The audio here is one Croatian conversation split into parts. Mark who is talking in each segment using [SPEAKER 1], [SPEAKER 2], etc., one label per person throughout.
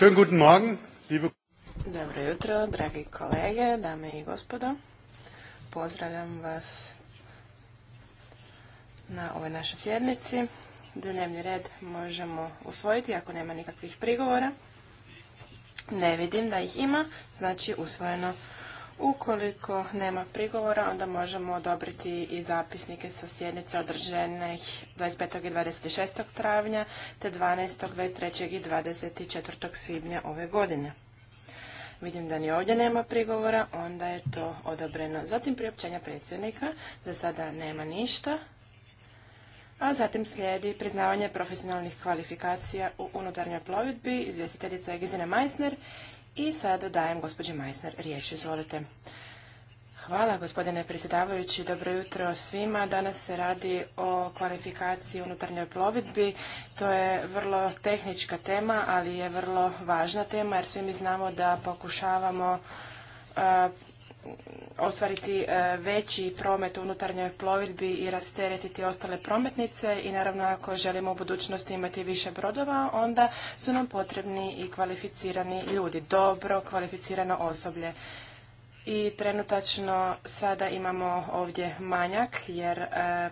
[SPEAKER 1] Schönen guten Morgen,
[SPEAKER 2] dobro jutro, dragi kolege, dame i gospodo. Pozdravljam vas na ovoj našoj sjednici. Dnevni red možemo usvojiti ako nema nikakvih prigovora. Ne vidim da ih ima, znači usvojeno Ukoliko nema prigovora, onda možemo odobriti i zapisnike sa sjednice održenih 25. i 26. travnja, te 12., 23. i 24. svibnja ove godine. Vidim da ni ovdje nema prigovora, onda je to odobreno. Zatim priopćenja predsjednika, za sada nema ništa. A zatim slijedi priznavanje profesionalnih kvalifikacija u unutarnjoj plovidbi, izvjestiteljica Gizina Meissner i sada dajem gospođi Majsner riječ. Izvolite. Hvala gospodine predsjedavajući. Dobro jutro svima. Danas se radi o kvalifikaciji unutarnjoj plovidbi. To je vrlo tehnička tema, ali je vrlo važna tema jer svi mi znamo da pokušavamo ostvariti e, veći promet u unutarnjoj plovidbi i rasteretiti ostale prometnice i naravno ako želimo u budućnosti imati više brodova onda su nam potrebni i kvalificirani ljudi, dobro kvalificirano osoblje i trenutačno sada imamo ovdje manjak jer e,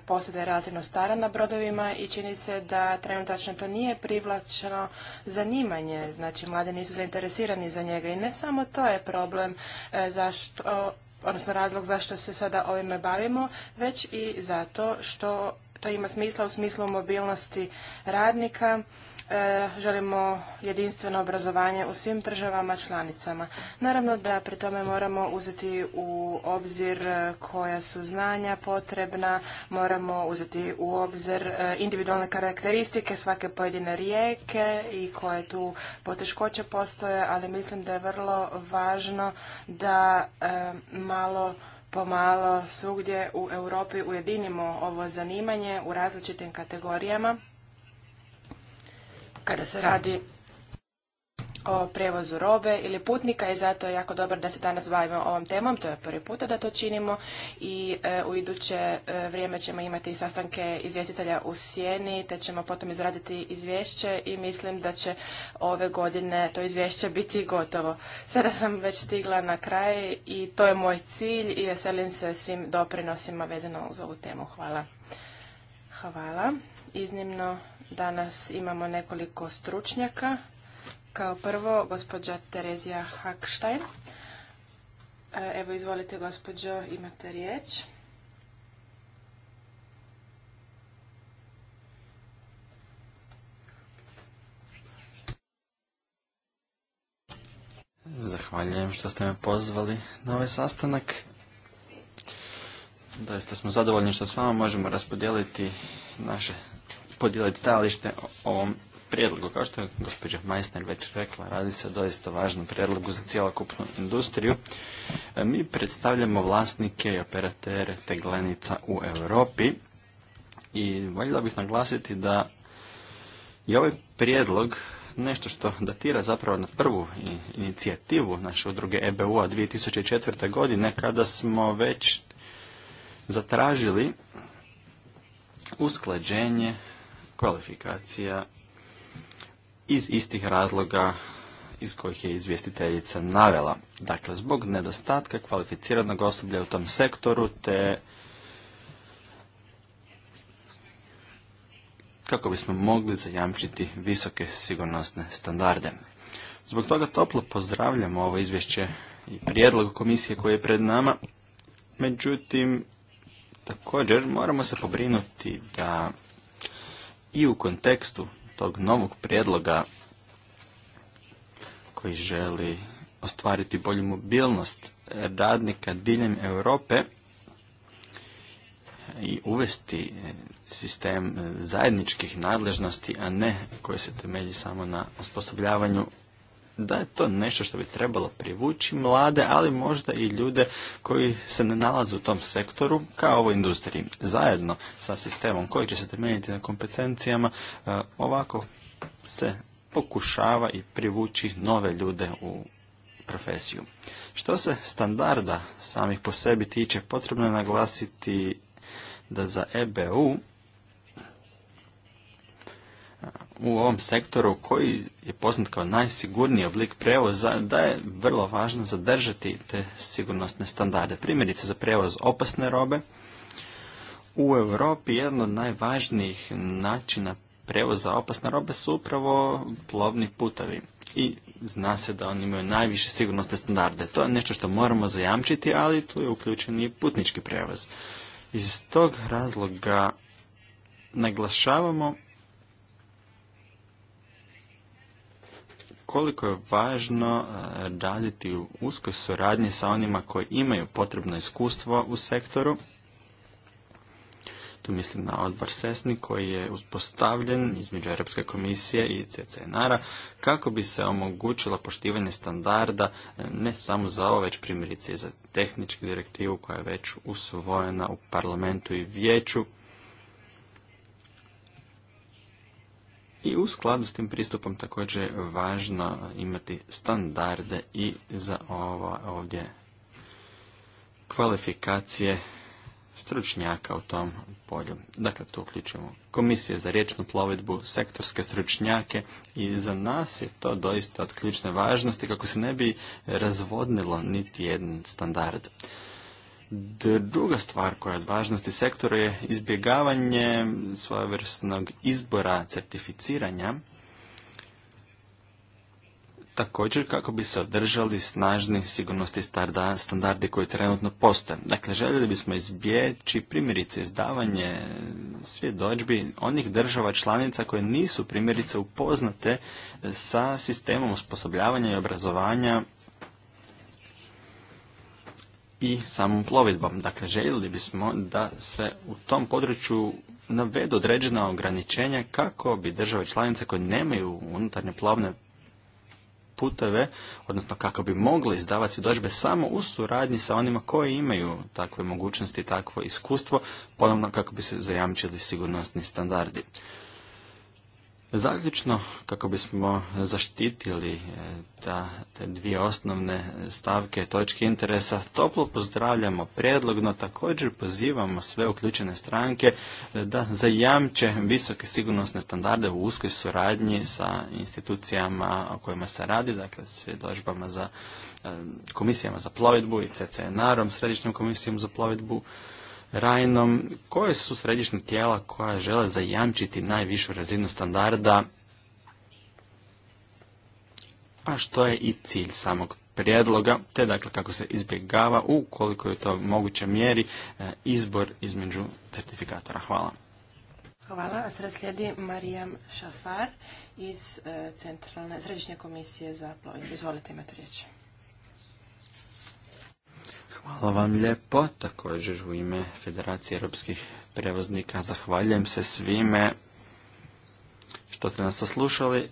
[SPEAKER 2] posada je relativno stara na brodovima i čini se da trenutačno to nije privlačno zanimanje, znači mladi nisu zainteresirani za njega i ne samo to je problem e, zašto odnosno razlog zašto se sada ovime bavimo, već i zato što to ima smisla u smislu mobilnosti radnika. E, želimo jedinstveno obrazovanje u svim državama članicama. Naravno da pri tome moramo uzeti u obzir e, koja su znanja potrebna, moramo uzeti u obzir e, individualne karakteristike svake pojedine rijeke i koje tu poteškoće postoje, ali mislim da je vrlo važno da malo pomalo svugdje u Europi ujedinimo ovo zanimanje u različitim kategorijama kada se radi o prevozu robe ili putnika i zato je jako dobro da se danas bavimo ovom temom. To je prvi puta da to činimo i e, u iduće e, vrijeme ćemo imati sastanke izvjestitelja u Sjeni te ćemo potom izraditi izvješće i mislim da će ove godine to izvješće biti gotovo. Sada sam već stigla na kraj i to je moj cilj i veselim se svim doprinosima vezano uz ovu temu. Hvala. Hvala. Iznimno danas imamo nekoliko stručnjaka kao prvo, gospođa Terezija Hakštajn. E, evo, izvolite, gospođo, imate riječ.
[SPEAKER 1] Zahvaljujem što ste me pozvali na ovaj sastanak. Doista smo zadovoljni što s vama možemo raspodijeliti naše podijeliti stajalište o ovom prijedlogu. Kao što je gospođa Majsner već rekla, radi se o doista važnom prijedlogu za cijelokupnu industriju. E, mi predstavljamo vlasnike i operatere teglenica u Europi i voljela bih naglasiti da je ovaj prijedlog nešto što datira zapravo na prvu inicijativu naše udruge EBU-a 2004. godine kada smo već zatražili usklađenje kvalifikacija iz istih razloga iz kojih je izvjestiteljica navela. Dakle, zbog nedostatka kvalificiranog osoblja u tom sektoru te kako bismo mogli zajamčiti visoke sigurnosne standarde. Zbog toga toplo pozdravljamo ovo izvješće i prijedlog komisije koji je pred nama. Međutim, također moramo se pobrinuti da i u kontekstu tog novog prijedloga koji želi ostvariti bolju mobilnost radnika diljem Europe i uvesti sistem zajedničkih nadležnosti, a ne koji se temelji samo na osposobljavanju da je to nešto što bi trebalo privući mlade, ali možda i ljude koji se ne nalaze u tom sektoru kao ovoj industriji. Zajedno sa sistemom koji će se temeljiti na kompetencijama, e, ovako se pokušava i privući nove ljude u profesiju. Što se standarda samih po sebi tiče, potrebno je naglasiti da za EBU u ovom sektoru koji je poznat kao najsigurniji oblik prevoza da je vrlo važno zadržati te sigurnosne standarde. Primjerice za prevoz opasne robe u Europi jedan od najvažnijih načina prevoza opasne robe su upravo plovni putovi i zna se da oni imaju najviše sigurnosne standarde. To je nešto što moramo zajamčiti, ali tu je uključen i putnički prevoz. Iz tog razloga naglašavamo koliko je važno eh, raditi u uskoj suradnji sa onima koji imaju potrebno iskustvo u sektoru. Tu mislim na odbor SESNI koji je uspostavljen između Europske komisije i CCNR-a kako bi se omogućilo poštivanje standarda eh, ne samo za ovo, već primjerice i za tehničku direktivu koja je već usvojena u parlamentu i vijeću I u skladu s tim pristupom također je važno imati standarde i za ovo ovdje kvalifikacije stručnjaka u tom polju. Dakle, tu uključujemo komisije za riječnu plovidbu, sektorske stručnjake i za nas je to doista od ključne važnosti kako se ne bi razvodnilo niti jedan standard. Druga stvar koja je od važnosti sektora je izbjegavanje svojevrsnog izbora certificiranja, također kako bi se održali snažni sigurnosti standardi koji trenutno postoje. Dakle, željeli bismo izbjeći primjerice izdavanje svjedočbi onih država članica koje nisu primjerice upoznate sa sistemom osposobljavanja i obrazovanja i samom plovidbom. Dakle, željeli bismo da se u tom području navedu određena ograničenja kako bi države članice koje nemaju unutarnje plovne puteve, odnosno kako bi mogli izdavati svjedočbe samo u suradnji sa onima koji imaju takve mogućnosti, takvo iskustvo, ponovno kako bi se zajamčili sigurnosni standardi. Zaključno, kako bismo zaštitili e, ta, te dvije osnovne stavke točke interesa, toplo pozdravljamo prijedlog, no također pozivamo sve uključene stranke e, da zajamče visoke sigurnosne standarde u uskoj suradnji sa institucijama o kojima se radi, dakle dožbama za e, komisijama za plovidbu i CCNR-om, Središnjom komisijom za plovidbu, Rajnom, koje su središnja tijela koja žele zajamčiti najvišu razinu standarda, a što je i cilj samog prijedloga, te dakle kako se izbjegava u koliko je to moguće mjeri e, izbor između certifikatora. Hvala.
[SPEAKER 2] Hvala. A sada slijedi Marijam Šafar iz e, Centralne središnje komisije za plovinu. Izvolite, imate riječi.
[SPEAKER 1] Hvala vam lijepo, također u ime Federacije europskih prevoznika zahvaljujem se svime što ste nas saslušali.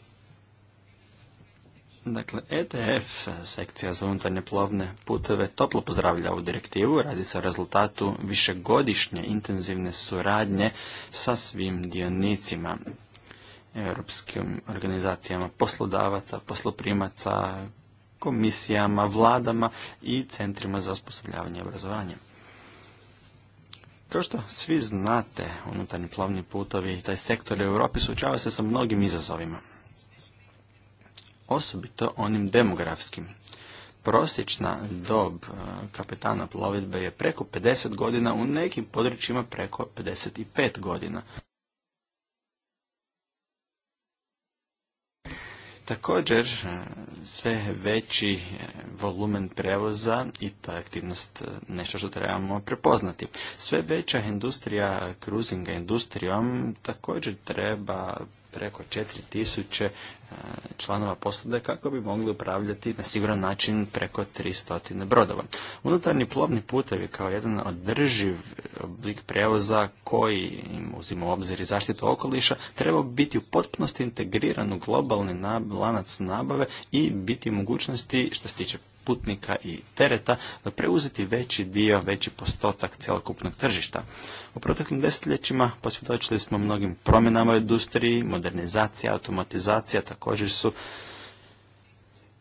[SPEAKER 1] Dakle, ETF, sekcija za unutarnje plovne putove, toplo pozdravlja ovu direktivu. Radi se o rezultatu višegodišnje intenzivne suradnje sa svim dionicima, europskim organizacijama poslodavaca, posloprimaca, komisijama, vladama i centrima za osposobljavanje i obrazovanje. Kao što svi znate, unutarnji plovni putovi i taj sektor u Europi suočava se sa mnogim izazovima. Osobito onim demografskim. Prosječna dob e, kapetana plovidbe je preko 50 godina, u nekim područjima preko 55 godina. Također, e, sve veći e, volumen prevoza i ta aktivnost e, nešto što trebamo prepoznati. Sve veća industrija kruzinga industrijom također treba preko 4000 e, članova poslode kako bi mogli upravljati na siguran način preko 300 brodova. Unutarnji plovni putevi kao jedan održiv oblik prevoza koji uzima u obzir i zaštitu okoliša treba biti u potpunosti integriran u globalni lanac nabave i biti u mogućnosti što se tiče putnika i tereta da preuzeti veći dio, veći postotak cjelokupnog tržišta. U proteklim desetljećima posvjedočili smo mnogim promjenama u industriji, modernizacija, automatizacija također su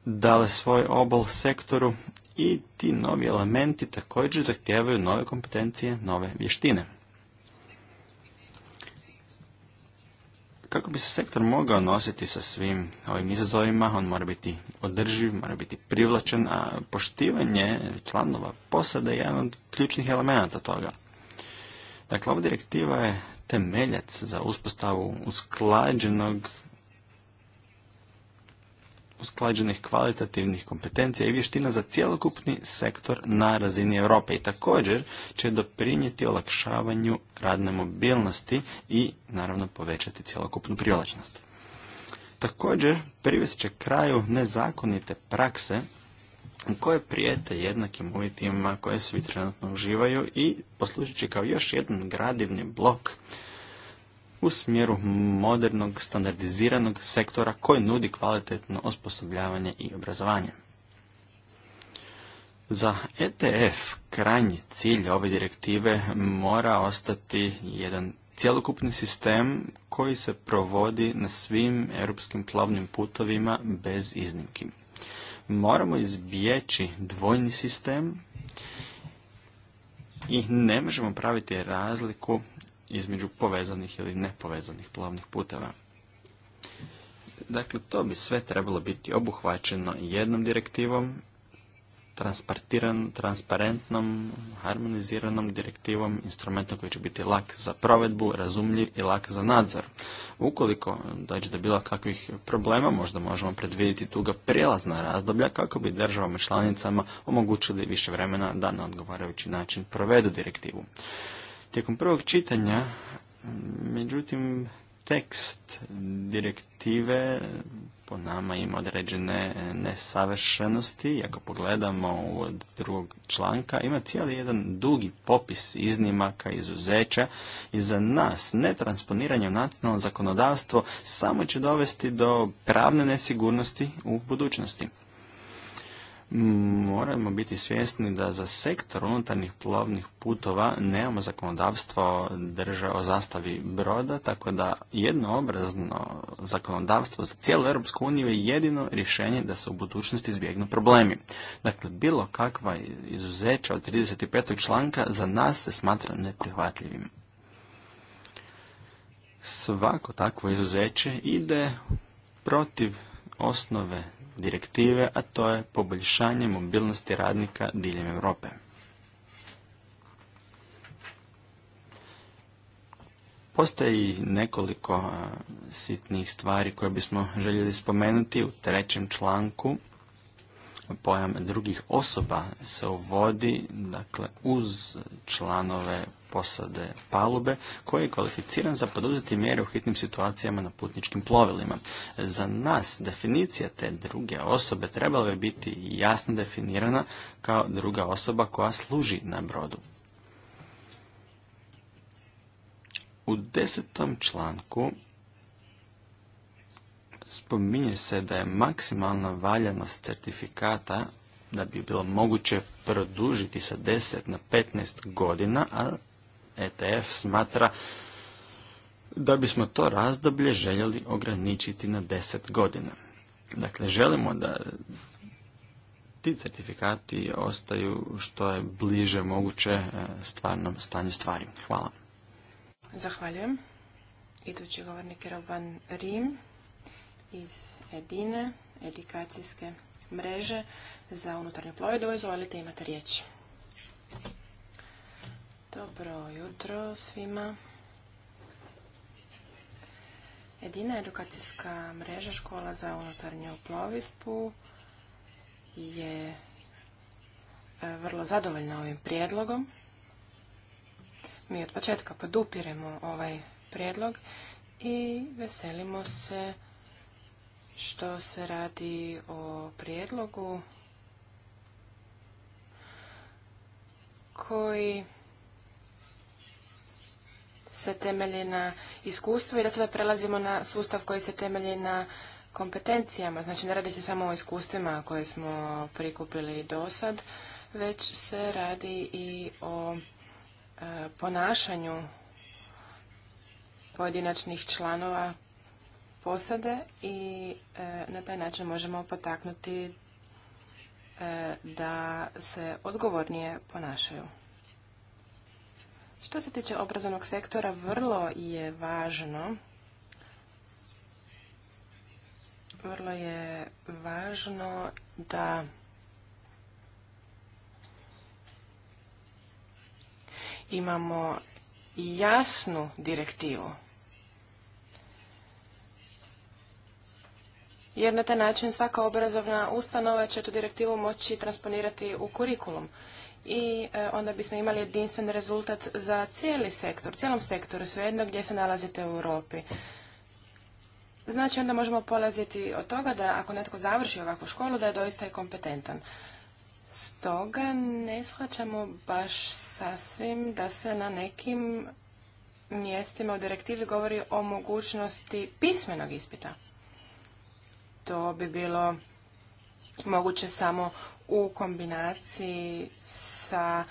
[SPEAKER 1] dale svoj obol sektoru i ti novi elementi također zahtijevaju nove kompetencije, nove vještine. Kako bi se sektor mogao nositi sa svim ovim izazovima, on mora biti održiv, mora biti privlačen, a poštivanje članova posade je jedan od ključnih elemenata toga. Dakle, ova direktiva je temeljac za uspostavu usklađenog usklađenih kvalitativnih kompetencija i vještina za cjelokupni sektor na razini Europe i također će doprinijeti olakšavanju radne mobilnosti i naravno povećati cjelokupnu privlačnost. Također privest će kraju nezakonite prakse koje prijete jednakim uvjetima koje svi trenutno uživaju i poslužit će kao još jedan gradivni blok u smjeru modernog, standardiziranog sektora koji nudi kvalitetno osposobljavanje i obrazovanje. Za ETF krajnji cilj ove direktive mora ostati jedan cjelokupni sistem koji se provodi na svim europskim plavnim putovima bez iznimki. Moramo izbjeći dvojni sistem i ne možemo praviti razliku između povezanih ili nepovezanih plovnih puteva. Dakle, to bi sve trebalo biti obuhvaćeno jednom direktivom, transparentnom, harmoniziranom direktivom, instrumentom koji će biti lak za provedbu, razumljiv i lak za nadzor. Ukoliko dođe do bilo kakvih problema, možda možemo predvidjeti tuga prijelazna razdoblja kako bi državama članicama omogućili više vremena da na odgovarajući način provedu direktivu. Tijekom prvog čitanja, međutim, tekst direktive po nama ima određene nesavršenosti. I ako pogledamo od drugog članka, ima cijeli jedan dugi popis iznimaka, izuzeća i za nas netransponiranje u nacionalno zakonodavstvo samo će dovesti do pravne nesigurnosti u budućnosti moramo biti svjesni da za sektor unutarnjih plovnih putova nemamo zakonodavstvo drža o zastavi broda, tako da jednoobrazno zakonodavstvo za cijelu Europsku uniju je jedino rješenje da se u budućnosti izbjegnu problemi. Dakle, bilo kakva izuzeća od 35. članka za nas se smatra neprihvatljivim. Svako takvo izuzeće ide protiv osnove direktive, a to je poboljšanje mobilnosti radnika diljem Europe. Postoji nekoliko sitnih stvari koje bismo željeli spomenuti u trećem članku. Pojam drugih osoba se uvodi dakle, uz članove posade palube koji je kvalificiran za poduzeti mjere u hitnim situacijama na putničkim plovilima. Za nas definicija te druge osobe trebala bi biti jasno definirana kao druga osoba koja služi na brodu. U desetom članku spominje se da je maksimalna valjanost certifikata da bi bilo moguće produžiti sa 10 na 15 godina, a ETF smatra da bismo to razdoblje željeli ograničiti na 10 godina. Dakle, želimo da ti certifikati ostaju što je bliže moguće e, stvarnom stanju stvari. Hvala.
[SPEAKER 2] Zahvaljujem. Idući govornik je Rim iz Edine, edukacijske mreže za unutarnje plovidu. Izvolite, imate riječ. Dobro jutro svima. Jedina edukacijska mreža škola za unutarnju plovidbu je e, vrlo zadovoljna ovim prijedlogom. Mi od početka podupiremo ovaj prijedlog i veselimo se što se radi o prijedlogu koji se temelji na iskustvu i da sada prelazimo na sustav koji se temelji na kompetencijama. Znači ne radi se samo o iskustvima koje smo prikupili do sad, već se radi i o e, ponašanju pojedinačnih članova posade i e, na taj način možemo potaknuti e, da se odgovornije ponašaju. Što se tiče obrazovnog sektora, vrlo je važno vrlo je važno da imamo jasnu direktivu. Jer na taj način svaka obrazovna ustanova će tu direktivu moći transponirati u kurikulum i e, onda bismo imali jedinstven rezultat za cijeli sektor, cijelom sektoru, svejedno gdje se nalazite u Europi. Znači onda možemo polaziti od toga da ako netko završi ovakvu školu da je doista i kompetentan. Stoga ne shvaćamo baš sasvim da se na nekim mjestima u direktivi govori o mogućnosti pismenog ispita. To bi bilo moguće samo u kombinaciji s sa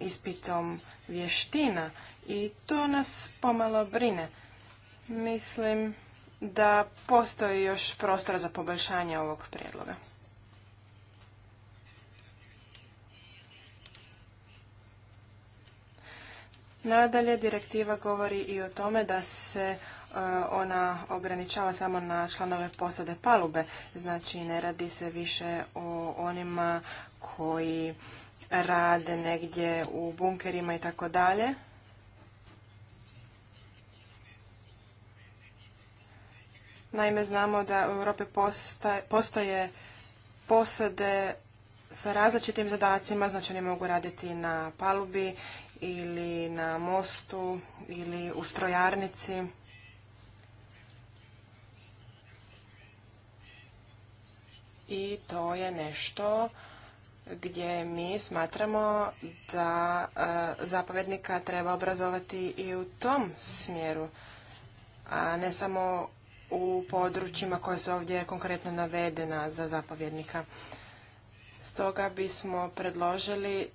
[SPEAKER 2] ispitom vještina i to nas pomalo brine. Mislim da postoji još prostor za poboljšanje ovog prijedloga. Nadalje, direktiva govori i o tome da se E, ona ograničava samo na članove posade palube, znači ne radi se više o onima koji rade negdje u bunkerima i tako dalje. Naime, znamo da u Europi postoje posade sa različitim zadacima, znači oni mogu raditi na palubi ili na mostu ili u strojarnici. i to je nešto gdje mi smatramo da e, zapovjednika treba obrazovati i u tom smjeru, a ne samo u područjima koje su ovdje konkretno navedena za zapovjednika. Stoga bismo predložili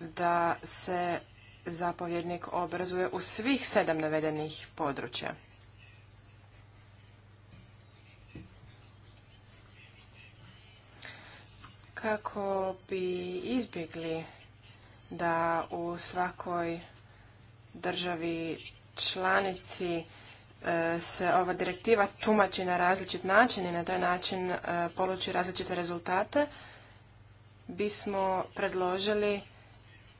[SPEAKER 2] da se zapovjednik obrazuje u svih sedam navedenih područja. kako bi izbjegli da u svakoj državi članici e, se ova direktiva tumači na različit način i na taj način e, poluči različite rezultate, bismo predložili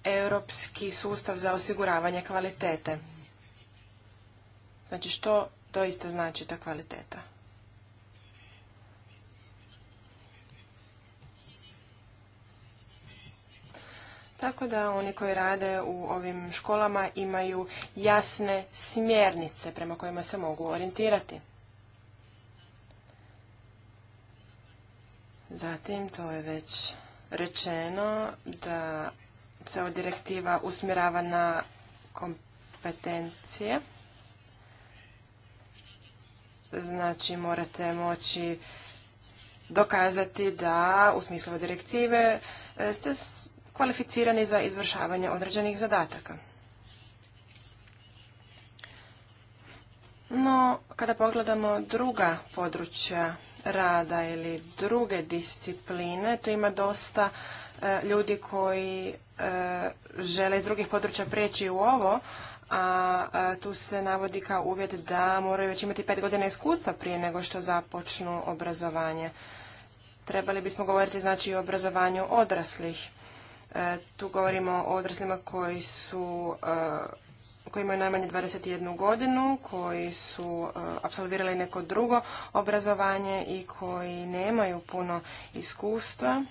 [SPEAKER 2] europski sustav za osiguravanje kvalitete. Znači što doista znači ta kvaliteta? tako da oni koji rade u ovim školama imaju jasne smjernice prema kojima se mogu orijentirati. Zatim, to je već rečeno da se ova direktiva usmjerava na kompetencije. Znači, morate moći dokazati da u smislu direktive e, ste kvalificirani za izvršavanje određenih zadataka. No, kada pogledamo druga područja rada ili druge discipline, to ima dosta e, ljudi koji e, žele iz drugih područja prijeći u ovo, a, tu se navodi kao uvjet da moraju već imati pet godina iskustva prije nego što započnu obrazovanje. Trebali bismo govoriti znači o obrazovanju odraslih. E, tu govorimo o odraslima koji su e, koji imaju najmanje 21 godinu, koji su e, apsolvirali neko drugo obrazovanje i koji nemaju puno iskustva.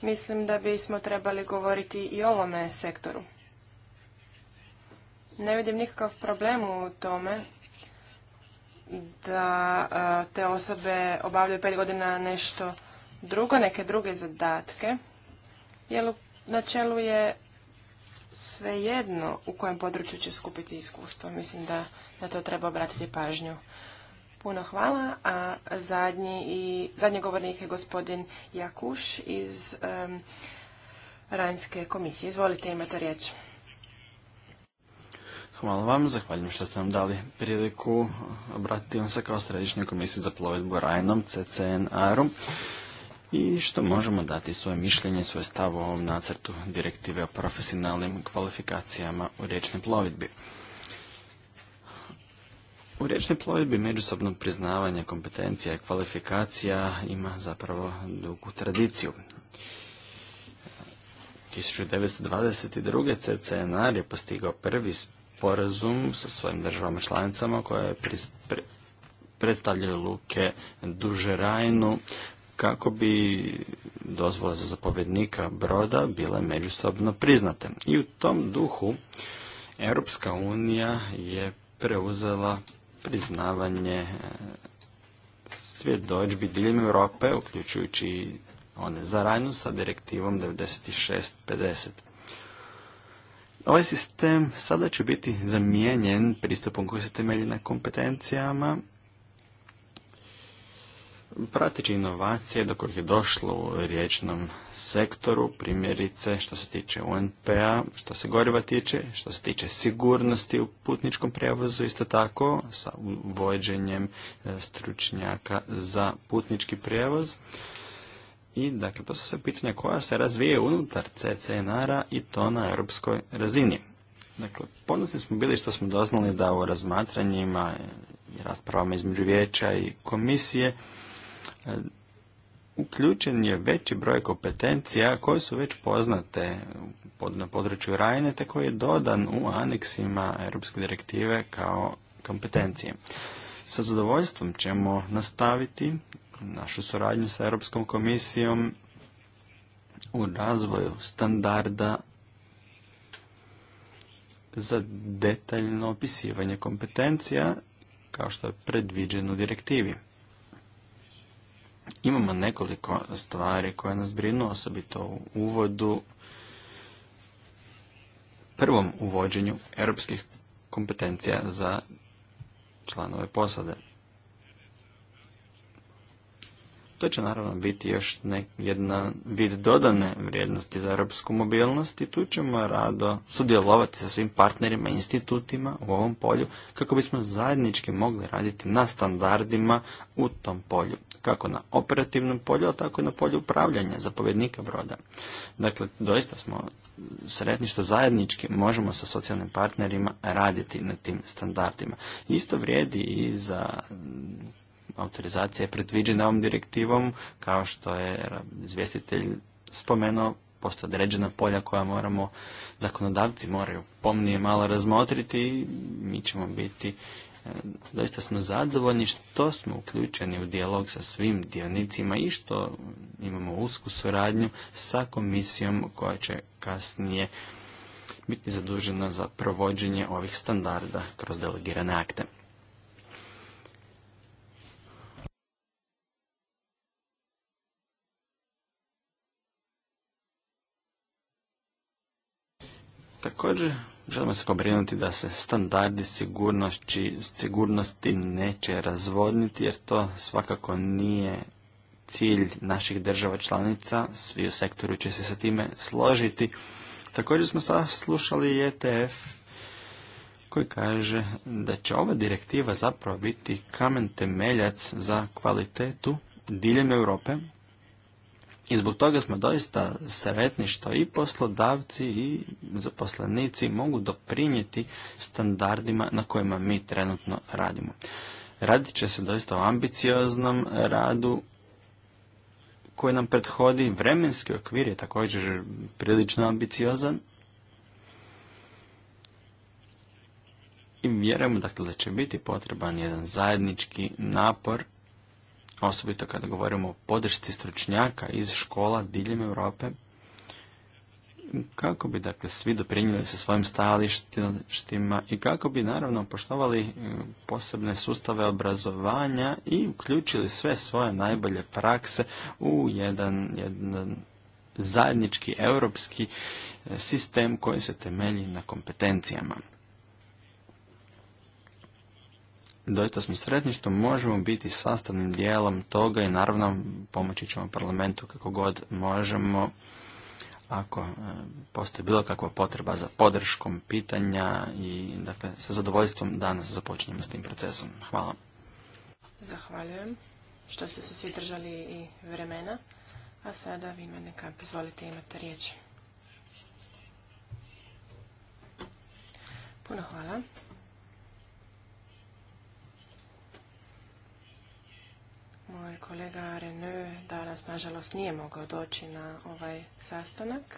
[SPEAKER 2] Mislim da bismo trebali govoriti i o ovome sektoru. Ne vidim nikakav problem u tome da te osobe obavljaju pet godina nešto drugo, neke druge zadatke, jer u načelu je svejedno u kojem području će skupiti iskustvo. Mislim da na to treba obratiti pažnju. Puno hvala. A zadnji, i, zadnji govornik je gospodin Jakuš iz um, komisije. Izvolite, imate riječ.
[SPEAKER 1] Hvala vam, zahvaljujem što ste nam dali priliku obratiti vam se kao središnjoj komisiji za plovidbu Rajnom, CCNR-u i što možemo dati svoje mišljenje, svoj stav o ovom nacrtu direktive o profesionalnim kvalifikacijama u riječnoj plovidbi. U riječnoj plovidbi međusobno priznavanje kompetencija i kvalifikacija ima zapravo dugu tradiciju. 1922. CCNR je postigao prvi sporazum sa svojim državama članicama koje predstavljaju luke duže rajnu kako bi dozvola za zapovjednika broda bile međusobno priznate. I u tom duhu Europska unija je preuzela priznavanje e, svjedočbi diljem Europe, uključujući one za ranju sa direktivom 9650. Ovaj sistem sada će biti zamijenjen pristupom koji se temelji na kompetencijama prateći inovacije do kojih je došlo u riječnom sektoru, primjerice što se tiče UNPA, što se goriva tiče, što se tiče sigurnosti u putničkom prijevozu, isto tako sa uvođenjem e, stručnjaka za putnički prijevoz. I dakle, to su sve pitanja koja se razvije unutar CCNR-a i to na europskoj razini. Dakle, ponosni smo bili što smo doznali da u razmatranjima i raspravama između vijeća i komisije uključen je veći broj kompetencija koje su već poznate na području Rajne, te koji je dodan u aneksima Europske direktive kao kompetencije. Sa zadovoljstvom ćemo nastaviti našu suradnju sa Europskom komisijom u razvoju standarda za detaljno opisivanje kompetencija kao što je predviđeno u direktivi. Imamo nekoliko stvari koje nas brinu, osobito u uvodu, prvom uvođenju europskih kompetencija za članove posade. To će naravno biti još nek, jedna vid dodane vrijednosti za europsku mobilnost i tu ćemo rado sudjelovati sa svim partnerima i institutima u ovom polju kako bismo zajednički mogli raditi na standardima u tom polju. Kako na operativnom polju, a tako i na polju upravljanja zapovjednika broda. Dakle, doista smo sretni što zajednički možemo sa socijalnim partnerima raditi na tim standardima. Isto vrijedi i za autorizacija je predviđena ovom direktivom, kao što je izvjestitelj spomenuo, postoje određena polja koja moramo, zakonodavci moraju pomnije malo razmotriti i mi ćemo biti e, doista smo zadovoljni što smo uključeni u dijalog sa svim dionicima i što imamo usku suradnju sa komisijom koja će kasnije biti zadužena za provođenje ovih standarda kroz delegirane akte. Također, želimo se pobrinuti da se standardi sigurnosti, sigurnosti neće razvodniti, jer to svakako nije cilj naših država članica, svi u sektoru će se sa time složiti. Također smo slušali ETF koji kaže da će ova direktiva zapravo biti kamen temeljac za kvalitetu diljem Europe i zbog toga smo doista sretni što i poslodavci i zaposlenici mogu doprinijeti standardima na kojima mi trenutno radimo. Radit će se doista o ambicioznom radu koji nam prethodi. Vremenski okvir je također prilično ambiciozan. I vjerujemo dakle, da će biti potreban jedan zajednički napor osobito kada govorimo o podršci stručnjaka iz škola diljem Europe, kako bi dakle svi doprinijeli sa svojim stajalištima i kako bi naravno poštovali e, posebne sustave obrazovanja i uključili sve svoje najbolje prakse u jedan, jedan zajednički europski e, sistem koji se temelji na kompetencijama. doista smo sretni što možemo biti sastavnim dijelom toga i naravno pomoći ćemo parlamentu kako god možemo ako e, postoji bilo kakva potreba za podrškom pitanja i dakle sa zadovoljstvom danas započinjemo s tim procesom. Hvala.
[SPEAKER 2] Zahvaljujem što ste se svi držali i vremena. A sada vi mene izvolite imate riječ. Puno hvala. Moj kolega Renu danas, nažalost, nije mogao doći na ovaj sastanak.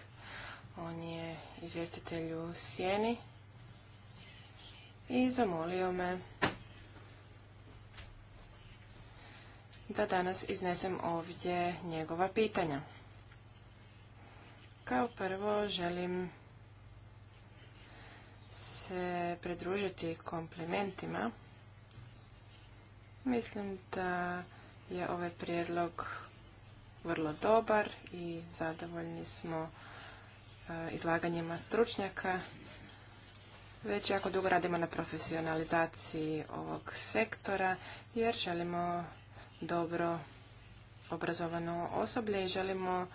[SPEAKER 2] On je izvjestitelj u Sjeni i zamolio me da danas iznesem ovdje njegova pitanja. Kao prvo želim se pridružiti komplimentima. Mislim da je ovaj prijedlog vrlo dobar i zadovoljni smo e, izlaganjima stručnjaka. Već jako dugo radimo na profesionalizaciji ovog sektora jer želimo dobro obrazovano osoblje i želimo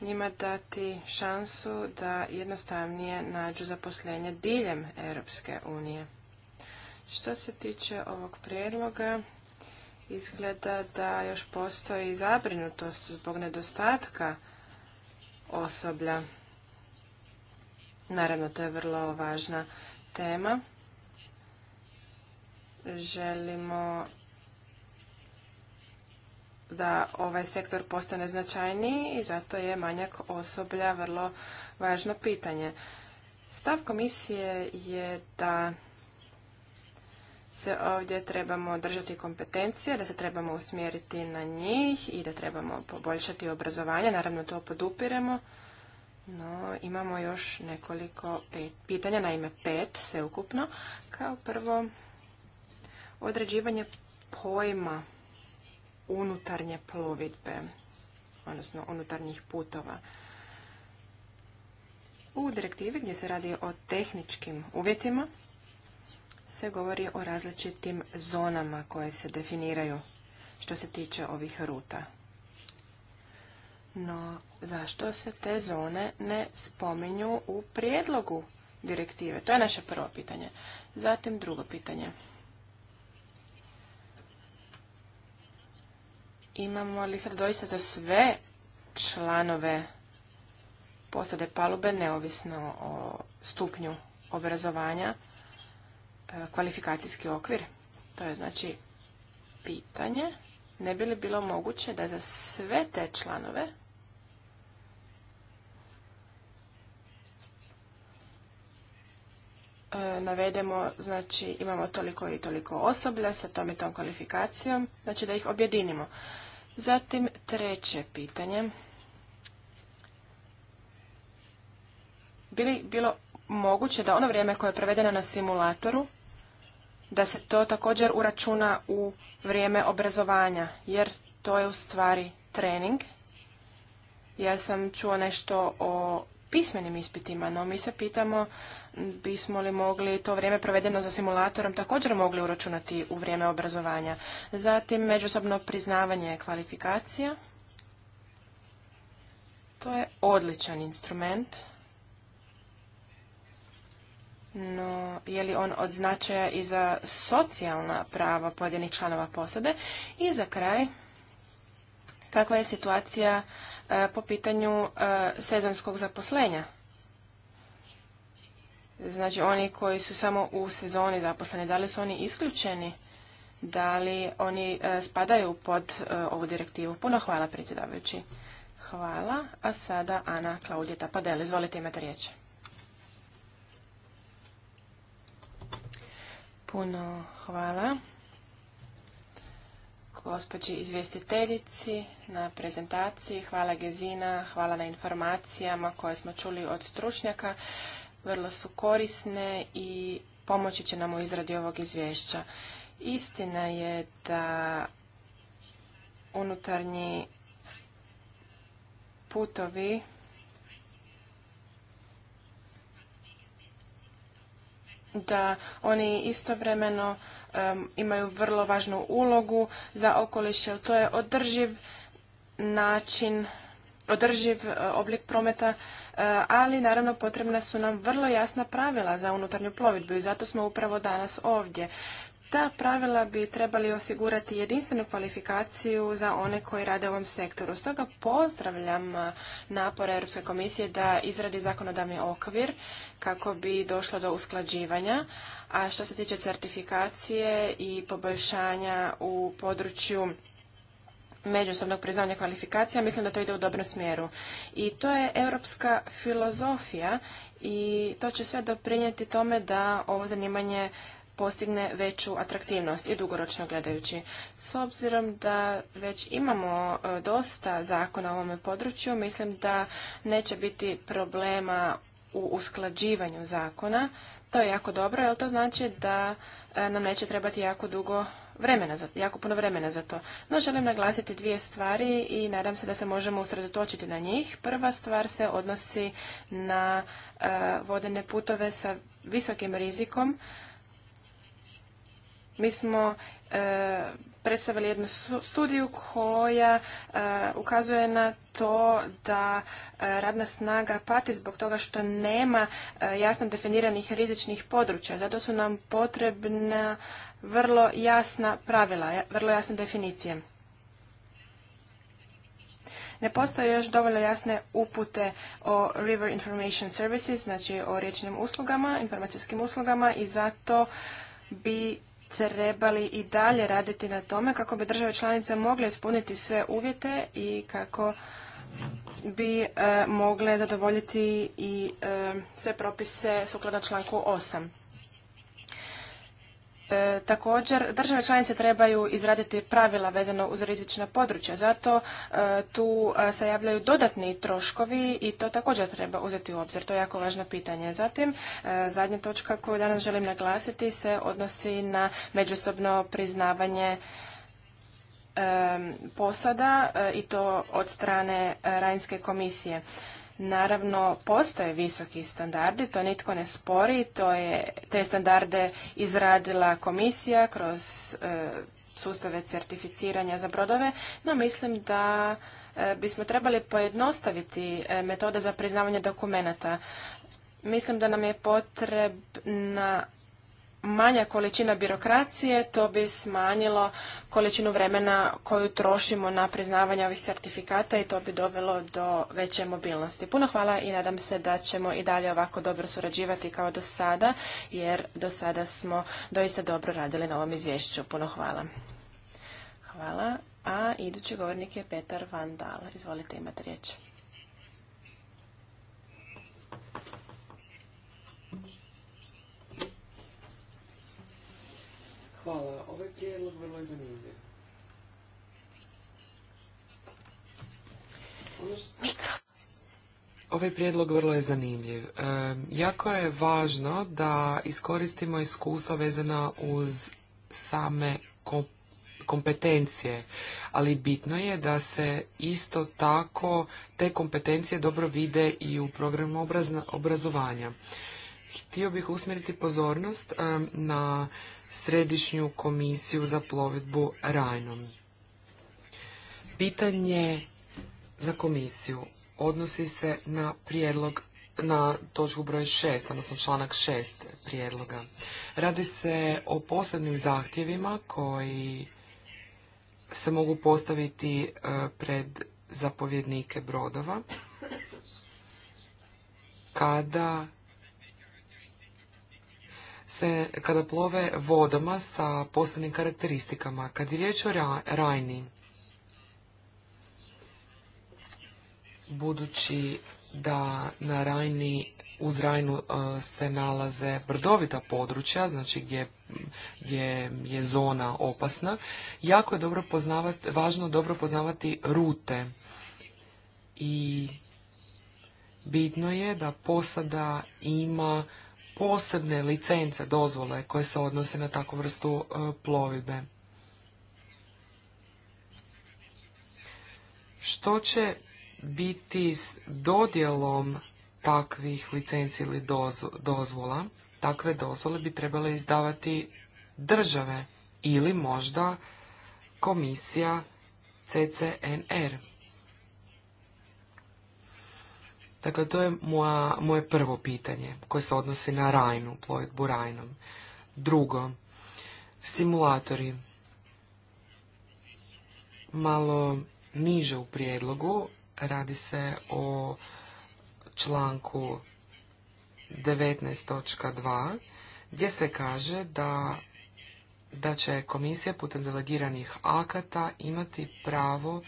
[SPEAKER 2] njima dati šansu da jednostavnije nađu zaposlenje diljem Europske unije. Što se tiče ovog prijedloga, izgleda da još postoji zabrinutost zbog nedostatka osoblja. Naravno, to je vrlo važna tema. Želimo da ovaj sektor postane značajniji i zato je manjak osoblja vrlo važno pitanje. Stav komisije je da se ovdje trebamo držati kompetencije, da se trebamo usmjeriti na njih i da trebamo poboljšati obrazovanje. Naravno, to podupiremo. No, imamo još nekoliko pitanja, naime pet ukupno. Kao prvo, određivanje pojma unutarnje plovidbe, odnosno unutarnjih putova. U direktivi gdje se radi o tehničkim uvjetima, se govori o različitim zonama koje se definiraju što se tiče ovih ruta. No, zašto se te zone ne spominju u prijedlogu direktive? To je naše prvo pitanje. Zatim drugo pitanje. Imamo li sad doista za sve članove posade palube, neovisno o stupnju obrazovanja, E, kvalifikacijski okvir? To je znači pitanje. Ne bi li bilo moguće da za sve te članove e, navedemo, znači imamo toliko i toliko osoblja sa tom i tom kvalifikacijom, znači da ih objedinimo. Zatim treće pitanje. Bili bilo moguće da ono vrijeme koje je provedeno na simulatoru da se to također uračuna u vrijeme obrazovanja, jer to je u stvari trening. Ja sam čuo nešto o pismenim ispitima, no mi se pitamo bismo li mogli to vrijeme provedeno za simulatorom također mogli uračunati u vrijeme obrazovanja. Zatim međusobno priznavanje kvalifikacija. To je odličan instrument no je li on od značaja i za socijalna prava pojedinih članova posade? I za kraj, kakva je situacija e, po pitanju e, sezonskog zaposlenja? Znači oni koji su samo u sezoni zaposleni, da li su oni isključeni? Da li oni e, spadaju pod ovu direktivu? Puno hvala predsjedavajući. Hvala. A sada Ana Klaudija Tapadel. Izvolite imate riječ. Puno hvala gospođi izvjestiteljici na prezentaciji. Hvala Gezina, hvala na informacijama koje smo čuli od stručnjaka. Vrlo su korisne i pomoći će nam u izradi ovog izvješća. Istina je da unutarnji putovi da oni istovremeno imaju vrlo važnu ulogu za okoliš jer to je održiv način održiv e, oblik prometa, e, ali naravno potrebna su nam vrlo jasna pravila za unutarnju plovidbu i zato smo upravo danas ovdje. Ta pravila bi trebali osigurati jedinstvenu kvalifikaciju za one koji rade u ovom sektoru. Stoga pozdravljam napore Europske komisije da izradi zakonodavni okvir kako bi došlo do usklađivanja. A što se tiče certifikacije i poboljšanja u području međusobnog priznavanja kvalifikacija, mislim da to ide u dobrom smjeru. I to je europska filozofija i to će sve doprinijeti tome da ovo zanimanje postigne veću atraktivnost i dugoročno gledajući. S obzirom da već imamo e, dosta zakona u ovome području, mislim da neće biti problema u usklađivanju zakona. To je jako dobro, jer to znači da e, nam neće trebati jako dugo vremena, za, jako puno vremena za to. No želim naglasiti dvije stvari i nadam se da se možemo usredotočiti na njih. Prva stvar se odnosi na e, vodene putove sa visokim rizikom mi smo e, predstavili jednu studiju koja e, ukazuje na to da e, radna snaga pati zbog toga što nema jasno definiranih rizičnih područja. Zato su nam potrebna vrlo jasna pravila, vrlo jasne definicije. Ne postoje još dovoljno jasne upute o River Information Services, znači o riječnim uslugama, informacijskim uslugama i zato bi trebali i dalje raditi na tome kako bi države članice mogle ispuniti sve uvjete i kako bi e, mogle zadovoljiti i e, sve propise sukladno članku 8. E, također, države članice trebaju izraditi pravila vezano uz rizična područja, zato e, tu e, se javljaju dodatni troškovi i to također treba uzeti u obzir. To je jako važno pitanje. Zatim, zadnja točka koju danas želim naglasiti se odnosi na međusobno priznavanje posada i to od strane rajinske komisije. Naravno, postoje visoki standardi, to nitko ne spori, to je, te standarde izradila komisija kroz e, sustave certificiranja za brodove, no mislim da e, bismo trebali pojednostaviti e, metode za priznavanje dokumenata. Mislim da nam je potrebna manja količina birokracije, to bi smanjilo količinu vremena koju trošimo na priznavanje ovih certifikata i to bi dovelo do veće mobilnosti. Puno hvala i nadam se da ćemo i dalje ovako dobro surađivati kao do sada, jer do sada smo doista dobro radili na ovom izvješću. Puno hvala. Hvala. A idući govornik je Petar Vandal. Izvolite, imate riječ.
[SPEAKER 3] Hvala. Ovaj prijedlog vrlo je zanimljiv. Ono ovaj prijedlog vrlo je zanimljiv. E, jako je važno da iskoristimo iskustva vezana uz same kompetencije, ali bitno je da se isto tako te kompetencije dobro vide i u programu obrazovanja. Htio bih usmjeriti pozornost na središnju komisiju za plovidbu Rajnom. Pitanje za komisiju odnosi se na prijedlog na točku broj 6, odnosno članak 6 prijedloga. Radi se o posebnim zahtjevima koji se mogu postaviti e, pred zapovjednike brodova kada se, kada plove vodama sa posebnim karakteristikama. Kad je riječ o Rajni, budući da na Rajni uz Rajnu e, se nalaze brdovita područja, znači gdje, gdje je zona opasna, jako je dobro poznavati, važno dobro poznavati rute i bitno je da posada ima posebne licence, dozvole koje se odnose na takvu vrstu e, plovidbe. Što će biti s dodjelom takvih licenci ili dozvola? Takve dozvole bi trebale izdavati države ili možda komisija CCNR. Dakle, to je moja, moje prvo pitanje koje se odnosi na Rajnu, plovidbu Rajnom. Drugo, simulatori. Malo niže u prijedlogu radi se o članku 19.2 gdje se kaže da, da će komisija putem delegiranih akata imati pravo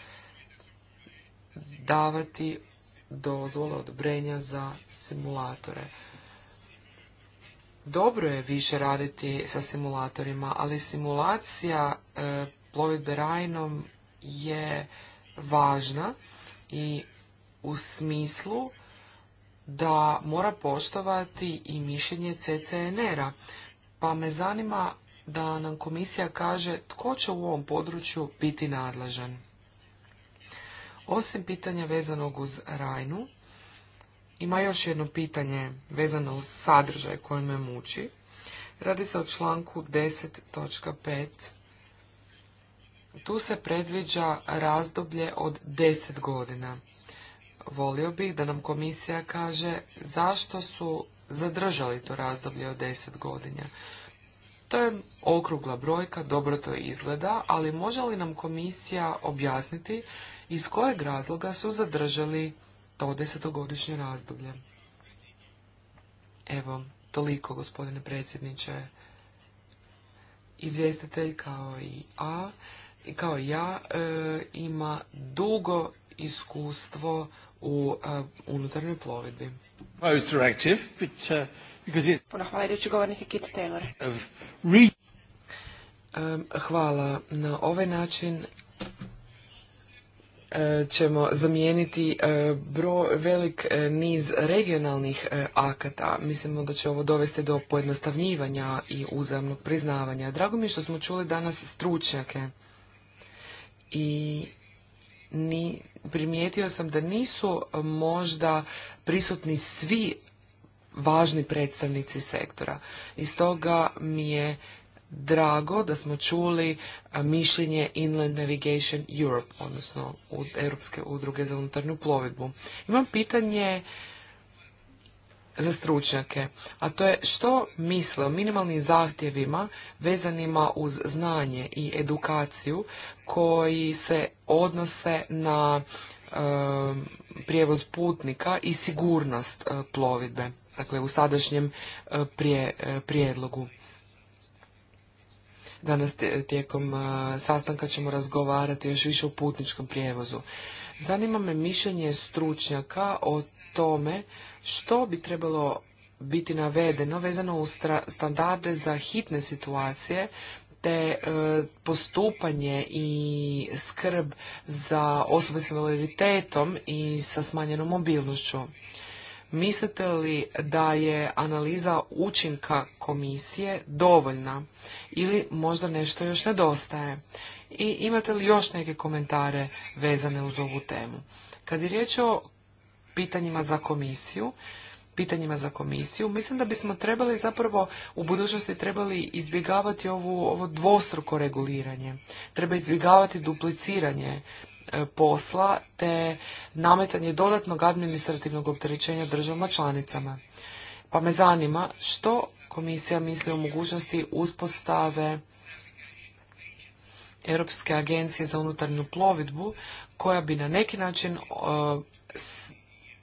[SPEAKER 3] davati dozvole, odobrenja za simulatore. Dobro je više raditi sa simulatorima, ali simulacija e, plovidbe rajnom je važna i u smislu da mora poštovati i mišljenje CCNR-a. Pa me zanima da nam komisija kaže tko će u ovom području biti nadležan. Osim pitanja vezanog uz Rajnu, ima još jedno pitanje vezano uz sadržaj koje me muči. Radi se o članku 10.5. Tu se predviđa razdoblje od 10 godina. Volio bih da nam komisija kaže zašto su zadržali to razdoblje od 10 godina. To je okrugla brojka, dobro to izgleda, ali može li nam komisija objasniti iz kojeg razloga su zadržali to desetogodišnje razdoblje. Evo, toliko, gospodine predsjedniče. Izvjestitelj kao i A, kao i ja, e, ima dugo iskustvo u e, unutarnjoj plovidbi.
[SPEAKER 1] Uh,
[SPEAKER 3] Puno hvala govornik Kit Taylor. E, hvala. Na ovaj način E, ćemo zamijeniti e, velik e, niz regionalnih akata. Mislimo da će ovo dovesti do pojednostavnjivanja i uzajamnog priznavanja. Drago mi je što smo čuli danas stručnjake i ni, primijetio sam da nisu možda prisutni svi važni predstavnici sektora. I stoga mi je drago da smo čuli mišljenje Inland Navigation Europe, odnosno Europske udruge za unutarnju plovidbu. Imam pitanje za stručnjake, a to je što misle o minimalnim zahtjevima vezanima uz znanje i edukaciju koji se odnose na prijevoz putnika i sigurnost plovidbe, dakle u sadašnjem prijedlogu. Danas tijekom sastanka ćemo razgovarati još više o putničkom prijevozu. Zanima me mišljenje stručnjaka o tome što bi trebalo biti navedeno vezano u standarde za hitne situacije te e, postupanje i skrb za osobe s invaliditetom i sa smanjenom mobilnošću. Mislite li da je analiza učinka komisije dovoljna ili možda nešto još nedostaje? I imate li još neke komentare vezane uz ovu temu? Kad je riječ o pitanjima za komisiju, pitanjima za komisiju, mislim da bismo trebali zapravo u budućnosti trebali izbjegavati ovo dvostruko reguliranje. Treba izbjegavati dupliciranje E, posla te nametanje dodatnog administrativnog opterećenja državama članicama. Pa me zanima što komisija misli o mogućnosti uspostave Europske agencije za unutarnju plovidbu koja bi na neki način e,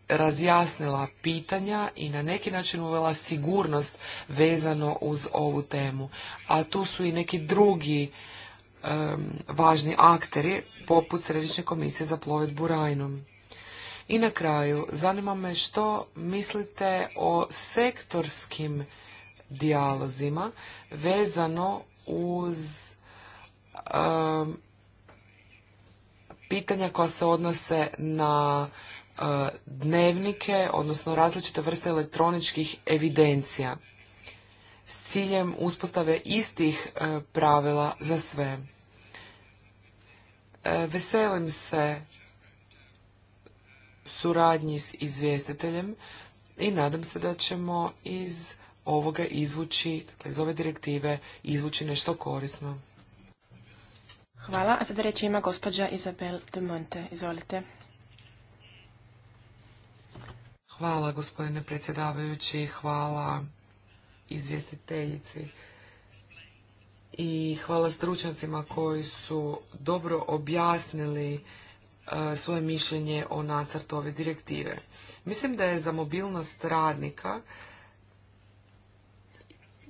[SPEAKER 3] razjasnila pitanja i na neki način uvela sigurnost vezano uz ovu temu. A tu su i neki drugi važni akteri poput Središnje komisije za plovidbu burajnom. I na kraju, zanima me što mislite o sektorskim dijalozima vezano uz pitanja koja se odnose na eh, dnevnike, odnosno različite vrste elektroničkih evidencija s ciljem uspostave istih e, pravila za sve. E, veselim se suradnji s izvjestiteljem i nadam se da ćemo iz ovoga izvući, dakle iz ove direktive izvući nešto korisno.
[SPEAKER 2] Hvala, a sada reći ima gospođa Izabel de Monte. Izvolite.
[SPEAKER 3] Hvala gospodine predsjedavajući, hvala izvjestiteljici i hvala stručnjacima koji su dobro objasnili e, svoje mišljenje o nacrtu ove direktive. Mislim da je za mobilnost radnika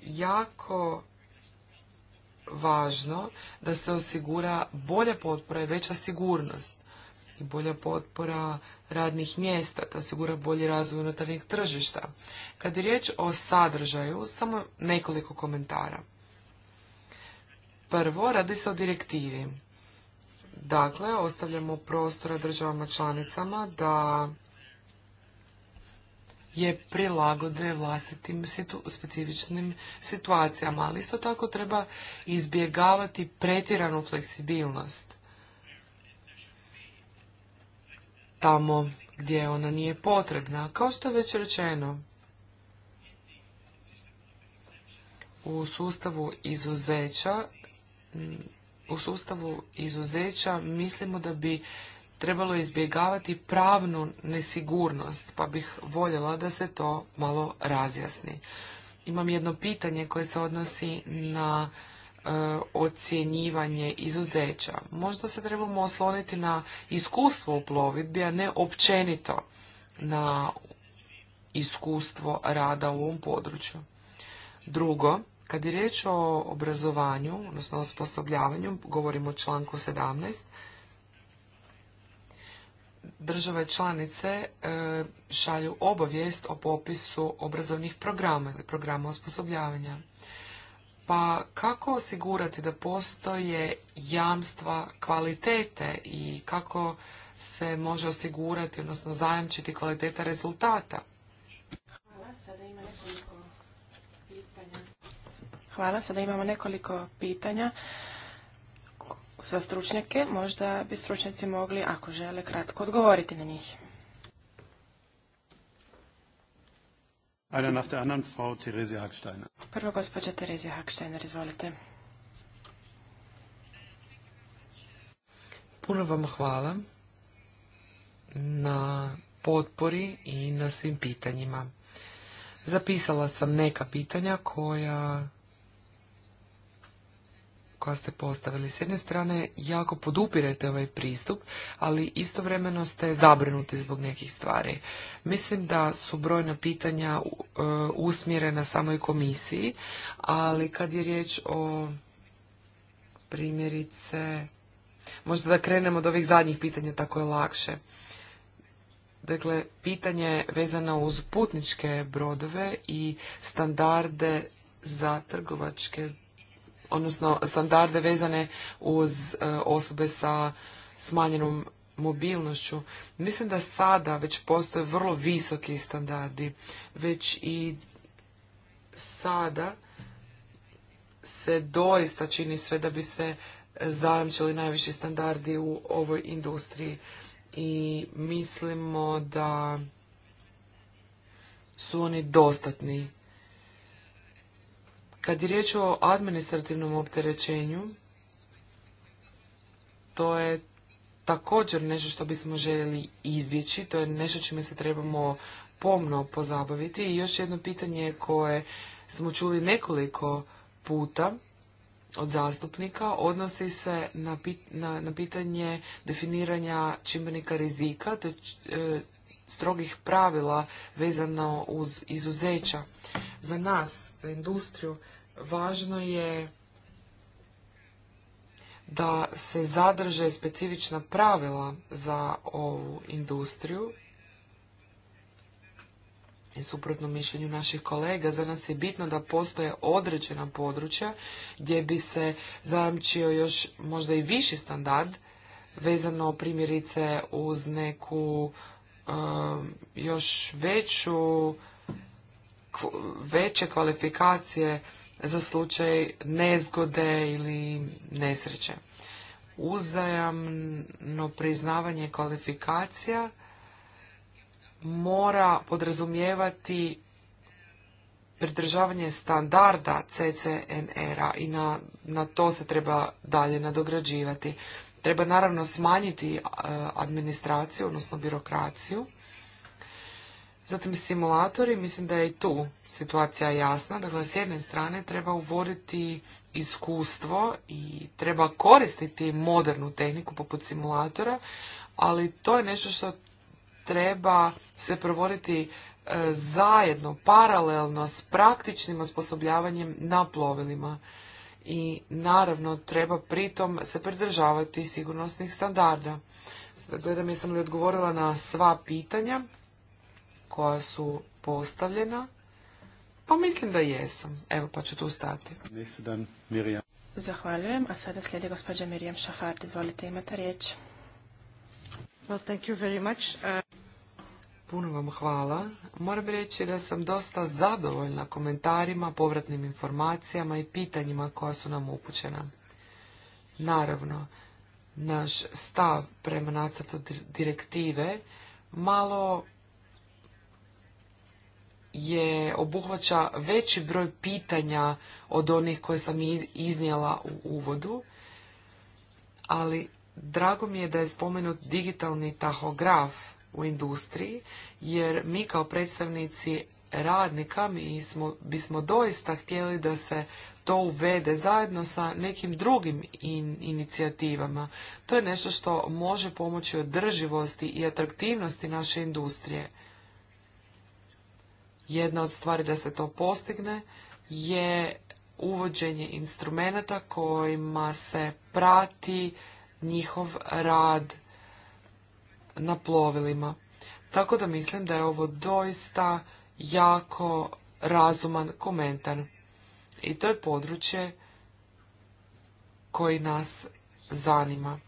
[SPEAKER 3] jako važno da se osigura bolja potpora i veća sigurnost i bolja potpora radnih mjesta, te osigura bolji razvoj unutarnjeg tržišta. Kad je riječ o sadržaju, samo nekoliko komentara. Prvo, radi se o direktivi. Dakle, ostavljamo prostora državama članicama da je prilagode vlastitim specifičnim situacijama, ali isto tako treba izbjegavati pretjeranu fleksibilnost tamo gdje ona nije potrebna. Kao što je već rečeno, u sustavu izuzeća u sustavu izuzeća mislimo da bi trebalo izbjegavati pravnu nesigurnost, pa bih voljela da se to malo razjasni. Imam jedno pitanje koje se odnosi na E, ocjenjivanje izuzeća. Možda se trebamo osloniti na iskustvo u plovidbi, a ne općenito na iskustvo rada u ovom području. Drugo, kad je riječ o obrazovanju, odnosno osposobljavanju, govorimo o članku 17, države članice e, šalju obavijest o popisu obrazovnih programa ili programa osposobljavanja. Pa kako osigurati da postoje jamstva kvalitete i kako se može osigurati, odnosno zajamčiti kvaliteta rezultata?
[SPEAKER 2] Hvala, sada nekoliko pitanja. Hvala, sada imamo nekoliko pitanja za stručnjake. Možda bi stručnjaci mogli, ako žele, kratko odgovoriti na njih.
[SPEAKER 1] Einer ah, nach der anderen, Frau Therese Hagsteiner.
[SPEAKER 2] Prvo gospođa Therese Hagsteiner, izvolite.
[SPEAKER 3] Puno vam hvala na potpori i na svim pitanjima. Zapisala sam neka pitanja koja koja ste postavili. S jedne strane jako podupirete ovaj pristup, ali istovremeno ste zabrinuti zbog nekih stvari. Mislim da su brojna pitanja e, usmjerena samoj komisiji, ali kad je riječ o primjerice, možda da krenemo od ovih zadnjih pitanja, tako je lakše. Dakle, pitanje vezano uz putničke brodove i standarde za trgovačke odnosno standarde vezane uz e, osobe sa smanjenom mobilnošću. Mislim da sada već postoje vrlo visoki standardi. Već i sada se doista čini sve da bi se zajamčili najviši standardi u ovoj industriji. I mislimo da su oni dostatni kad je riječ o administrativnom opterećenju, to je također nešto što bismo željeli izbjeći, to je nešto čime se trebamo pomno pozabaviti. I još jedno pitanje koje smo čuli nekoliko puta od zastupnika odnosi se na, na, na pitanje definiranja čimbenika rizika te e, strogih pravila vezano uz izuzeća. Za nas, za industriju, važno je da se zadrže specifična pravila za ovu industriju. I suprotno mišljenju naših kolega, za nas je bitno da postoje određena područja gdje bi se zajamčio još možda i viši standard vezano primjerice uz neku Um, još veću veće kvalifikacije za slučaj nezgode ili nesreće. Uzajamno priznavanje kvalifikacija mora podrazumijevati pridržavanje standarda CCNR-a e i na, na to se treba dalje nadograđivati. Treba naravno smanjiti e, administraciju, odnosno birokraciju. Zatim simulatori, mislim da je i tu situacija jasna. Dakle, s jedne strane treba uvoditi iskustvo i treba koristiti modernu tehniku poput simulatora, ali to je nešto što treba se provoditi e, zajedno, paralelno s praktičnim osposobljavanjem na plovilima i naravno treba pritom se pridržavati sigurnosnih standarda. Gledam dakle, jesam li odgovorila na sva pitanja koja su postavljena. Pa mislim da jesam. Evo pa ću tu stati.
[SPEAKER 2] Zahvaljujem. A sada slijedi gospođa Mirjam Šafard. Izvolite, imate riječ.
[SPEAKER 3] Well, thank uh, Puno vam hvala. Moram reći da sam dosta zadovoljna komentarima, povratnim informacijama i pitanjima koja su nam upućena. Naravno, naš stav prema nacrtu direktive malo je obuhvaća veći broj pitanja od onih koje sam iznijela u uvodu, ali drago mi je da je spomenut digitalni tahograf u industriji, jer mi kao predstavnici radnika mi smo, bismo doista htjeli da se to uvede zajedno sa nekim drugim inicijativama. To je nešto što može pomoći održivosti i atraktivnosti naše industrije. Jedna od stvari da se to postigne je uvođenje instrumenata kojima se prati njihov rad na plovilima. Tako da mislim da je ovo doista jako razuman komentar. I to je područje koji nas zanima.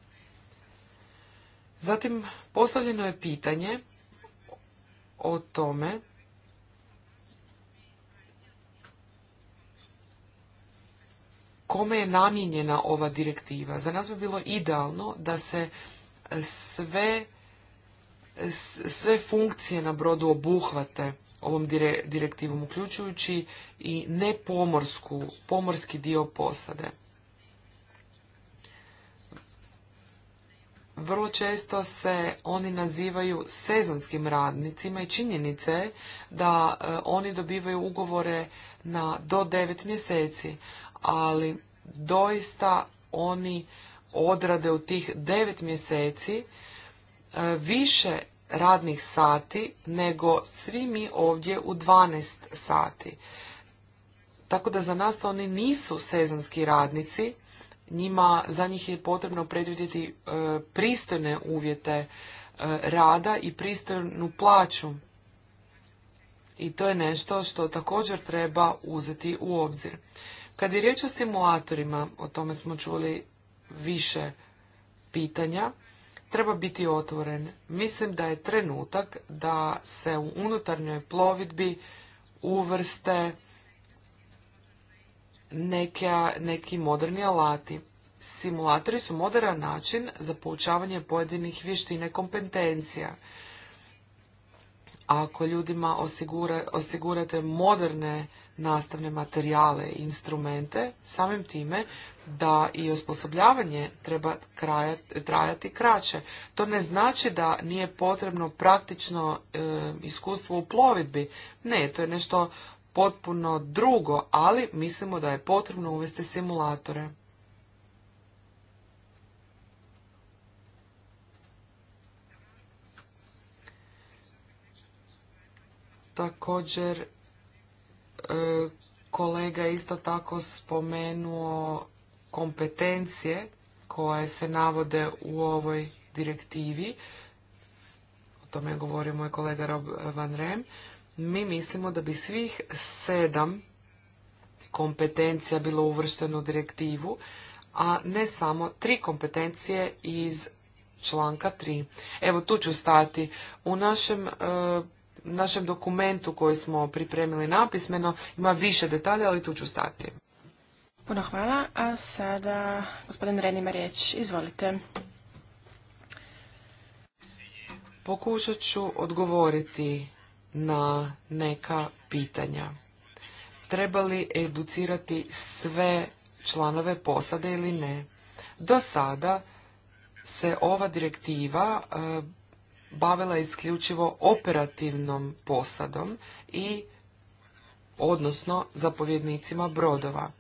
[SPEAKER 3] Zatim postavljeno je pitanje o tome kome je namijenjena ova direktiva. Za nas bi bilo idealno da se sve sve funkcije na brodu obuhvate ovom direktivom, uključujući i nepomorsku, pomorski dio posade. Vrlo često se oni nazivaju sezonskim radnicima i činjenice da e, oni dobivaju ugovore na do devet mjeseci, ali doista oni odrade u tih devet mjeseci više radnih sati nego svi mi ovdje u 12 sati. Tako da za nas oni nisu sezonski radnici, njima, za njih je potrebno predvidjeti e, pristojne uvjete e, rada i pristojnu plaću. I to je nešto što također treba uzeti u obzir. Kad je riječ o simulatorima, o tome smo čuli više pitanja, treba biti otvoren. Mislim da je trenutak da se u unutarnjoj plovidbi uvrste neki moderni alati. Simulatori su moderan način za poučavanje pojedinih vještina i kompetencija. Ako ljudima osigurate moderne nastavne materijale i instrumente, samim time da i osposobljavanje treba trajati kraće. To ne znači da nije potrebno praktično e, iskustvo u plovidbi. Ne, to je nešto potpuno drugo, ali mislimo da je potrebno uvesti simulatore. Također, e, kolega kolega isto tako spomenuo kompetencije koje se navode u ovoj direktivi, o tome je govorio moj kolega Rob Van Rem, mi mislimo da bi svih sedam kompetencija bilo uvršteno u direktivu, a ne samo tri kompetencije iz članka 3. Evo tu ću stati. U našem, e, našem dokumentu koji smo pripremili napismeno ima više detalja, ali tu ću stati.
[SPEAKER 2] Puno hvala, a sada gospodin Ren ima riječ. Izvolite.
[SPEAKER 3] Pokušat ću odgovoriti na neka pitanja. Treba li educirati sve članove posade ili ne? Do sada se ova direktiva e, bavila isključivo operativnom posadom i odnosno zapovjednicima brodova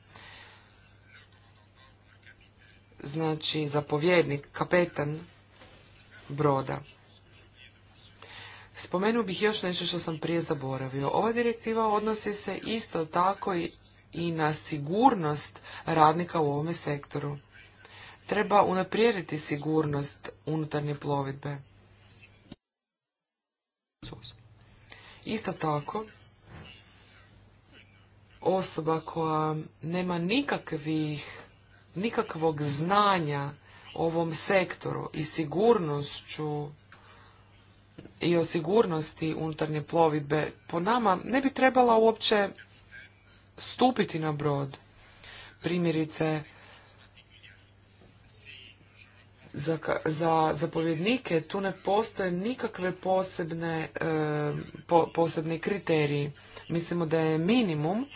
[SPEAKER 3] znači zapovjednik, kapetan broda. Spomenuo bih još nešto što sam prije zaboravio. Ova direktiva odnosi se isto tako i, na sigurnost radnika u ovome sektoru. Treba unaprijediti sigurnost unutarnje plovidbe. Isto tako, osoba koja nema nikakvih nikakvog znanja o ovom sektoru i sigurnošću i o sigurnosti unutarnje plovidbe po nama ne bi trebala uopće stupiti na brod. Primjerice, za, za zapovjednike tu ne postoje nikakve posebne, e, posebni kriteriji. Mislimo da je minimum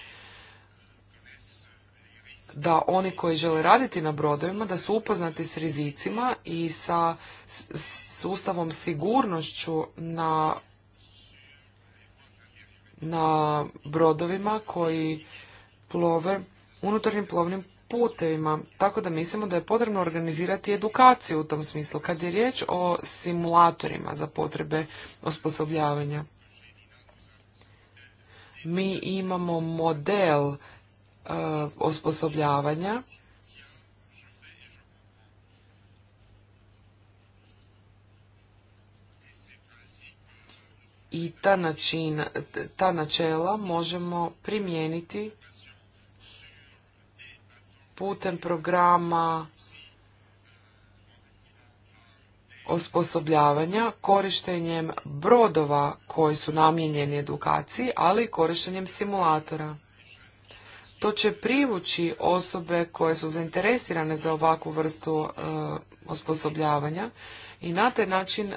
[SPEAKER 3] da oni koji žele raditi na brodovima da su upoznati s rizicima i sa sustavom sigurnošću na na brodovima koji plove unutarnjim plovnim putevima. Tako da mislimo da je potrebno organizirati edukaciju u tom smislu kad je riječ o simulatorima za potrebe osposobljavanja. Mi imamo model E, osposobljavanja. I ta, načina, ta načela možemo primijeniti putem programa osposobljavanja korištenjem brodova koji su namijenjeni edukaciji, ali i korištenjem simulatora to će privući osobe koje su zainteresirane za ovakvu vrstu e, osposobljavanja i na taj način e,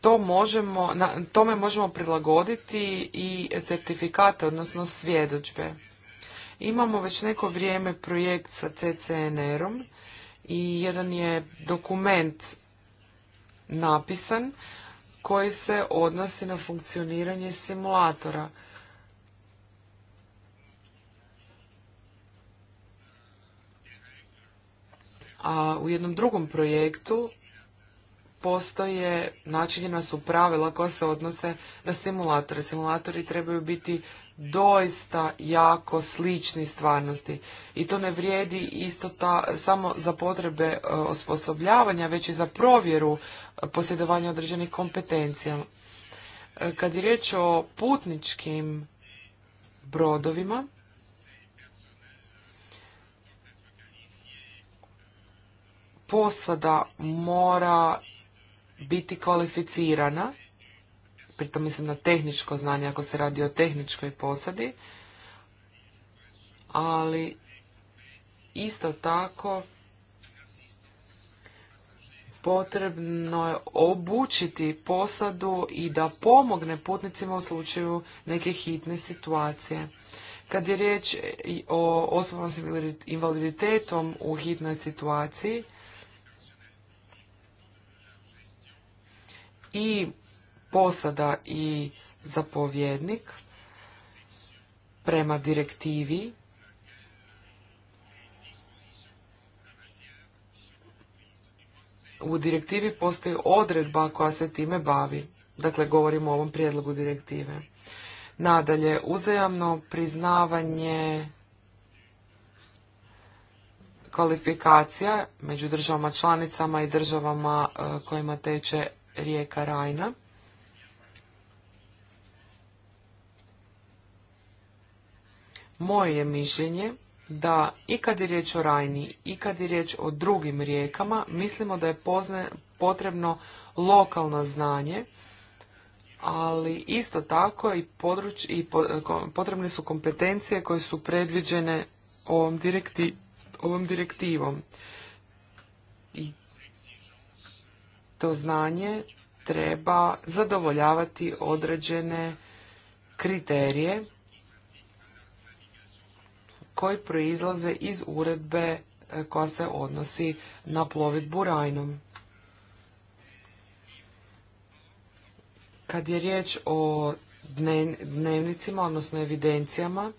[SPEAKER 3] to možemo, tome možemo prilagoditi i certifikate, odnosno svjedočbe. Imamo već neko vrijeme projekt sa CCNR-om i jedan je dokument napisan koji se odnosi na funkcioniranje simulatora a u jednom drugom projektu postoje, načinjena su pravila koja se odnose na simulatore. Simulatori trebaju biti doista jako slični stvarnosti. I to ne vrijedi isto ta, samo za potrebe e, osposobljavanja, već i za provjeru e, posjedovanja određenih kompetencija. E, kad je riječ o putničkim brodovima, posada mora biti kvalificirana, pritom mislim na tehničko znanje ako se radi o tehničkoj posadi, ali isto tako potrebno je obučiti posadu i da pomogne putnicima u slučaju neke hitne situacije. Kad je riječ o osobama s invaliditetom u hitnoj situaciji, i posada i zapovjednik prema direktivi U direktivi postoji odredba koja se time bavi. Dakle, govorimo o ovom prijedlogu direktive. Nadalje, uzajamno priznavanje kvalifikacija među državama članicama i državama e, kojima teče rijeka Rajna. Moje je mišljenje da i kad je riječ o Rajni i kad je riječ o drugim rijekama, mislimo da je pozne, potrebno lokalno znanje, ali isto tako i, i potrebne su kompetencije koje su predviđene ovom, ovom direktivom. I to znanje treba zadovoljavati određene kriterije koji proizlaze iz uredbe e, koja se odnosi na plovidbu rajnom. Kad je riječ o dnevnicima, odnosno evidencijama,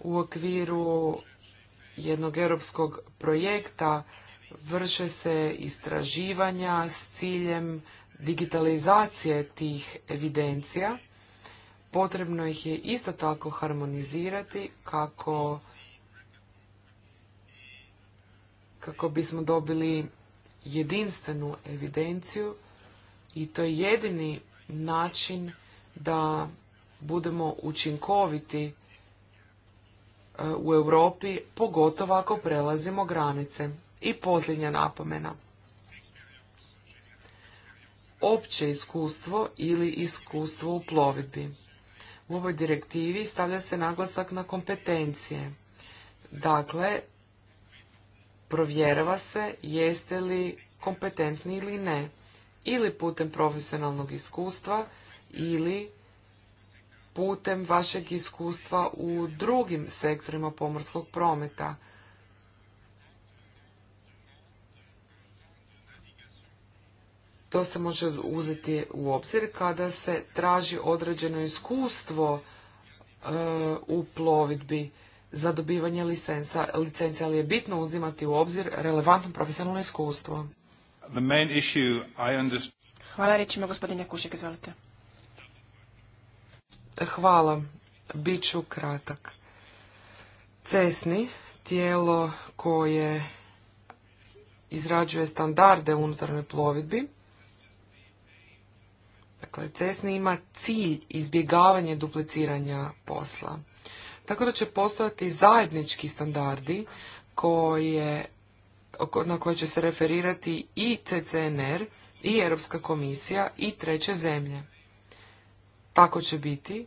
[SPEAKER 3] u okviru jednog europskog projekta vrše se istraživanja s ciljem digitalizacije tih evidencija. Potrebno ih je isto tako harmonizirati kako kako bismo dobili jedinstvenu evidenciju i to je jedini način da budemo učinkoviti e, u Europi, pogotovo ako prelazimo granice. I posljednja napomena. Opće iskustvo ili iskustvo u plovidbi. U ovoj direktivi stavlja se naglasak na kompetencije. Dakle, provjerava se jeste li kompetentni ili ne, ili putem profesionalnog iskustva ili putem vašeg iskustva u drugim sektorima pomorskog prometa To se može uzeti u obzir kada se traži određeno iskustvo e, u plovidbi za dobivanje licenca, ali je bitno uzimati u obzir relevantno profesionalno iskustvo. Hvala izvolite. Hvala, bit ću kratak. Cesni, tijelo koje izrađuje standarde unutarnjoj plovidbi, Dakle, CESNI ima cilj izbjegavanje dupliciranja posla. Tako da će postojati zajednički standardi koje, na koje će se referirati i CCNR, i Europska komisija, i treće zemlje. Tako će biti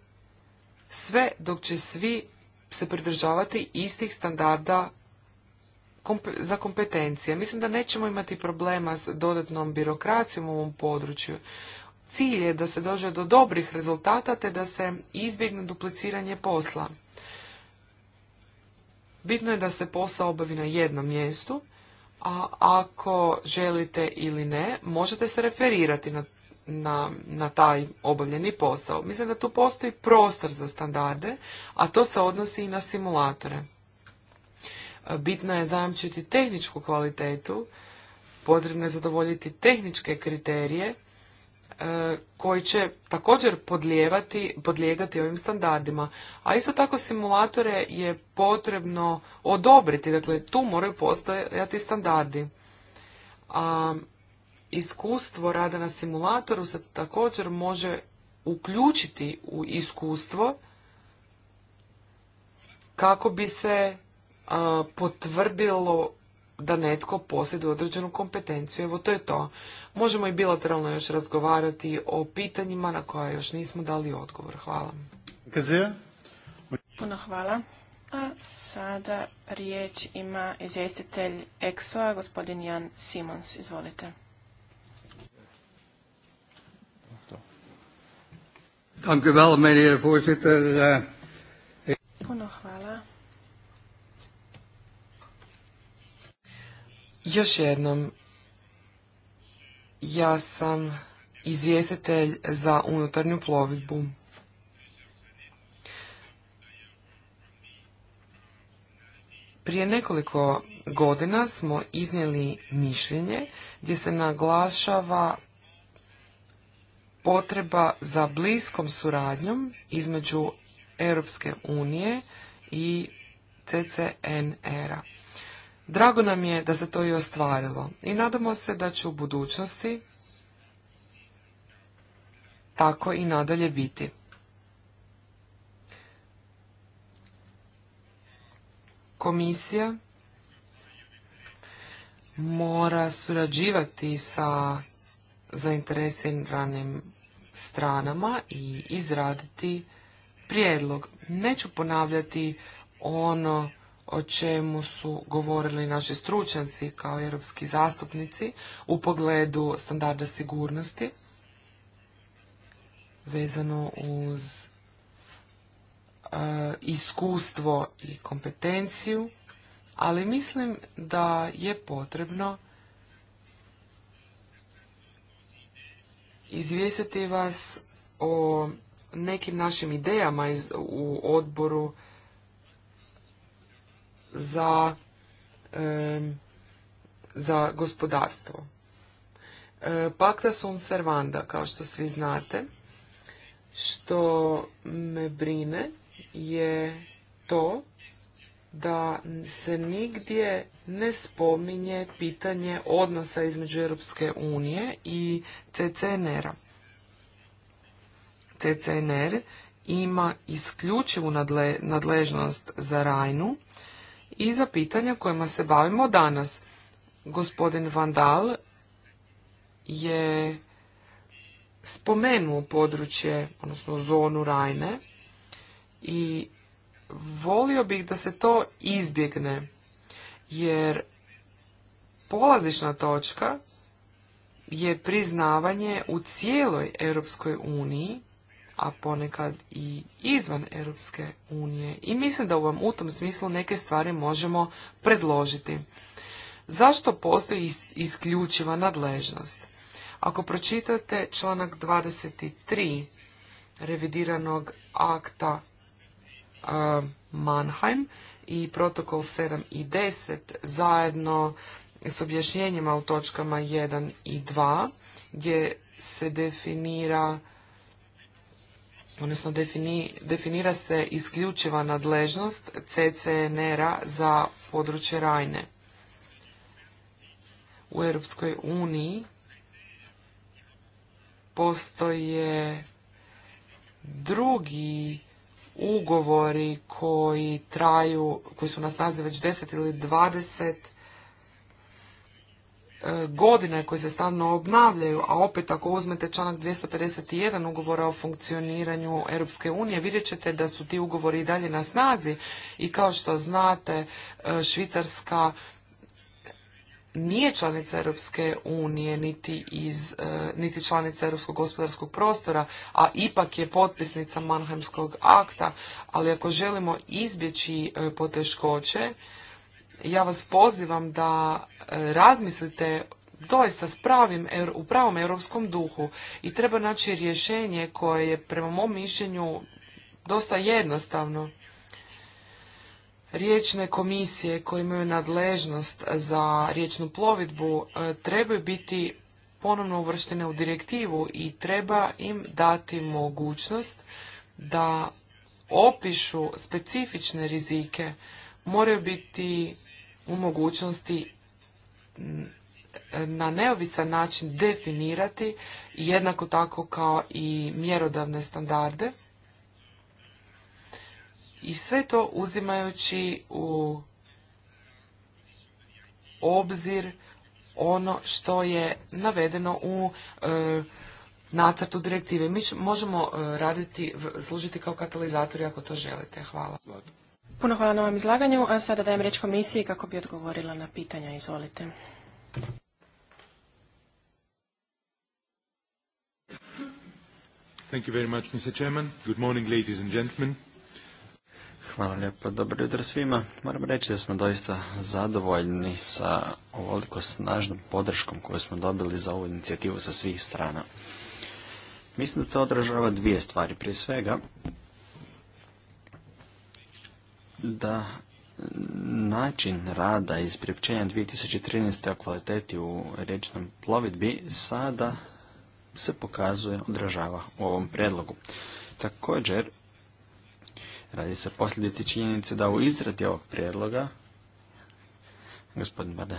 [SPEAKER 3] sve dok će svi se pridržavati istih standarda za kompetencije. Mislim da nećemo imati problema s dodatnom birokracijom u ovom području. Cilj je da se dođe do dobrih rezultata te da se izbjegne dupliciranje posla. Bitno je da se posao obavi na jednom mjestu, a ako želite ili ne, možete se referirati na, na, taj obavljeni posao. Mislim da tu postoji prostor za standarde, a to se odnosi i na simulatore. Bitno je zajamčiti tehničku kvalitetu, potrebno je zadovoljiti tehničke kriterije E, koji će također podlijevati, podlijegati ovim standardima. A isto tako simulatore je potrebno odobriti, dakle tu moraju postojati standardi. A iskustvo rada na simulatoru se također može uključiti u iskustvo kako bi se potvrdilo da netko posjeduje određenu kompetenciju. Evo to je to. Možemo i bilateralno još razgovarati o pitanjima na koja još nismo dali odgovor. Hvala. Puno hvala.
[SPEAKER 2] A sada riječ ima izvjestitelj EXO-a, gospodin Jan Simons. Izvolite. Eh, Puno hvala,
[SPEAKER 3] Još jednom, ja sam izvjestitelj za unutarnju plovidbu. Prije nekoliko godina smo iznijeli mišljenje gdje se naglašava potreba za bliskom suradnjom između Europske unije i CCNR-a. Drago nam je da se to i ostvarilo i nadamo se da će u budućnosti tako i nadalje biti. Komisija mora surađivati sa zainteresiranim stranama i izraditi prijedlog. Neću ponavljati ono o čemu su govorili naši stručnjaci kao europski zastupnici u pogledu standarda sigurnosti vezano uz e, iskustvo i kompetenciju, ali mislim da je potrebno izvijestiti vas o nekim našim idejama u odboru za, za gospodarstvo. E, Pakta sunt servanda, kao što svi znate, što me brine je to da se nigdje ne spominje pitanje odnosa između Europske unije i CCNR-a. CCNR ima isključivu nadležnost za Rajnu i za pitanja kojima se bavimo danas. Gospodin Vandal je spomenuo područje, odnosno zonu Rajne i volio bih da se to izbjegne, jer polazišna točka je priznavanje u cijeloj Europskoj uniji a ponekad i izvan Europske unije. I mislim da vam u tom smislu neke stvari možemo predložiti. Zašto postoji isključiva nadležnost? Ako pročitate članak 23 revidiranog akta Mannheim i protokol 7 i 10 zajedno s objašnjenjima u točkama 1 i 2 gdje se definira odnosno definira se isključiva nadležnost CCNR-a za područje Rajne. U Europskoj uniji postoje drugi ugovori koji traju, koji su na snazi već 10 ili 20 E, godine koji se stalno obnavljaju, a opet ako uzmete članak 251 ugovora o funkcioniranju Europske unije, vidjet ćete da su ti ugovori i dalje na snazi i kao što znate e, Švicarska nije članica Europske unije niti, iz, e, niti članica Europskog gospodarskog prostora, a ipak je potpisnica Mannheimskog akta, ali ako želimo izbjeći poteškoće, ja vas pozivam da e, razmislite doista s pravim, u pravom europskom duhu i treba naći rješenje koje je prema mom mišljenju dosta jednostavno. Riječne komisije koje imaju nadležnost za riječnu plovidbu e, trebaju biti ponovno uvrštene u direktivu i treba im dati mogućnost da opišu specifične rizike, moraju biti u mogućnosti na neovisan način definirati jednako tako kao i mjerodavne standarde i sve to uzimajući u obzir ono što je navedeno u e, nacrtu direktive. Mi možemo e, raditi, služiti kao katalizatori ako to želite. Hvala.
[SPEAKER 2] Puno hvala na ovom izlaganju, a sada dajem riječ komisiji kako bi odgovorila na pitanja. Izvolite.
[SPEAKER 1] Thank you very much, Mr. Good morning, ladies and gentlemen. Hvala lijepo, dobro jutro svima. Moram reći da smo doista zadovoljni sa ovoliko snažnom podrškom koju smo dobili za ovu inicijativu sa svih strana. Mislim da to odražava dvije stvari. Prije svega, da način rada iz priopćenja 2013. o kvaliteti u rečnom plovidbi sada se pokazuje, odražava u ovom predlogu. Također, radi se posljedice činjenice da u izradi ovog prijedloga gospodin Barde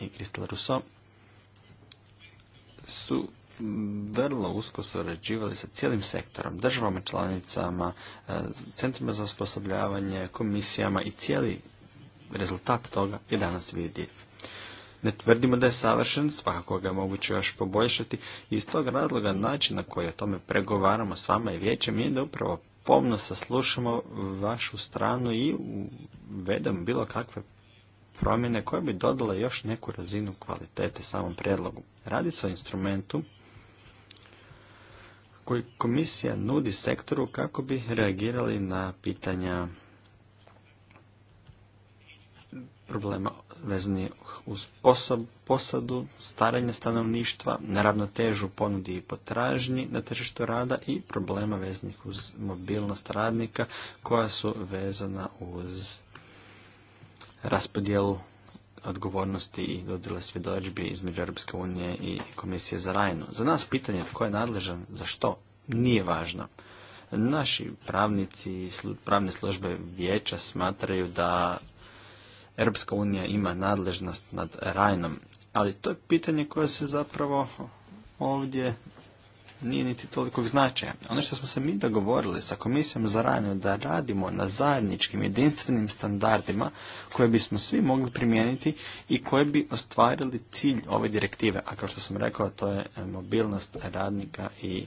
[SPEAKER 1] i Kristel Rousseau su vrlo usko surađivali sa cijelim sektorom, državama, članicama, e, centrima za osposobljavanje, komisijama i cijeli rezultat toga je danas vidljiv. Ne tvrdimo da je savršen, svakako ga je moguće još poboljšati i iz tog razloga način na koji o tome pregovaramo s vama i vijećem je da upravo pomno saslušamo vašu stranu i uvedemo bilo kakve promjene koje bi dodale još neku razinu kvalitete samom predlogu. Radi se o instrumentu koji komisija nudi sektoru kako bi reagirali na pitanja problema vezanih uz posadu, staranje stanovništva, neravnotežu ponudi i potražnji na tržištu rada i problema vezanih uz mobilnost radnika koja su vezana uz raspodjelu odgovornosti i dodjela svjedočbi između Europske unije i Komisije za Rajnu. Za nas pitanje tko je nadležan za što nije važno. Naši pravnici i pravne službe vijeća smatraju da Europska unija ima nadležnost nad Rajnom, ali to je pitanje koje se zapravo ovdje nije niti tolikog značaja. Ono što smo se mi dogovorili sa komisijom za ranju da radimo na zajedničkim jedinstvenim standardima koje bismo svi mogli primijeniti i koje bi ostvarili cilj ove direktive. A kao što sam rekao, to je e, mobilnost radnika i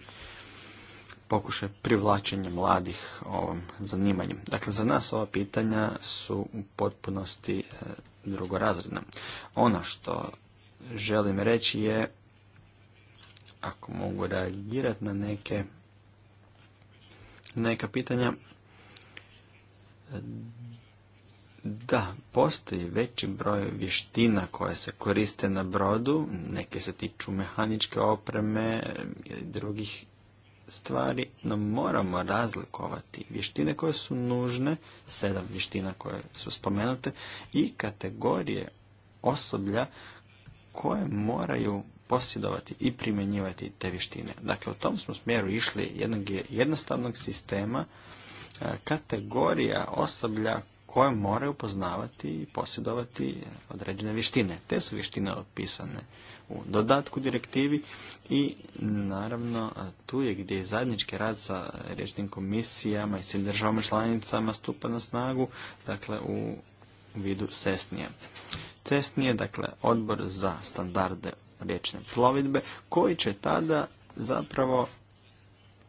[SPEAKER 1] pokušaj privlačenja mladih ovom zanimanjem. Dakle, za nas ova pitanja su u potpunosti e, drugorazredna. Ono što želim reći je ako mogu reagirati na neke neka pitanja. Da, postoji veći broj vještina koje se koriste na brodu, neke se tiču mehaničke opreme ili drugih stvari, no moramo razlikovati vještine koje su nužne, sedam vještina koje su spomenute, i kategorije osoblja koje moraju posjedovati i primjenjivati te vještine. Dakle, u tom smo smjeru išli jednog jednostavnog sistema e, kategorija osoblja koje moraju poznavati i posjedovati određene vještine. Te su vještine opisane u dodatku direktivi i naravno tu je gdje je zajednički rad sa riječnim komisijama i svim državama članicama stupa na snagu, dakle u vidu sesnije. Sesnije, dakle, odbor za standarde riječne plovidbe koji će tada zapravo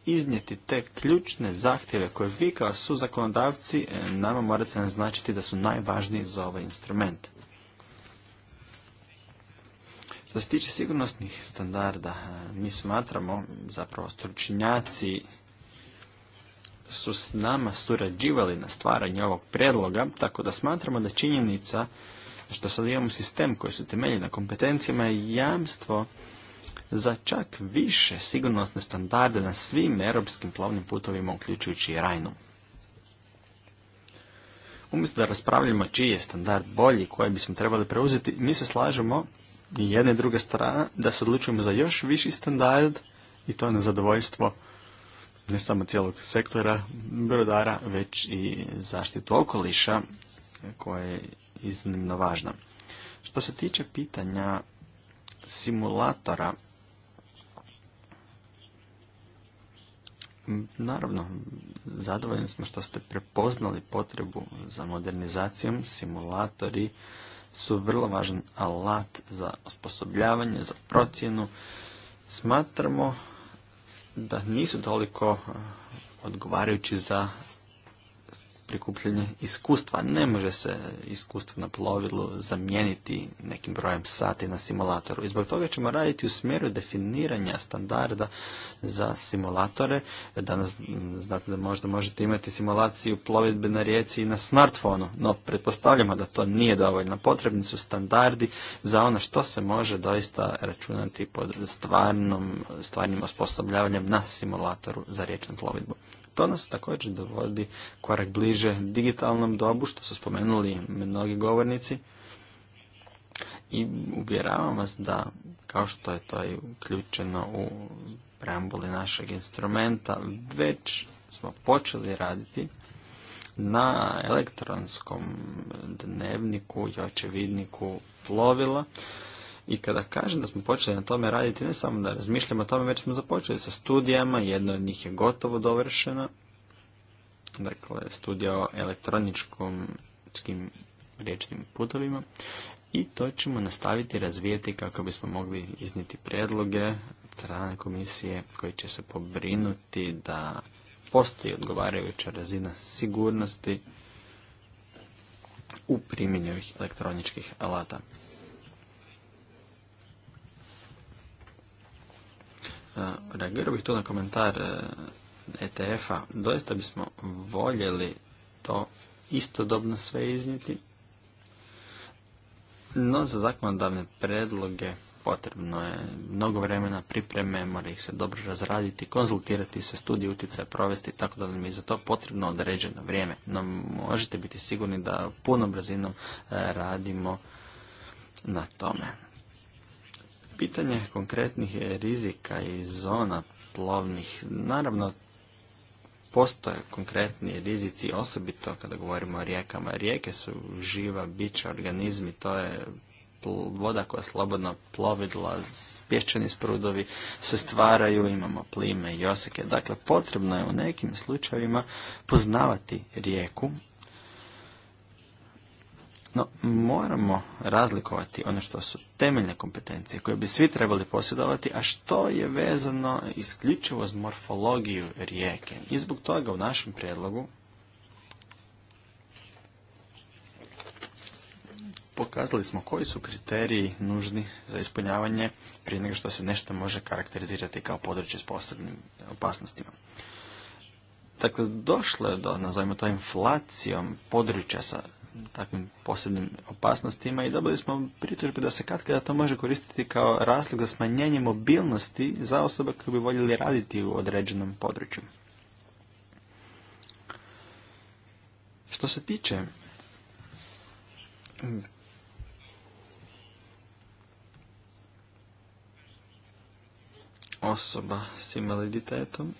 [SPEAKER 1] iznijeti te ključne zahtjeve koje vi kao su zakonodavci e, nama morate naznačiti da su najvažniji za ovaj instrument. Što se tiče sigurnosnih standarda, e, mi smatramo, zapravo stručnjaci su s nama surađivali na stvaranju ovog predloga, tako da smatramo da činjenica što sad imamo sistem koji se temelji na kompetencijama i jamstvo za čak više sigurnosne standarde na svim europskim plovnim putovima, uključujući i Rajnu. Umjesto da raspravljamo čiji je standard bolji, koje bismo trebali preuzeti, mi se slažemo i jedne i druge strana da se odlučujemo za još viši standard i to na zadovoljstvo ne samo cijelog sektora brodara, već i zaštitu okoliša koje iznimno važna. Što se tiče pitanja simulatora, naravno, zadovoljni smo što ste prepoznali potrebu za modernizacijom. Simulatori su vrlo važan alat za osposobljavanje, za procjenu. Smatramo da nisu toliko eh, odgovarajući za prikupljanje iskustva. Ne može se iskustvo na plovilu zamijeniti nekim brojem sati na simulatoru. I zbog toga ćemo raditi u smjeru definiranja standarda za simulatore. Danas znate da možda možete imati simulaciju plovidbe na rijeci i na smartfonu, no pretpostavljamo da to nije dovoljno. Potrebni su standardi za ono što se može doista računati pod stvarnom, stvarnim osposobljavanjem na simulatoru za riječnu plovidbu. To nas također dovodi korak bliže digitalnom dobu, što su spomenuli mnogi govornici. I uvjeravam vas da, kao što je to i uključeno u preambuli našeg instrumenta, već smo počeli raditi na elektronskom dnevniku i očevidniku plovila i kada kažem da smo počeli na tome raditi, ne samo da razmišljamo o tome, već smo započeli sa studijama, jedna od njih je gotovo dovršena, dakle studija o elektroničkim riječnim putovima i to ćemo nastaviti razvijeti kako bismo mogli iznijeti predloge strane komisije koji će se pobrinuti da postoji odgovarajuća razina sigurnosti u primjeni ovih elektroničkih alata. E, reagirao bih tu na komentar ETF-a. E Doista bismo voljeli to istodobno sve iznijeti, no za zakonodavne predloge potrebno je mnogo vremena pripreme, mora ih se dobro razraditi, konzultirati se, studije utjecaja provesti, tako da nam je za to potrebno određeno vrijeme. No možete biti sigurni da punom brzinom e, radimo na tome pitanje konkretnih rizika i zona plovnih, naravno postoje konkretni rizici, osobito kada govorimo o rijekama. Rijeke su živa bića, organizmi, to je voda koja slobodno plovidla, pješčani sprudovi se stvaraju, imamo plime i oseke. Dakle, potrebno je u nekim slučajevima poznavati rijeku, no, moramo razlikovati ono što su temeljne kompetencije koje bi svi trebali posjedovati, a što je vezano isključivo s morfologiju rijeke. I zbog toga u našem prijedlogu pokazali smo koji su kriteriji nužni za ispunjavanje prije nego što se nešto može karakterizirati kao područje s posebnim opasnostima. Dakle, došlo je do, nazovimo to, inflacijom područja sa takvim posebnim opasnostima i dobili smo pritužbe da se katkada to može koristiti kao razlog za smanjenje mobilnosti za osobe koje bi voljeli raditi u određenom području. Što se tiče mm, osoba s invaliditetom,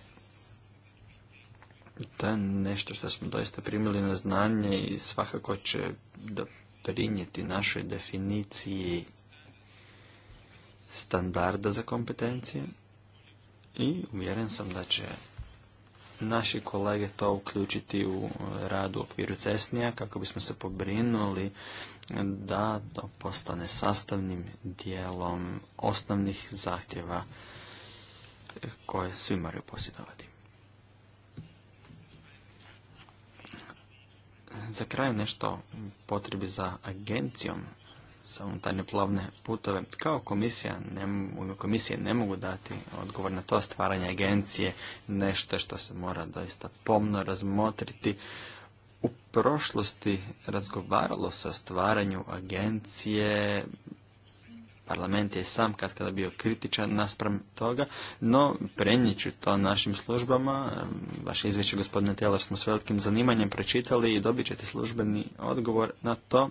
[SPEAKER 1] to je nešto što smo doista primili na znanje i svakako će doprinijeti našoj definiciji standarda za kompetencije i uvjeren sam da će naši kolege to uključiti u rad u okviru cesnija kako bismo se pobrinuli da to postane sastavnim dijelom osnovnih zahtjeva koje svi moraju posjedovati. Za kraj nešto potrebi za agencijom za unutarnje plovne putove. Kao komisija ne, komisije ne mogu dati odgovor na to stvaranje agencije, nešto što se mora doista pomno razmotriti. U prošlosti razgovaralo se o stvaranju agencije Parlament je sam kad kada bio kritičan naspram toga, no prenijet ću to našim službama. Vaše izvješće gospodine tijelo smo s velikim zanimanjem pročitali i dobit ćete službeni odgovor na to.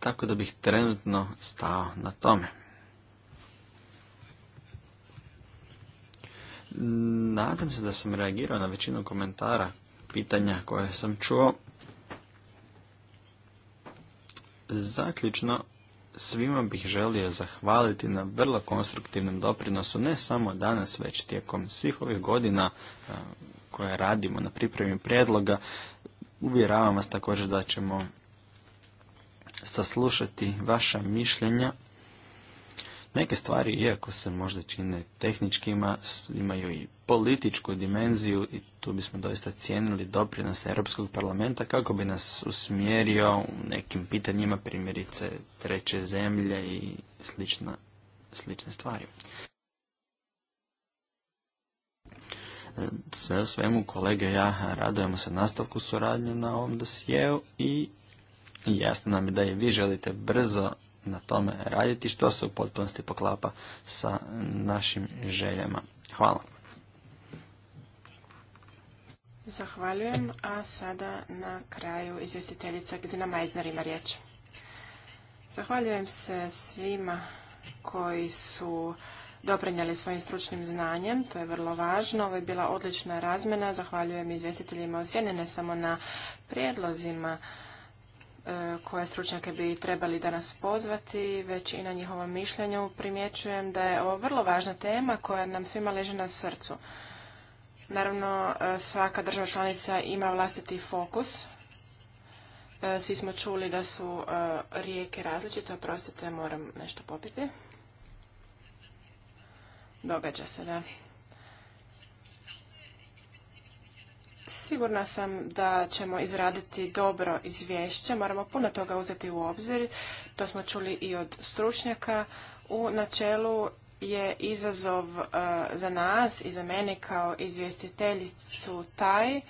[SPEAKER 1] Tako da bih trenutno stao na tome. Nadam se da sam reagirao na većinu komentara, pitanja koje sam čuo. Zaključno, svima bih želio zahvaliti na vrlo konstruktivnom doprinosu, ne samo danas, već tijekom svih ovih godina koje radimo na pripremi prijedloga. Uvjeravam vas također da ćemo saslušati vaša mišljenja Neke stvari, iako se možda čine tehničkima, imaju i političku dimenziju i tu bismo doista cijenili doprinos Europskog parlamenta kako bi nas usmjerio u nekim pitanjima, primjerice treće zemlje i slična, slične stvari. Sve o svemu, kolege ja radujemo se nastavku suradnje na ovom dosijeu i jasno nam je da i vi želite brzo na tome raditi što se u potpunosti poklapa sa našim željama. Hvala.
[SPEAKER 2] Zahvaljujem, a sada na kraju izvjestiteljica Gdina Majzner ima riječ. Zahvaljujem se svima koji su doprinijeli svojim stručnim znanjem, to je vrlo važno. Ovo je bila odlična razmjena, zahvaljujem izvjestiteljima u samo na prijedlozima E, koje stručnjake bi trebali danas pozvati, već i na njihovom mišljenju primjećujem da je ovo vrlo važna tema koja nam svima leži na srcu. Naravno, e, svaka država članica ima vlastiti fokus. E, svi smo čuli da su rijeke različite, oprostite, moram nešto popiti. Događa se, da. Sigurna sam da ćemo izraditi dobro izvješće, moramo puno toga uzeti u obzir, to smo čuli i od stručnjaka. U načelu je izazov e, za nas i za mene kao izvjestiteljicu taj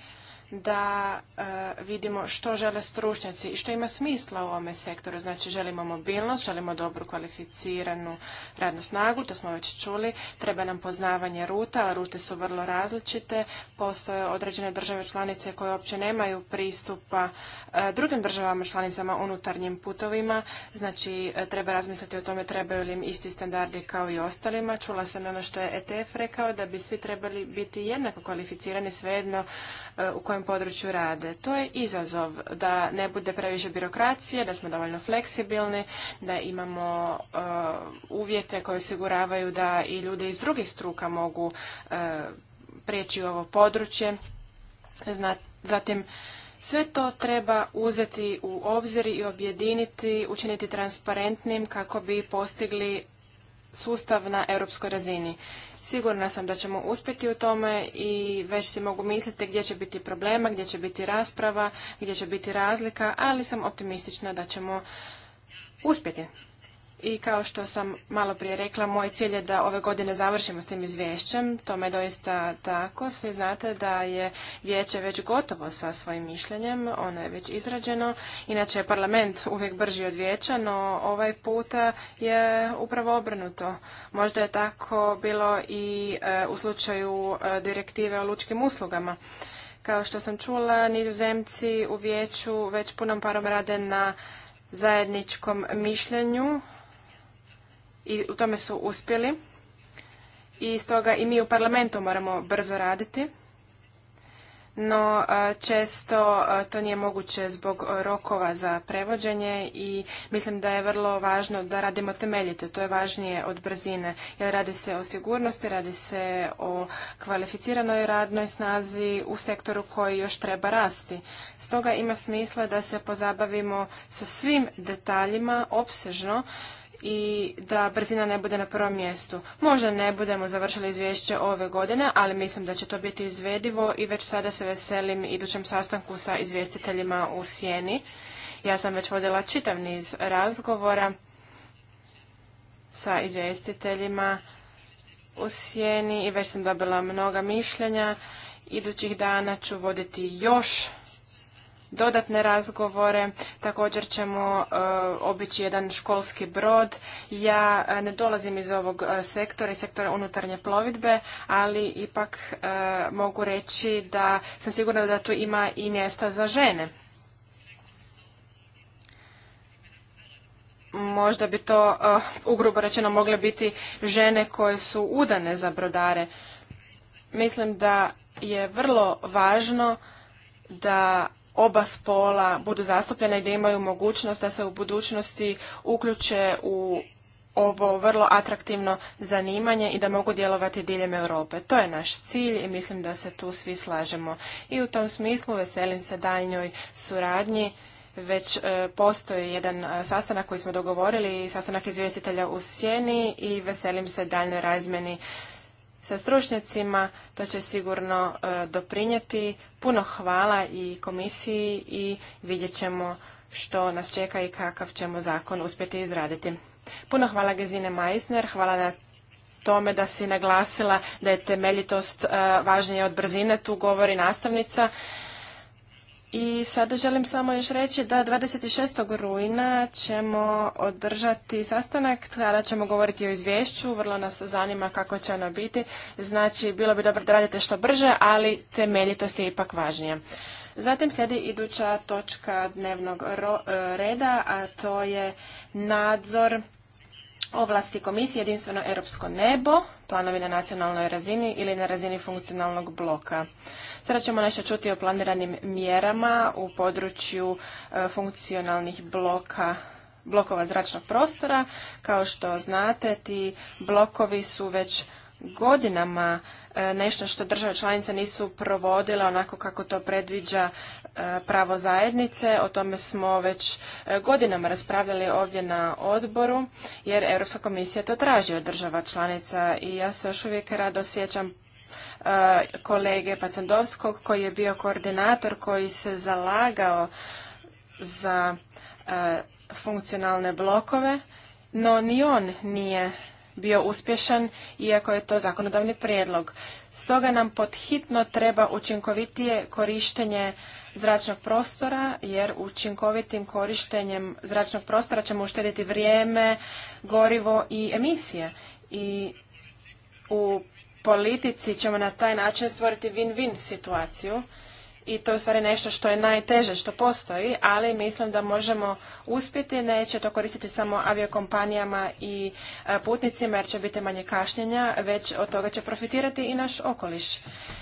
[SPEAKER 2] da e, vidimo što žele stručnjaci i što ima smisla u ovome sektoru. Znači želimo mobilnost, želimo dobru kvalificiranu radnu snagu, to smo već čuli, treba nam poznavanje ruta, a rute su vrlo različite, postoje određene države članice koje uopće nemaju pristupa e, drugim državama članicama unutarnjim putovima, znači e, treba razmisliti o tome trebaju li im isti standardi kao i ostalima. Čula sam ono što je ETF rekao da bi svi trebali biti jednako kvalificirani svejedno u kojem području rade. To je izazov da ne bude previše birokracije, da smo dovoljno fleksibilni, da imamo uh, uvjete koji osiguravaju da i ljudi iz drugih struka mogu uh, prijeći u ovo područje. zatim, sve to treba uzeti u obzir i objediniti, učiniti transparentnim kako bi postigli sustav na europskoj razini. Sigurna sam da ćemo uspjeti u tome i već si mogu misliti gdje će biti problema, gdje će biti rasprava, gdje će biti razlika, ali sam optimistična da ćemo uspjeti i kao što sam malo prije rekla, moj cilj je da ove godine završimo s tim izvješćem. Tome me doista tako. Svi znate da je vijeće već gotovo sa svojim mišljenjem, ono je već izrađeno. Inače je parlament uvijek brži od vijeća, no ovaj puta je upravo obrnuto. Možda je tako bilo i e, u slučaju e, direktive o lučkim uslugama. Kao što sam čula, nizozemci u vijeću već punom parom rade na zajedničkom mišljenju i u tome su uspjeli. I stoga i mi u parlamentu moramo brzo raditi. No često to nije moguće zbog rokova za prevođenje i mislim da je vrlo važno da radimo temeljite. To je važnije od brzine jer radi se o sigurnosti, radi se o kvalificiranoj radnoj snazi u sektoru koji još treba rasti. Stoga ima smisla da se pozabavimo sa svim detaljima opsežno i da brzina ne bude na prvom mjestu. Možda ne budemo završili izvješće ove godine, ali mislim da će to biti izvedivo i već sada se veselim idućem sastanku sa izvjestiteljima u Sjeni. Ja sam već vodila čitav niz razgovora sa izvjestiteljima u Sjeni i već sam dobila mnoga mišljenja. Idućih dana ću voditi još dodatne razgovore. Također ćemo e, obići jedan školski brod. Ja e, ne dolazim iz ovog e, sektora, iz sektora unutarnje plovidbe, ali ipak mogu reći da sam sigurna da tu ima i mjesta za žene. Možda bi to, ugrubo rečeno, mogle biti žene koje su udane za brodare. Mislim da je vrlo važno da oba spola budu zastupljena i da imaju mogućnost da se u budućnosti uključe u ovo vrlo atraktivno zanimanje i da mogu djelovati diljem Europe. To je naš cilj i mislim da se tu svi slažemo. I u tom smislu veselim se daljnjoj suradnji. Već e, postoji jedan e, sastanak koji smo dogovorili, sastanak izvjestitelja u Sjeni i veselim se daljnjoj razmeni sa stručnjacima, to će sigurno e, doprinijeti. Puno hvala i komisiji i vidjet ćemo što nas čeka i kakav ćemo zakon uspjeti izraditi. Puno hvala Gezine Meissner, hvala na tome da si naglasila da je temeljitost e, važnija od brzine, tu govori nastavnica. I sada želim samo još reći da 26. rujna ćemo održati sastanak, tada ćemo govoriti o izvješću, vrlo nas zanima kako će ono biti. Znači, bilo bi dobro da radite što brže, ali temeljitost je ipak važnija. Zatim slijedi iduća točka dnevnog e, reda, a to je nadzor ovlasti komisije Jedinstveno europsko nebo planovi na nacionalnoj razini ili na razini funkcionalnog bloka. Sada ćemo nešto čuti o planiranim mjerama u području e, funkcionalnih bloka blokova zračnog prostora. Kao što znate, ti blokovi su već godinama e, nešto što države članice nisu provodile onako kako to predviđa E, pravo zajednice, o tome smo već e, godinama raspravljali ovdje na odboru, jer Europska komisija to traži od država članica i ja se još uvijek rado sjećam e, kolege Pacendovskog, koji je bio koordinator koji se zalagao za funkcionalne blokove, no ni on nije bio uspješan, iako je to zakonodavni prijedlog. Stoga nam pod hitno treba učinkovitije korištenje zračnog prostora jer učinkovitim korištenjem zračnog prostora ćemo uštediti vrijeme, gorivo i emisije. I u politici ćemo na taj način stvoriti win-win situaciju i to je u stvari nešto što je najteže što postoji, ali mislim da možemo uspjeti, neće to koristiti samo aviokompanijama i e, putnicima jer će biti manje kašnjenja, već od toga će profitirati i naš okoliš.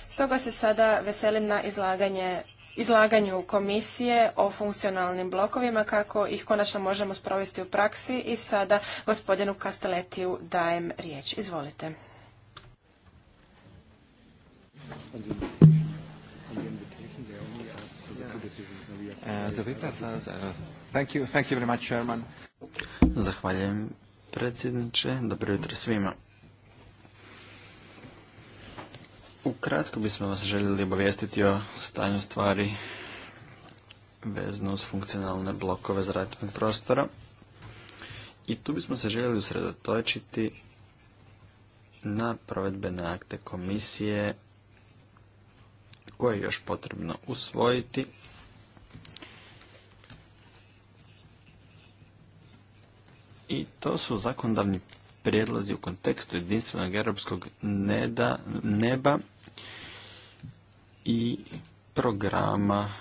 [SPEAKER 2] Stoga se sada veselim na izlaganje izlaganju komisije o funkcionalnim blokovima, kako ih konačno možemo sprovesti u praksi i sada gospodinu Kasteletiju dajem riječ. Izvolite.
[SPEAKER 1] Zahvaljujem predsjedniče. Dobro jutro svima. Ukratko bismo vas željeli obavijestiti o stanju stvari vezno uz funkcionalne blokove zračnog prostora. I tu bismo se željeli usredotočiti na provedbene akte komisije koje je još potrebno usvojiti. I to su zakondavni prijedlozi u kontekstu jedinstvenog europskog neba i programa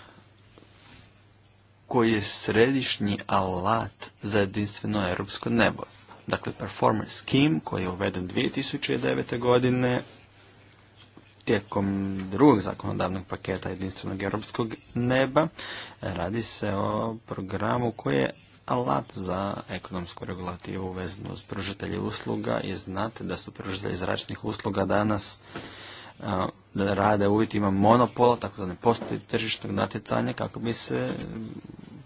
[SPEAKER 1] koji je središnji alat za jedinstveno europsko nebo. Dakle, Performer Scheme koji je uveden 2009. godine tijekom drugog zakonodavnog paketa jedinstvenog europskog neba. Radi se o programu koji je alat za ekonomsku regulativu vezanu uz pružatelje usluga i znate da su pružatelji zračnih usluga danas da rade u uvjetima monopola, tako da ne postoji tržišnog natjecanja kako bi se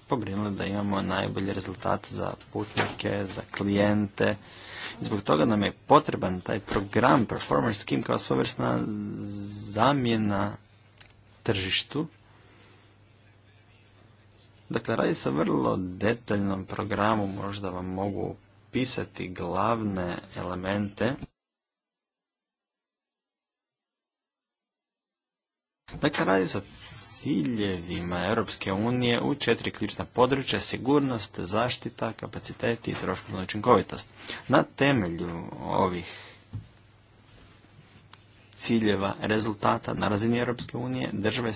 [SPEAKER 1] pobrinuli da imamo najbolji rezultat za putnike, za klijente. zbog toga nam je potreban taj program Performance Scheme kao svojvrsna zamjena tržištu. Dakle, radi se o vrlo detaljnom programu, možda vam mogu pisati glavne elemente. Dakle, radi se o ciljevima Europske unije u četiri ključna područja, sigurnost, zaštita, kapaciteti i troškovna učinkovitost. Na temelju ovih ciljeva, rezultata na razini Europske unije, države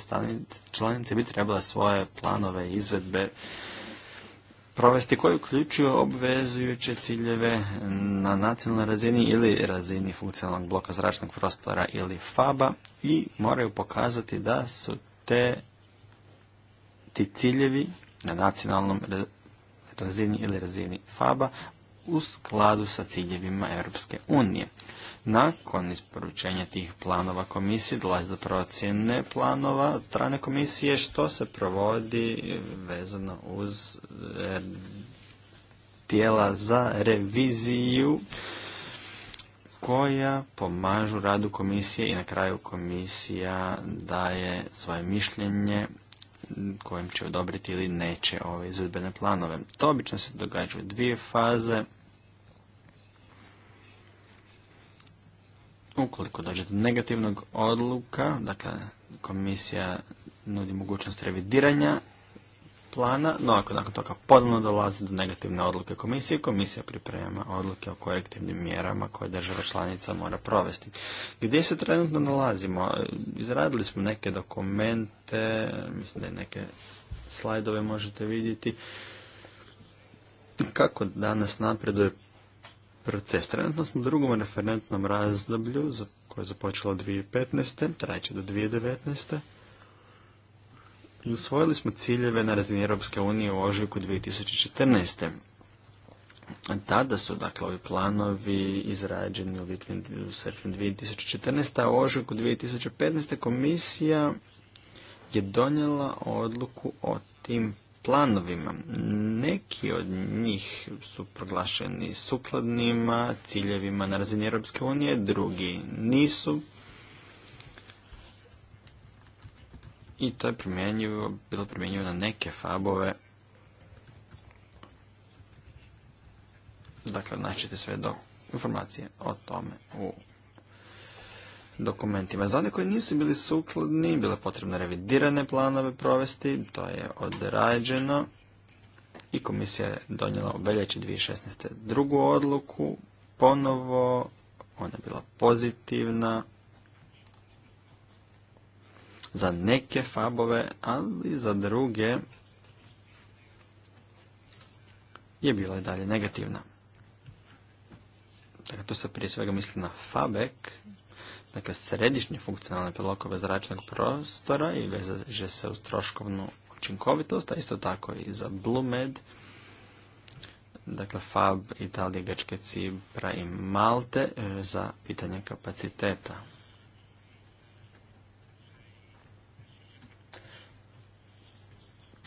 [SPEAKER 1] članice bi trebale svoje planove i izvedbe provesti koji uključuju obvezujuće ciljeve na nacionalnoj razini ili razini funkcionalnog bloka zračnog prostora ili FABA i moraju pokazati da su te ti ciljevi na nacionalnom razini ili razini FABA u skladu sa ciljevima Europske unije. Nakon isporučenja tih planova komisije dolazi do procjene planova strane komisije što se provodi vezano uz e, tijela za reviziju koja pomažu radu komisije i na kraju komisija daje svoje mišljenje kojim će odobriti ili neće ove izvedbene planove. To obično se događa u dvije faze. Ukoliko dođe do negativnog odluka, dakle komisija nudi mogućnost revidiranja plana, no ako nakon toga ponovno dolazi do negativne odluke komisije, komisija priprema odluke o korektivnim mjerama koje država članica mora provesti. Gdje se trenutno nalazimo? Izradili smo neke dokumente, mislim da je neke slajdove možete vidjeti. Kako danas napreduje proces. Trenutno smo u drugom referentnom razdoblju koje je započelo 2015. trajeće do 2019. I usvojili smo ciljeve na razini Europske unije u ožujku 2014. Tada su, dakle, ovi planovi izrađeni u lipnju u srpnju 2014. A u ožujku 2015. komisija je donijela odluku o tim planovima. Neki od njih su proglašeni sukladnima, ciljevima na razini Europske unije, drugi nisu. I to je primjenjivo, bilo primjenjivo na neke fabove. Dakle, naćete sve do informacije o tome u dokumentima. Za one koji nisu bili sukladni, je potrebno revidirane planove provesti, to je odrađeno i komisija je donijela u veljači 2016. drugu odluku, ponovo ona je bila pozitivna za neke fabove, ali za druge je bila i dalje negativna. Dakle, tu se prije svega misli na Fabek, dakle središnje funkcionalne blokove zračnog prostora i veže se uz troškovnu učinkovitost, a isto tako i za Blumed, dakle FAB, Italije, Grčke, Cipra i Malte e, za pitanje kapaciteta.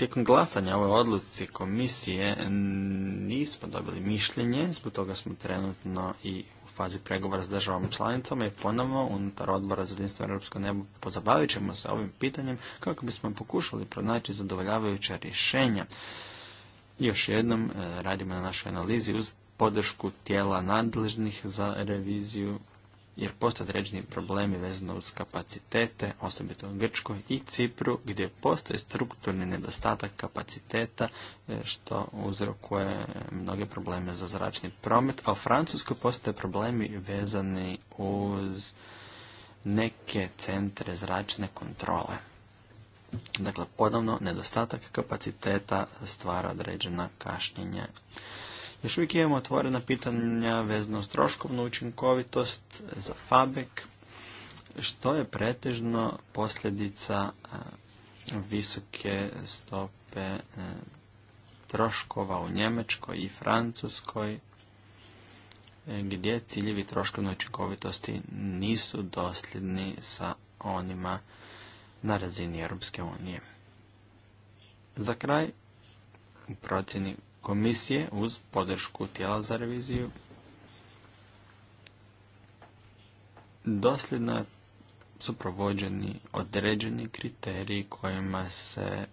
[SPEAKER 1] tijekom glasanja ove odluci komisije nismo dobili mišljenje, zbog toga smo trenutno i u fazi pregovora s državom članicama i ponovno unutar odbora za jedinstvo Europsko nebo pozabavit ćemo se ovim pitanjem kako bismo pokušali pronaći zadovoljavajuća rješenja. Još jednom e, radimo na našoj analizi uz podršku tijela nadležnih za reviziju jer postoje određeni problemi vezano uz kapacitete, osobito u Grčkoj i Cipru, gdje postoji strukturni nedostatak kapaciteta, e, što uzrokuje mnoge probleme za zračni promet, a u Francuskoj postoje problemi vezani uz neke centre zračne kontrole. Dakle, ponovno, nedostatak kapaciteta stvara određena kašnjenja. Još uvijek imamo otvorena pitanja vezano s troškovnu učinkovitost za FABEK, što je pretežno posljedica e, visoke stope e, troškova u Njemačkoj i Francuskoj, e, gdje ciljevi troškovne učinkovitosti nisu dosljedni sa onima na razini Europske unije. Za kraj, u procjeni komisije uz podršku tijela za reviziju dosljedno su provođeni određeni kriteriji kojima se e,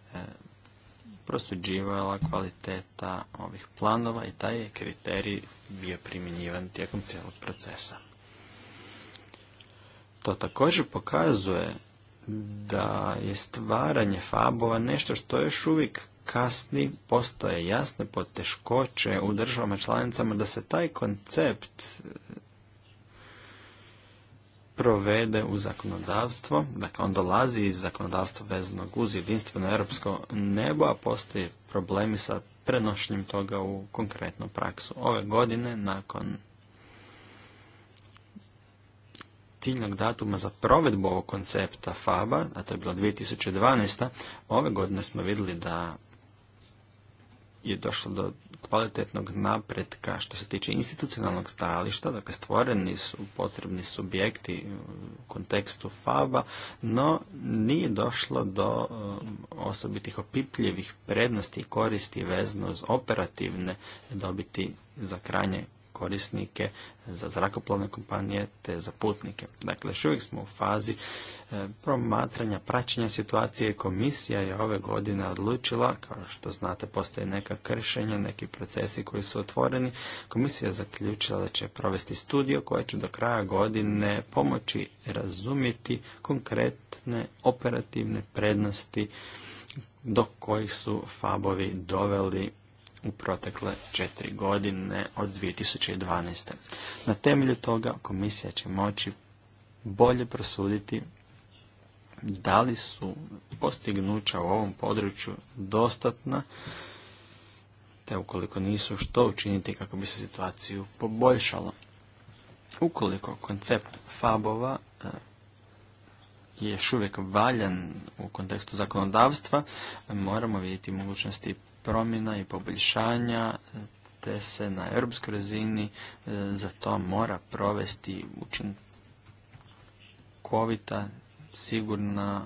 [SPEAKER 1] prosuđivala kvaliteta ovih planova i taj je kriterij bio primjenjivan tijekom cijelog procesa. To također pokazuje da je stvaranje fabova nešto što još uvijek kasni, postoje jasne poteškoće u državama članicama da se taj koncept eh, provede u zakonodavstvo. Dakle, on dolazi iz zakonodavstva vezanog uz jedinstveno europsko nebo, a postoje problemi sa prenošenjem toga u konkretnu praksu. Ove godine, nakon ciljnog datuma za provedbu ovog koncepta FABA, a to je bilo 2012. Ove godine smo vidjeli da je došlo do kvalitetnog napretka što se tiče institucionalnog stajališta, dakle stvoreni su potrebni subjekti u kontekstu FABA, no nije došlo do um, osobitih opipljivih prednosti i koristi vezano uz operativne dobiti za krajnje korisnike, za zrakoplovne kompanije te za putnike. Dakle, još uvijek smo u fazi e, promatranja, praćenja situacije. Komisija je ove godine odlučila, kao što znate, postoje neka kršenja, neki procesi koji su otvoreni. Komisija je zaključila da će provesti studio koja će do kraja godine pomoći razumjeti konkretne operativne prednosti do kojih su fabovi doveli u protekle četiri godine od 2012. Na temelju toga komisija će moći bolje prosuditi da li su postignuća u ovom području dostatna, te ukoliko nisu što učiniti kako bi se situaciju poboljšalo. Ukoliko koncept fabova e, je još uvijek valjan u kontekstu zakonodavstva, moramo vidjeti mogućnosti promjena i poboljšanja te se na europskoj razini e, za to mora provesti učinkovita, sigurna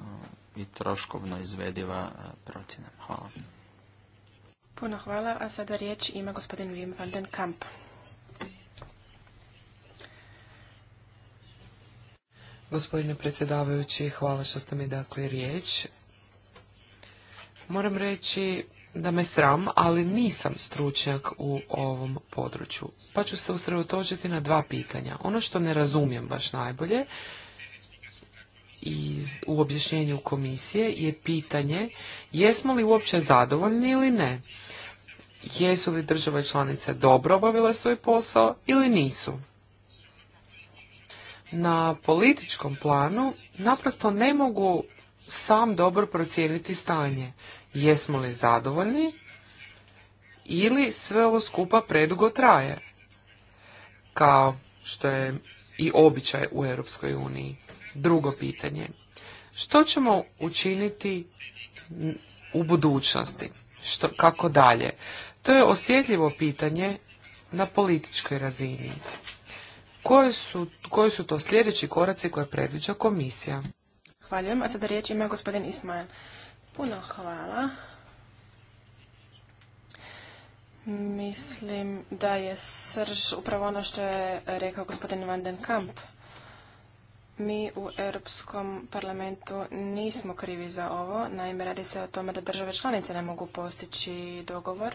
[SPEAKER 1] i troškovno izvediva e, procjena. Hvala.
[SPEAKER 2] Puno hvala, a sada riječ ima gospodin Wim van den Kamp.
[SPEAKER 3] Gospodine predsjedavajući, hvala što ste mi dakle riječ. Moram reći da me sram, ali nisam stručnjak u ovom području. Pa ću se usredotočiti na dva pitanja. Ono što ne razumijem baš najbolje iz, u objašnjenju komisije je pitanje jesmo li uopće zadovoljni ili ne. Jesu li države članice dobro obavile svoj posao ili nisu. Na političkom planu naprosto ne mogu sam dobro procijeniti stanje. Jesmo li zadovoljni ili sve ovo skupa predugo traje, kao što je i običaj u Europskoj uniji. Drugo pitanje. Što ćemo učiniti u budućnosti? Što, kako dalje? To je osjetljivo pitanje na političkoj razini. Koji su, koji su to sljedeći koraci koje predviđa komisija?
[SPEAKER 2] Zahvaljujem. A sada riječ ima gospodin Ismael. Puno hvala. Mislim da je srž upravo ono što je rekao gospodin Van den Kamp. Mi u Europskom parlamentu nismo krivi za ovo. Naime, radi se o tome da države članice ne mogu postići dogovor.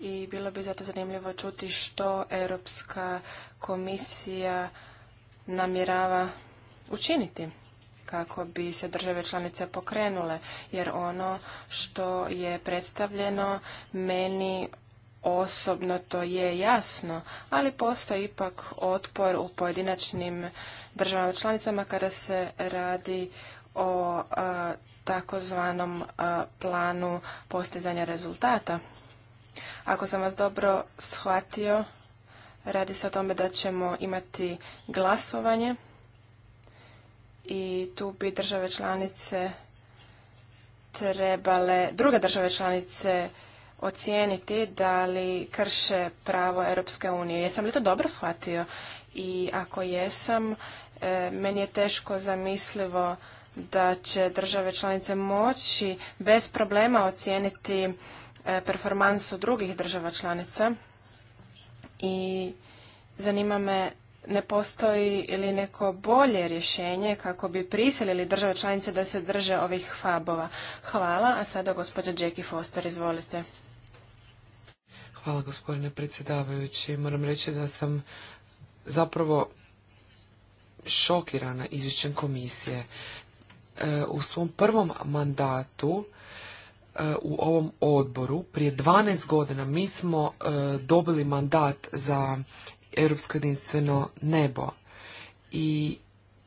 [SPEAKER 2] I bilo bi zato zanimljivo čuti što Europska komisija namjerava učiniti kako bi se države članice pokrenule, jer ono što je predstavljeno meni osobno to je jasno, ali postoji ipak otpor u pojedinačnim državama članicama kada se radi o takozvanom planu postizanja rezultata. Ako sam vas dobro shvatio, radi se o tome da ćemo imati glasovanje i tu bi države članice trebale, druge države članice ocijeniti da li krše pravo Europske unije. Jesam li to dobro shvatio? I ako jesam, e, meni je teško zamislivo da će države članice moći bez problema ocijeniti e, performansu drugih država članica i zanima me ne postoji ili neko bolje rješenje kako bi prisilili države članice da se drže ovih fabova. Hvala, a sada gospođa Jackie Foster, izvolite.
[SPEAKER 3] Hvala gospodine predsjedavajući. Moram reći da sam zapravo šokirana izvješćem komisije. E, u svom prvom mandatu e, u ovom odboru prije 12 godina mi smo e, dobili mandat za europsko jedinstveno nebo. I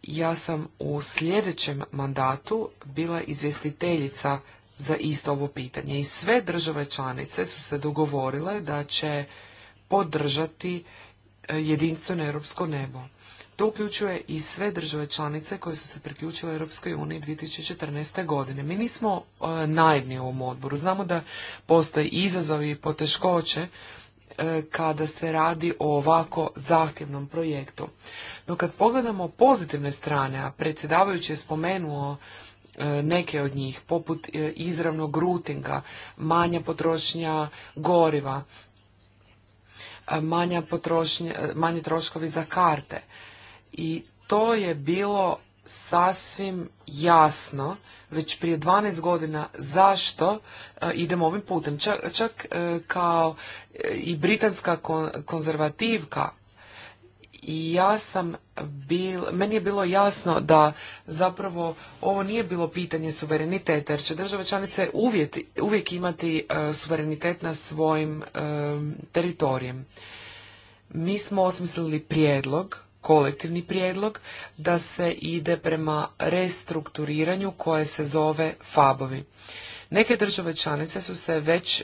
[SPEAKER 3] ja sam u sljedećem mandatu bila izvjestiteljica za isto ovo pitanje i sve države članice su se dogovorile da će podržati e, jedinstveno europsko nebo. To uključuje i sve države članice koje su se priključile Europskoj uniji 2014. godine. Mi nismo najedni naivni u ovom odboru. Znamo da postoje izazovi i poteškoće E, kada se radi o ovako zahtjevnom projektu. No kad pogledamo pozitivne strane, a predsjedavajući je spomenuo e, neke od njih, poput e, izravnog rutinga, manja potrošnja goriva, manje troškovi za karte. I to je bilo sasvim jasno već prije 12 godina zašto e, idemo ovim putem. Čak, e, kao e, i britanska konzervativka i ja sam bil, meni je bilo jasno da zapravo ovo nije bilo pitanje suvereniteta, jer će države članice uvijek, imati suverenitet na svojim teritorijem. Mi smo osmislili prijedlog kolektivni prijedlog da se ide prema restrukturiranju koje se zove fabovi. Neke države članice su se već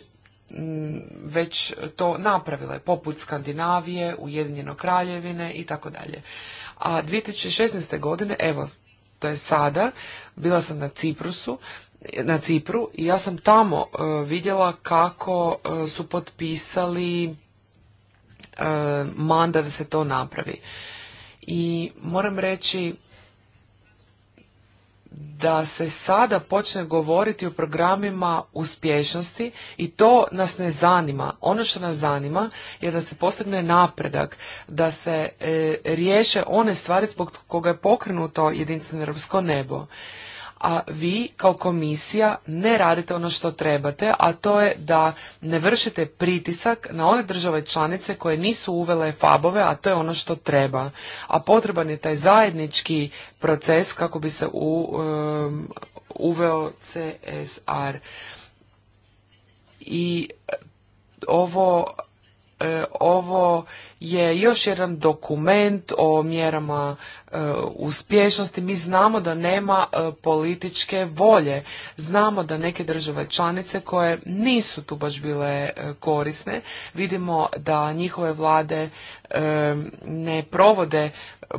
[SPEAKER 3] mm, već to napravile, poput Skandinavije, Ujedinjeno kraljevine i tako dalje. A 2016. godine, evo, to je sada, bila sam na Ciprusu, na Cipru i ja sam tamo e, vidjela kako e, su potpisali e, mandat da se to napravi i moram reći da se sada počne govoriti o programima uspješnosti i to nas ne zanima. Ono što nas zanima je da se postigne napredak, da se e, riješe one stvari zbog koga je pokrenuto jedinstveno europsko nebo a vi kao komisija ne radite ono što trebate, a to je da ne vršite pritisak na one države članice koje nisu uvele fabove, a to je ono što treba. A potreban je taj zajednički proces kako bi se u, uveo CSR. I ovo E, ovo je još jedan dokument o mjerama e, uspješnosti. Mi znamo da nema e, političke volje. Znamo da neke države članice koje nisu tu baš bile korisne, vidimo da njihove vlade ne provode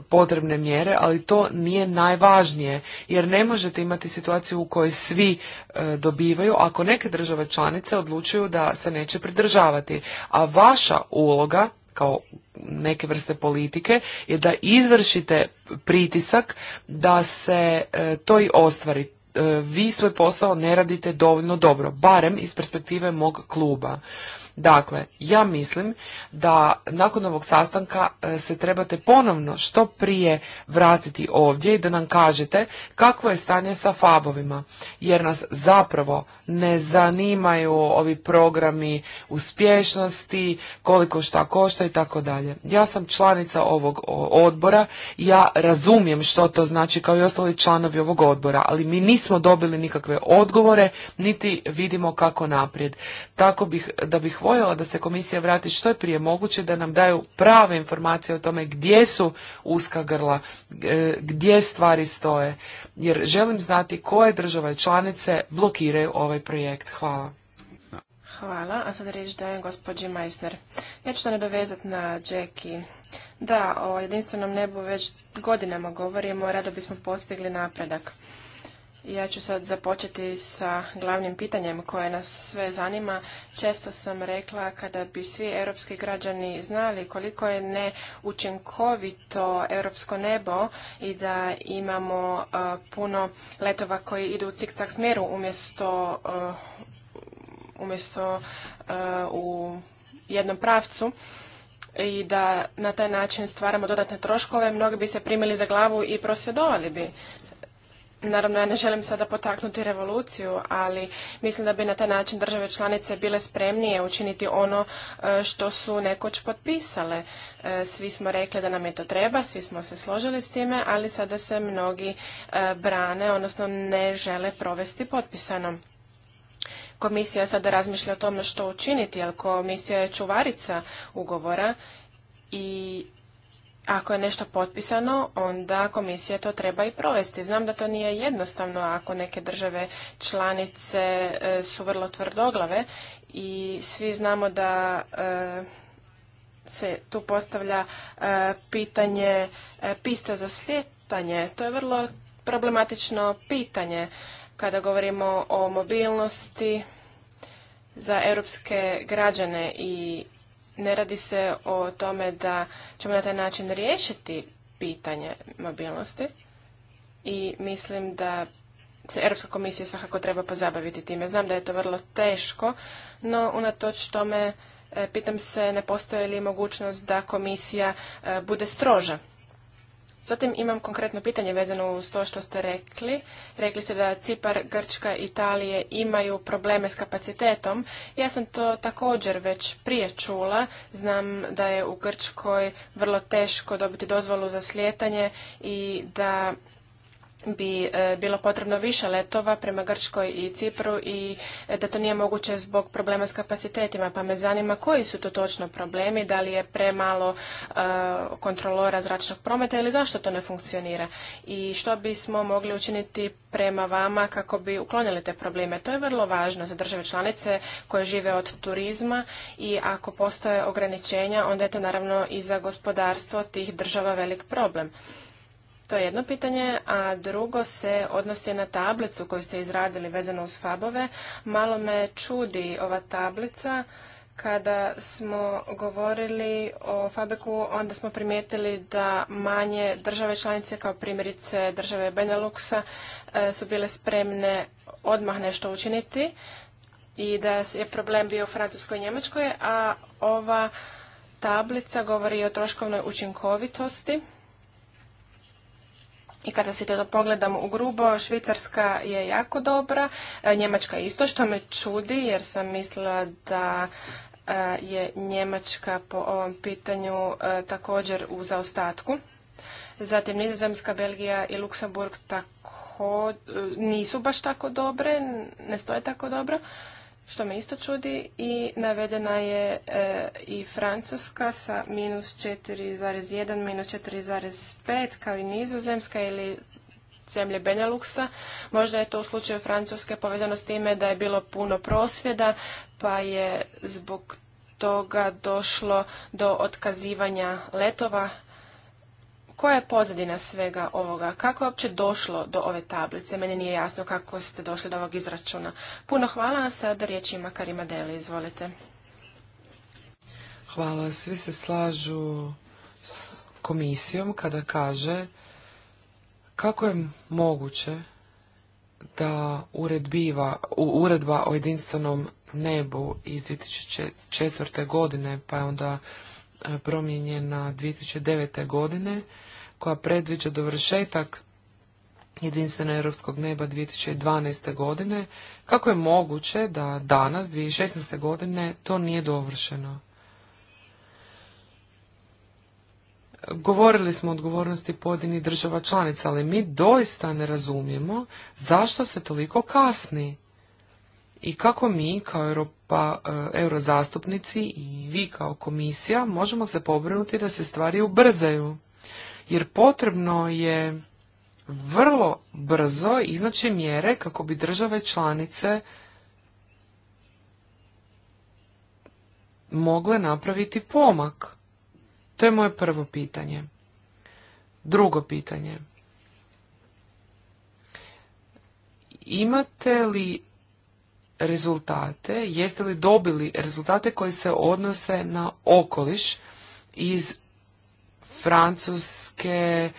[SPEAKER 3] potrebne mjere, ali to nije najvažnije, jer ne možete imati situaciju u kojoj svi e, dobivaju ako neke države članice odlučuju da se neće pridržavati. A vaša uloga kao neke vrste politike je da izvršite pritisak da se e, to i ostvari. E, vi svoj posao ne radite dovoljno dobro, barem iz perspektive mog kluba. Dakle, ja mislim da nakon ovog sastanka e, se trebate ponovno što prije vratiti ovdje i da nam kažete kakvo je stanje sa fabovima, jer nas zapravo ne zanimaju ovi programi uspješnosti, koliko šta košta i tako dalje. Ja sam članica ovog odbora, ja razumijem što to znači kao i ostali članovi ovog odbora, ali mi nismo dobili nikakve odgovore, niti vidimo kako naprijed. Tako bih, da bih voljela da se komisija vrati što je prije moguće da nam daju prave informacije o tome gdje su uska grla, e, gdje stvari stoje, jer želim znati koje države članice blokiraju ovaj projekt. Hvala.
[SPEAKER 2] Hvala, a sad riječ dajem gospođi Meissner. Ja ću se nadovezati na Jackie. Da, o jedinstvenom nebu već godinama govorimo, rado bismo postigli napredak. Ja ću sad započeti sa glavnim pitanjem koje nas sve zanima. Često sam rekla kada bi svi europski građani znali koliko je neučinkovito europsko nebo i da imamo e, puno letova koji idu u cik-cak smjeru umjesto, e, umjesto e, u jednom pravcu i da na taj način stvaramo dodatne troškove, mnogi bi se primili za glavu i prosvjedovali bi Naravno, ja ne želim sada potaknuti revoluciju, ali mislim da bi na taj način države članice bile spremnije učiniti ono e, što su nekoć potpisale. E, svi smo rekli da nam je to treba, svi smo se složili s time, ali sada se mnogi e, brane, odnosno ne žele provesti potpisano. Komisija sada razmišlja o tome što učiniti, jer komisija je čuvarica ugovora i ako je nešto potpisano, onda komisija to treba i provesti. Znam da to nije jednostavno ako neke države članice e, su vrlo tvrdoglave i svi znamo da e, se tu postavlja e, pitanje pista za slijetanje. To je vrlo problematično pitanje kada govorimo o mobilnosti za europske građane i ne radi se o tome da ćemo na taj način riješiti pitanje mobilnosti i mislim da se Europska komisija svakako treba pozabaviti time. Znam da je to vrlo teško, no unatoč tome e, pitam se ne postoji li mogućnost da komisija e, bude stroža Zatim imam konkretno pitanje vezano uz to što ste rekli. Rekli ste da Cipar, Grčka, Italije imaju probleme s kapacitetom. Ja sam to također već prije čula. Znam da je u Grčkoj vrlo teško dobiti dozvolu za slijetanje i da bi e, bilo potrebno više letova prema Grčkoj i Cipru i e, da to nije moguće zbog problema s kapacitetima. Pa me zanima koji su to točno problemi, da li je premalo e, kontrolora zračnog prometa ili zašto to ne funkcionira i što bismo mogli učiniti prema vama kako bi uklonili te probleme. To je vrlo važno za države članice koje žive od turizma i ako postoje ograničenja, onda je to naravno i za gospodarstvo tih država velik problem. To je jedno pitanje, a drugo se odnosi na tablicu koju ste izradili vezano uz fabove. Malo me čudi ova tablica. Kada smo govorili o Fabeku, onda smo primijetili da manje države članice, kao primjerice države Beneluxa, e, su bile spremne odmah nešto učiniti i da je problem bio u Francuskoj i Njemačkoj, a ova tablica govori o troškovnoj učinkovitosti i kada se to pogledamo u grubo, Švicarska je jako dobra, e, Njemačka isto, što me čudi jer sam mislila da e, je Njemačka po ovom pitanju e, također u zaostatku. Zatim Nizozemska, Belgija i Luksemburg tako, nisu baš tako dobre, ne stoje tako dobro što me isto čudi i navedena je e, i Francuska sa minus 4,1, minus 4,5 kao i nizozemska ili zemlje Beneluksa. Možda je to u slučaju Francuske povezano s time da je bilo puno prosvjeda pa je zbog toga došlo do otkazivanja letova koja je pozadina svega ovoga? Kako je uopće došlo do ove tablice? Meni nije jasno kako ste došli do ovog izračuna. Puno hvala, a sada riječ ima Karima Deli, izvolite.
[SPEAKER 3] Hvala, svi se slažu s komisijom kada kaže kako je moguće da uredbiva, uredba o jedinstvenom nebu iz 2004. godine, pa je onda e, promijenjena 2009. godine, koja predviđa dovršetak jedinstvena europskog neba 2012. godine, kako je moguće da danas, 2016. godine, to nije dovršeno? Govorili smo o odgovornosti pojedinih država članica, ali mi doista ne razumijemo zašto se toliko kasni i kako mi kao Europa, e, eurozastupnici i vi kao komisija možemo se pobrinuti da se stvari ubrzaju jer potrebno je vrlo brzo iznaći mjere kako bi države članice mogle napraviti pomak. To je moje prvo pitanje. Drugo pitanje. Imate li rezultate, jeste li dobili rezultate koji se odnose na okoliš iz Francuske,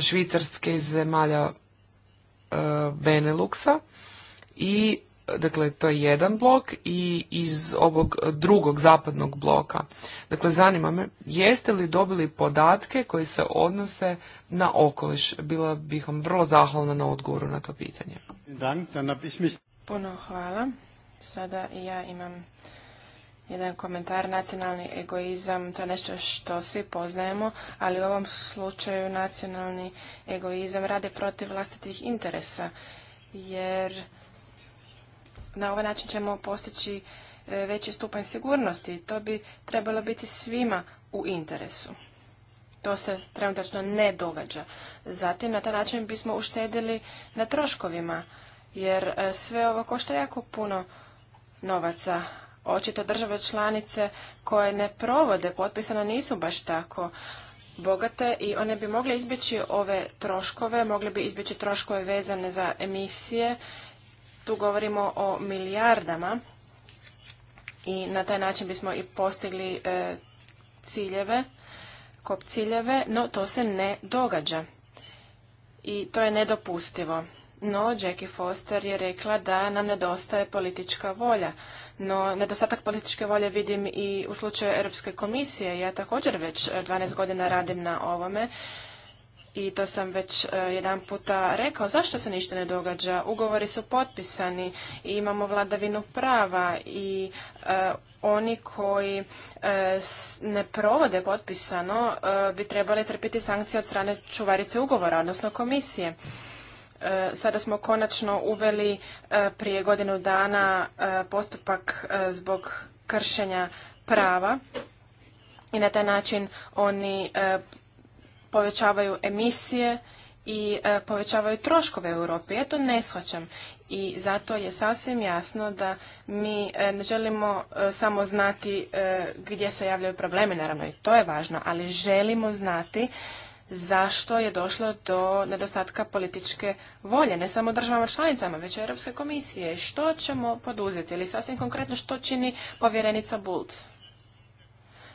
[SPEAKER 3] Švicarske iz zemalja e, Beneluxa i dakle to je jedan blok i iz ovog drugog zapadnog bloka. Dakle, zanima me, jeste li dobili podatke koji se odnose na okoliš? Bila bih vam vrlo zahvalna na odgovoru na to pitanje.
[SPEAKER 2] Puno hvala. Sada ja imam jedan komentar. Nacionalni egoizam, to je nešto što svi poznajemo, ali u ovom slučaju nacionalni egoizam rade protiv vlastitih interesa, jer na ovaj način ćemo postići e, veći stupanj sigurnosti. To bi trebalo biti svima u interesu. To se trenutačno ne događa. Zatim, na taj način bismo uštedili na troškovima, jer e, sve ovo košta jako puno novaca, Očito države članice koje ne provode potpisano nisu baš tako bogate i one bi mogle izbjeći ove troškove, mogle bi izbjeći troškove vezane za emisije. Tu govorimo o milijardama i na taj način bismo i postigli e, ciljeve, kop ciljeve, no to se ne događa. I to je nedopustivo. No, Jackie Foster je rekla da nam nedostaje politička volja. No, nedostatak političke volje vidim i u slučaju Europske komisije. Ja također već 12 e, godina radim na ovome i to sam već e, jedan puta rekao, zašto se ništa ne događa? Ugovori su potpisani i imamo vladavinu prava i e, oni koji ne provode potpisano bi trebali trpiti sankcije od strane čuvarice ugovora, odnosno komisije. E, sada smo konačno uveli e, prije godinu dana e, postupak zbog kršenja prava i na taj način oni povećavaju emisije i povećavaju troškove Europi. Ja to ne shvaćam i zato je sasvim jasno da mi ne želimo samo znati gdje se javljaju problemi, naravno i to je važno, ali želimo znati zašto je došlo do nedostatka političke volje, ne samo državama članicama, već i Europske komisije. Što ćemo poduzeti ili sasvim konkretno što čini povjerenica Bulc?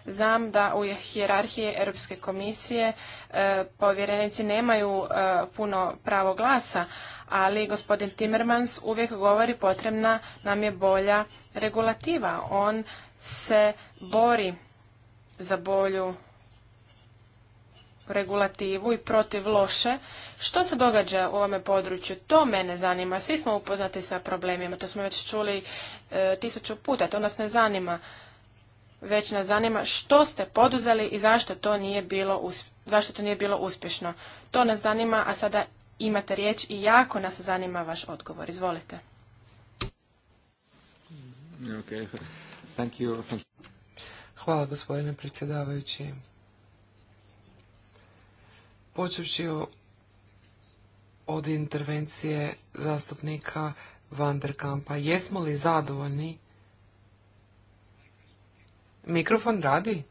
[SPEAKER 2] Znam da u hijerarhiji Europske komisije e, povjerenici nemaju e, puno pravo glasa, ali gospodin Timmermans uvijek govori potrebna nam je bolja regulativa. On se bori za bolju regulativu i protiv loše. Što se događa u ovome području? To mene zanima. Svi smo upoznati sa problemima. To smo već čuli e, tisuću puta. To nas ne zanima. Već nas zanima što ste poduzeli i zašto to nije bilo, zašto to nije bilo uspješno. To nas zanima, a sada imate riječ i jako nas zanima vaš odgovor. Izvolite.
[SPEAKER 3] Hvala gospodine predsjedavajući počeći od intervencije zastupnika Vanderkampa. Jesmo li zadovoljni? Mikrofon radi?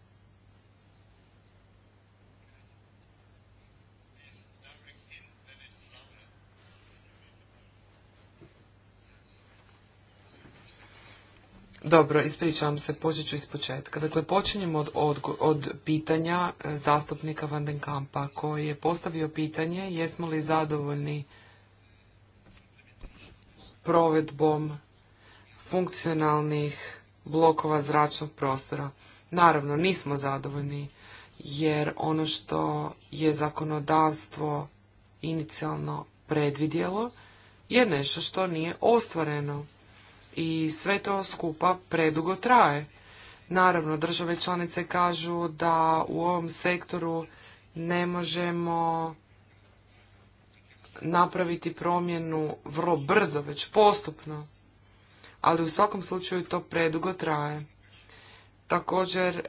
[SPEAKER 3] Dobro, ispričavam se, počet ću iz početka. Dakle, počinjem od, pitanja e, zastupnika Van den Kampa, koji je postavio pitanje jesmo li zadovoljni provedbom funkcionalnih blokova zračnog prostora. Naravno, nismo zadovoljni, jer ono što je zakonodavstvo inicijalno predvidjelo je nešto što nije ostvareno i sve to skupa predugo traje. Naravno, države članice kažu da u ovom sektoru ne možemo napraviti promjenu vrlo brzo, već postupno. Ali u svakom slučaju to predugo traje. Također e,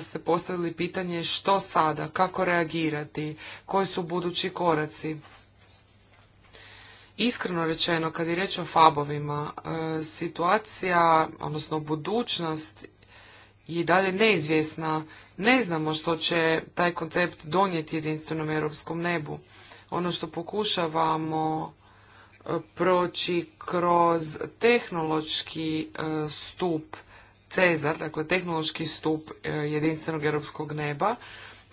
[SPEAKER 3] ste postavili pitanje što sada, kako reagirati, koji su budući koraci. Iskreno rečeno, kad je riječ o fabovima, e, situacija, odnosno budućnost i dalje neizvjesna. Ne znamo što će taj koncept donijeti jedinstvenom europskom nebu. Ono što pokušavamo e, proći kroz tehnološki e, stup Cezar, dakle tehnološki stup jedinstvenog europskog neba,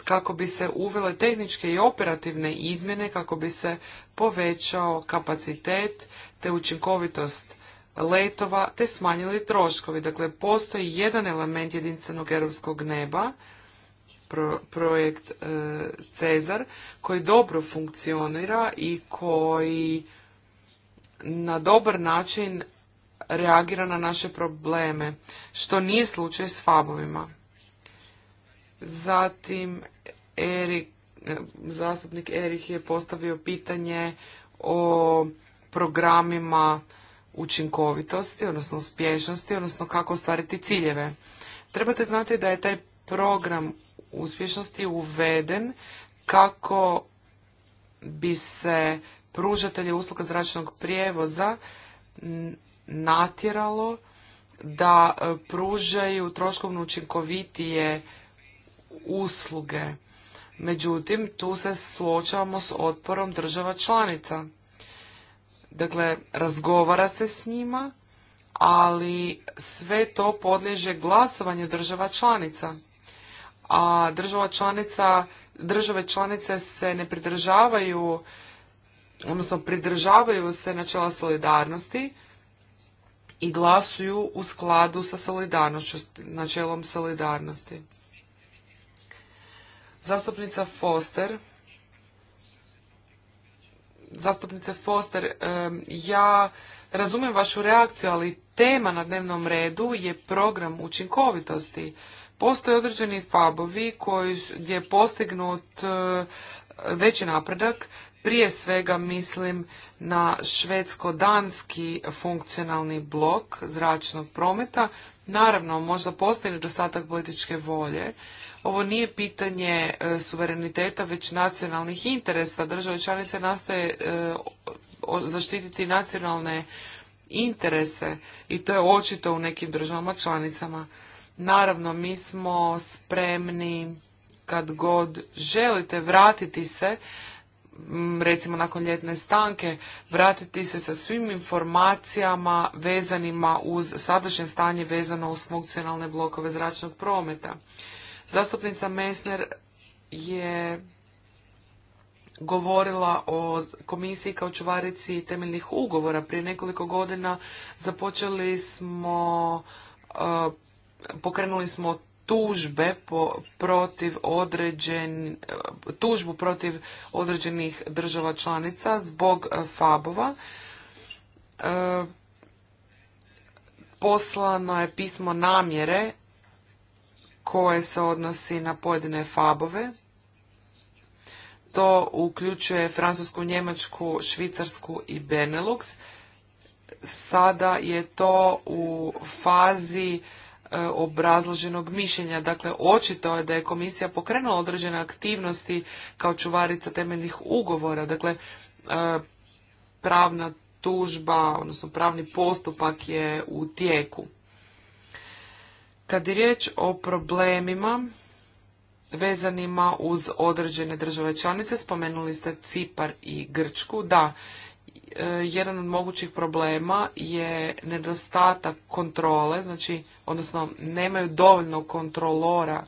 [SPEAKER 3] kako bi se uvele tehničke i operativne izmjene kako bi se povećao kapacitet te učinkovitost letova te smanjili troškovi. Dakle, postoji jedan element jedinstvenog europskog neba, projekt e, Cezar, koji dobro funkcionira i koji na dobar način reagira na naše probleme, što nije slučaj s fabovima. Zatim Erik, e, zastupnik Erik je postavio pitanje o programima učinkovitosti, odnosno uspješnosti, odnosno kako ostvariti ciljeve. Trebate znati da je taj program uspješnosti uveden kako bi se pružatelje usluga zračnog prijevoza natjeralo da e, pružaju troškovno učinkovitije usluge. Međutim, tu se suočavamo s otporom država članica. Dakle, razgovara se s njima, ali sve to podliježe glasovanju država članica. A država članica, države članice se ne pridržavaju, odnosno pridržavaju se načela solidarnosti i glasuju u skladu sa solidarnošću, načelom solidarnosti. Zastupnica Foster, zastupnice Foster, ja razumijem vašu reakciju, ali tema na dnevnom redu je program učinkovitosti. Postoje određeni fabovi koji, gdje je postignut e, veći napredak, prije svega mislim na švedsko-danski funkcionalni blok zračnog prometa Naravno, možda postoji nedostatak političke volje. Ovo nije pitanje e, suvereniteta, već nacionalnih interesa. Države članice nastoje e, zaštititi nacionalne interese i to je očito u nekim državama članicama. Naravno, mi smo spremni kad god želite vratiti se recimo nakon ljetne stanke vratiti se sa svim informacijama vezanima uz sadašnje stanje vezano uz funkcionalne blokove zračnog prometa. Zastupnica Mesner je govorila o komisiji kao čuvarici temeljnih ugovora. Prije nekoliko godina započeli smo, e, pokrenuli smo tužbe po, protiv određen, tužbu protiv određenih država članica zbog e, fabova. E, poslano je pismo namjere koje se odnosi na pojedine fabove. To uključuje Francusku, Njemačku, Švicarsku i Benelux. Sada je to u fazi E, obrazloženog mišljenja. Dakle, očito je da je komisija pokrenula određene aktivnosti kao čuvarica temeljnih ugovora. Dakle, e, pravna tužba, odnosno pravni postupak je u tijeku. Kad je riječ o problemima vezanima uz određene države članice, spomenuli ste Cipar i Grčku, da, E, jedan od mogućih problema je nedostatak kontrole, znači, odnosno nemaju dovoljno kontrolora,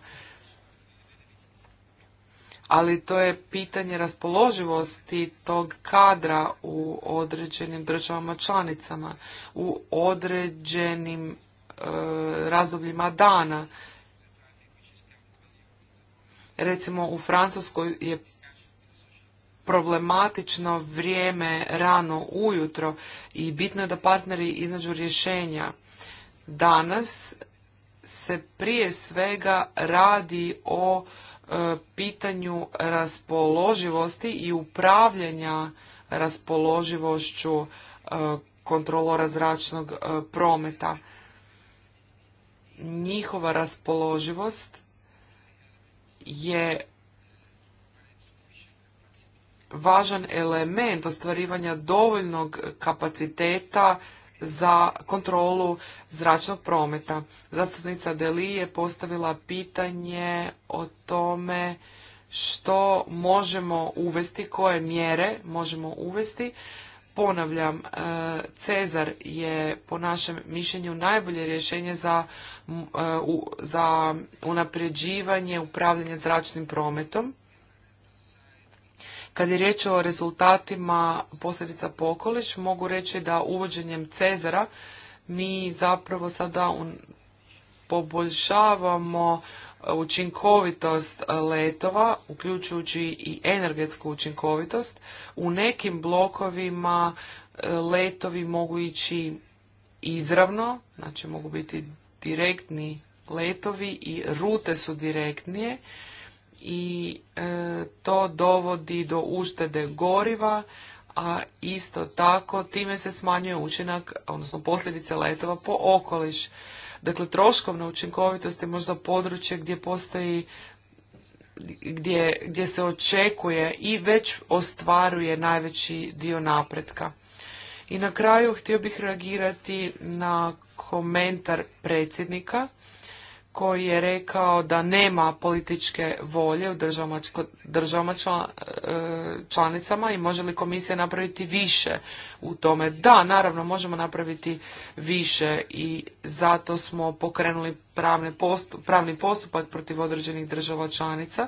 [SPEAKER 3] ali to je pitanje raspoloživosti tog kadra u određenim državama članicama, u određenim e, razdobljima dana. Recimo u Francuskoj je problematično vrijeme rano ujutro i bitno je da partneri iznađu rješenja. Danas se prije svega radi o e, pitanju raspoloživosti i upravljanja raspoloživošću e, kontrolora zračnog e, prometa. Njihova raspoloživost je važan element ostvarivanja dovoljnog kapaciteta za kontrolu zračnog prometa. Zastupnica Deli je postavila pitanje o tome što možemo uvesti, koje mjere možemo uvesti. Ponavljam, e, Cezar je po našem mišljenju najbolje rješenje za, e, za unapređivanje upravljanja zračnim prometom. Kad je riječ o rezultatima posljedica po okoliš, mogu reći da uvođenjem Cezara mi zapravo sada poboljšavamo e, učinkovitost letova, uključujući i energetsku učinkovitost. U nekim blokovima e, letovi mogu ići izravno, znači mogu biti direktni letovi i rute su direktnije i e, to dovodi do uštede goriva, a isto tako time se smanjuje učinak, odnosno posljedice letova po okoliš. Dakle, troškovna učinkovitost je možda područje gdje postoji gdje, gdje se očekuje i već ostvaruje najveći dio napretka. I na kraju htio bih reagirati na komentar predsjednika koji je rekao da nema političke volje u državama, e, članicama i može li komisija napraviti više u tome. Da, naravno, možemo napraviti više i zato smo pokrenuli pravni postupak protiv određenih država članica.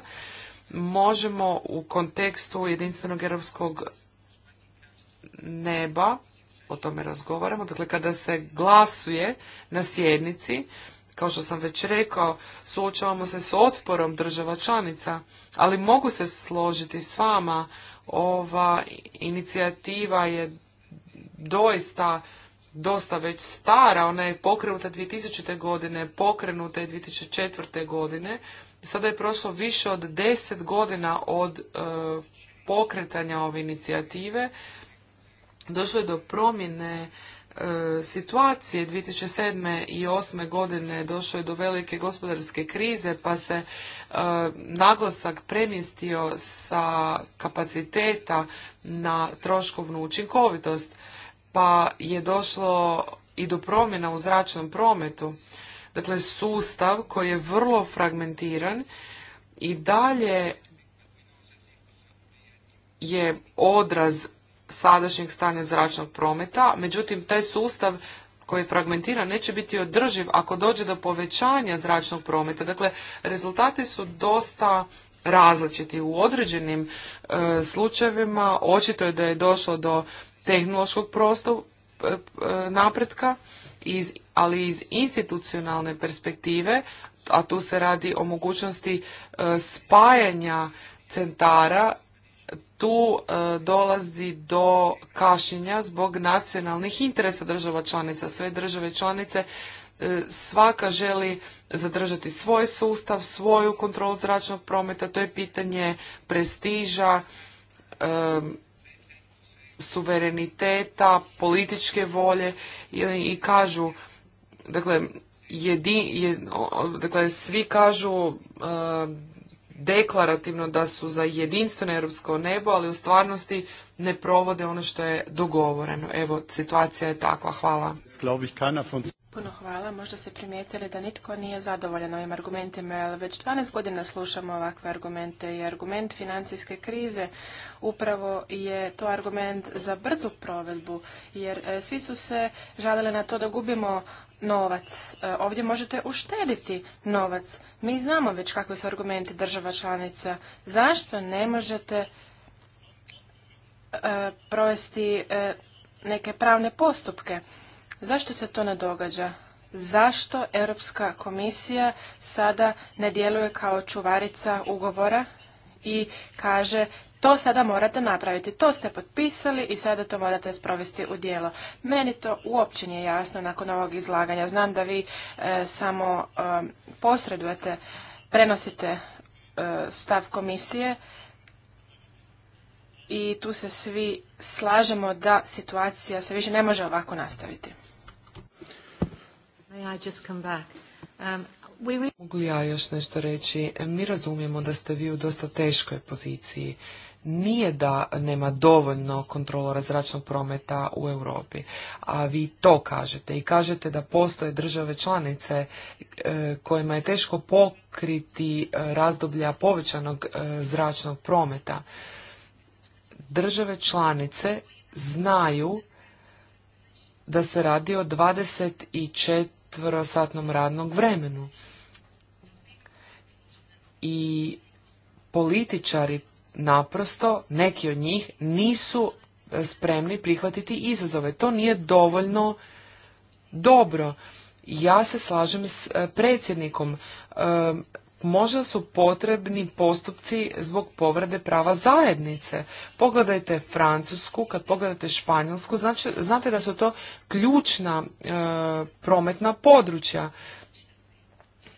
[SPEAKER 3] Možemo u kontekstu jedinstvenog europskog neba, o tome razgovaramo, dakle kada se glasuje na sjednici, kao što sam već rekao, suočavamo se s otporom država članica, ali mogu se složiti s vama, ova inicijativa je doista dosta već stara, ona je pokrenuta 2000. godine, pokrenuta je 2004. godine, sada je prošlo više od 10 godina od e, pokretanja ove inicijative, došlo je do promjene E, situacije 2007. i 2008. godine došlo je do velike gospodarske krize pa se e, naglasak premjestio sa kapaciteta na troškovnu učinkovitost pa je došlo i do promjena u zračnom prometu. Dakle, sustav koji je vrlo fragmentiran i dalje je odraz sadašnjeg stanja zračnog prometa, međutim taj sustav koji je fragmentiran neće biti održiv ako dođe do povećanja zračnog prometa. Dakle, rezultati su dosta različiti. U određenim e, slučajevima očito je da je došlo do tehnološkog prostora e, e, napretka, iz, ali iz institucionalne perspektive, a tu se radi o mogućnosti spajanja centara tu e, dolazi do kašnjenja zbog nacionalnih interesa država članica. Sve države članice e, svaka želi zadržati svoj sustav, svoju kontrolu zračnog prometa. To je pitanje prestiža, e, suvereniteta, političke volje i, kažu, dakle, jedin, dakle, svi kažu deklarativno da su za jedinstveno europsko nebo, ali u stvarnosti ne provode ono što je dogovoreno. Evo, situacija je takva. Hvala.
[SPEAKER 2] Puno hvala. Možda se primijetili da nitko nije zadovoljan ovim argumentima, ali već 12 godina slušamo ovakve argumente i argument financijske krize upravo je to argument za brzu provedbu, jer e, svi su se žalili na to da gubimo novac. E, ovdje možete uštediti novac. Mi znamo već kakvi su argumenti država članica. Zašto ne možete e, provesti e, neke pravne postupke? Zašto se to ne događa? Zašto Europska komisija sada ne djeluje kao čuvarica ugovora i kaže to sada morate napraviti. To ste potpisali i sada to morate sprovesti u djelo. Meni to uopće nije jasno nakon ovog izlaganja. Znam da vi e, samo posredujete, prenosite e, stav komisije i tu se svi slažemo da situacija se više ne može ovako nastaviti.
[SPEAKER 1] Um,
[SPEAKER 3] Mogu ja još nešto reći? Mi razumijemo da ste vi u dosta teškoj poziciji nije da nema dovoljno kontrolora zračnog prometa u Europi, a vi to kažete i kažete da postoje države članice e, kojima je teško pokriti e, razdoblja povećanog e, zračnog prometa. Države članice znaju da se radi o 24-satnom radnog vremenu. I političari naprosto neki od njih nisu e, spremni prihvatiti izazove. To nije dovoljno dobro. Ja se slažem s e, predsjednikom. E, možda su potrebni postupci zbog povrede prava zajednice. Pogledajte Francusku, kad pogledate Španjolsku, znači, znate da su to ključna prometna područja.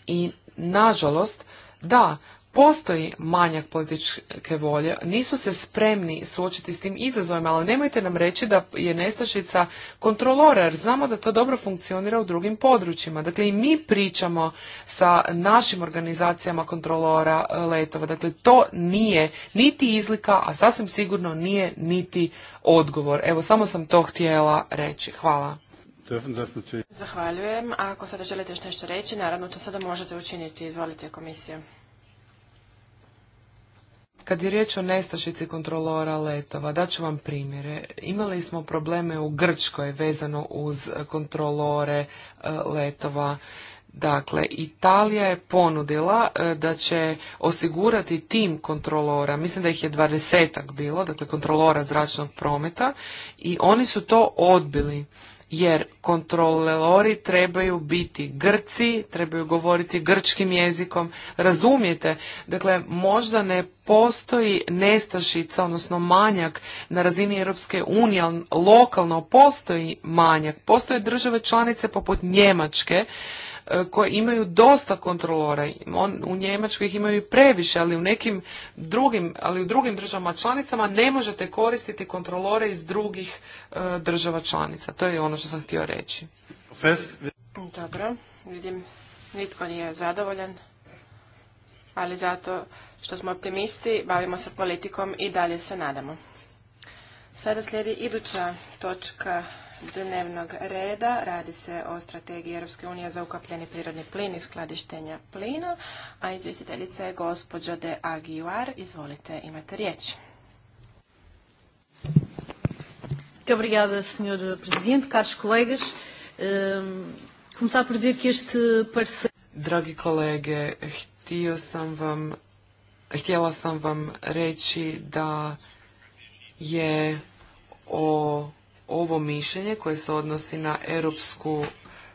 [SPEAKER 3] I nažalost, da, postoji manjak političke volje, nisu se spremni suočiti s tim izazovima, ali nemojte nam reći da je nestašica kontrolora, jer znamo da to dobro funkcionira u drugim područjima. Dakle, i mi pričamo sa našim organizacijama kontrolora e, letova. Dakle, to nije niti izlika, a sasvim sigurno nije niti odgovor. Evo, samo sam to htjela reći. Hvala.
[SPEAKER 2] Zahvaljujem. Ako sada želite još nešto reći, naravno to sada možete učiniti. Izvolite komisija.
[SPEAKER 3] Kad je riječ o nestašici kontrolora letova, daću vam primjere. Imali smo probleme u Grčkoj vezano uz kontrolore e, letova. Dakle, Italija je ponudila e, da će osigurati tim kontrolora, mislim da ih je dvadesetak bilo, dakle kontrolora zračnog prometa i oni su to odbili jer kontrolori trebaju biti Grci, trebaju govoriti grčkim jezikom, razumijete? Dakle, možda ne postoji nestašica, odnosno manjak na razini Europske unije, ali lokalno postoji manjak. Postoje države članice poput Njemačke E, koje imaju dosta kontrolora. u Njemačkoj ih imaju previše, ali u nekim drugim, ali u drugim državama članicama ne možete koristiti kontrolore iz drugih e, država članica. To je ono što sam htio reći.
[SPEAKER 2] Dobro, vidim, nitko nije zadovoljan, ali zato što smo optimisti, bavimo se politikom i dalje se nadamo. Sada slijedi iduća točka dnevnog reda. Radi se o strategiji Europske unije za ukapljeni prirodni plin i skladištenja plina, a izvjestiteljica je gospođa de Aguiar, Izvolite, imate riječ.
[SPEAKER 1] Obrigada, senhor presidente, caros colegas. Ehm,
[SPEAKER 3] começar por dizer que este Dragi kolege, htio sam vam, htjela sam vam reći da je o ovo mišljenje koje se odnosi na europsku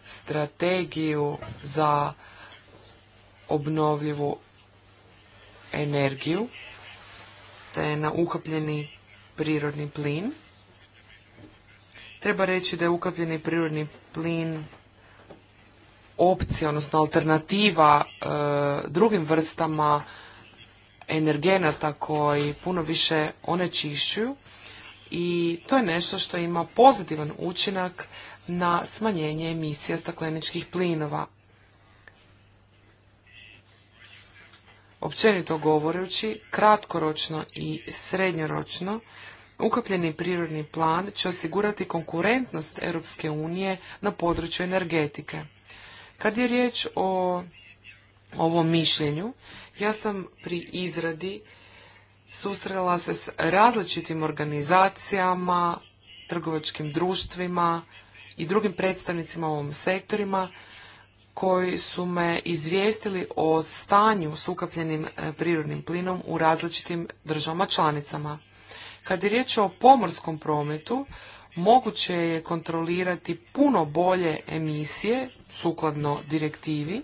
[SPEAKER 3] strategiju za obnovljivu energiju te na ukapljeni prirodni plin. Treba reći da je ukapljeni prirodni plin opcija, odnosno alternativa e, drugim vrstama energenata koji puno više onečišćuju i to je nešto što ima pozitivan učinak na smanjenje emisija stakleničkih plinova. Općenito govoreći, kratkoročno i srednjoročno, ukapljeni prirodni plan će osigurati konkurentnost Europske unije na području energetike. Kad je riječ o ovom mišljenju, ja sam pri izradi susrela se s različitim organizacijama, trgovačkim društvima i drugim predstavnicima u ovom sektorima koji su me izvijestili o stanju s ukapljenim e, prirodnim plinom u različitim državama članicama. Kad je riječ o pomorskom prometu, moguće je kontrolirati puno bolje emisije sukladno direktivi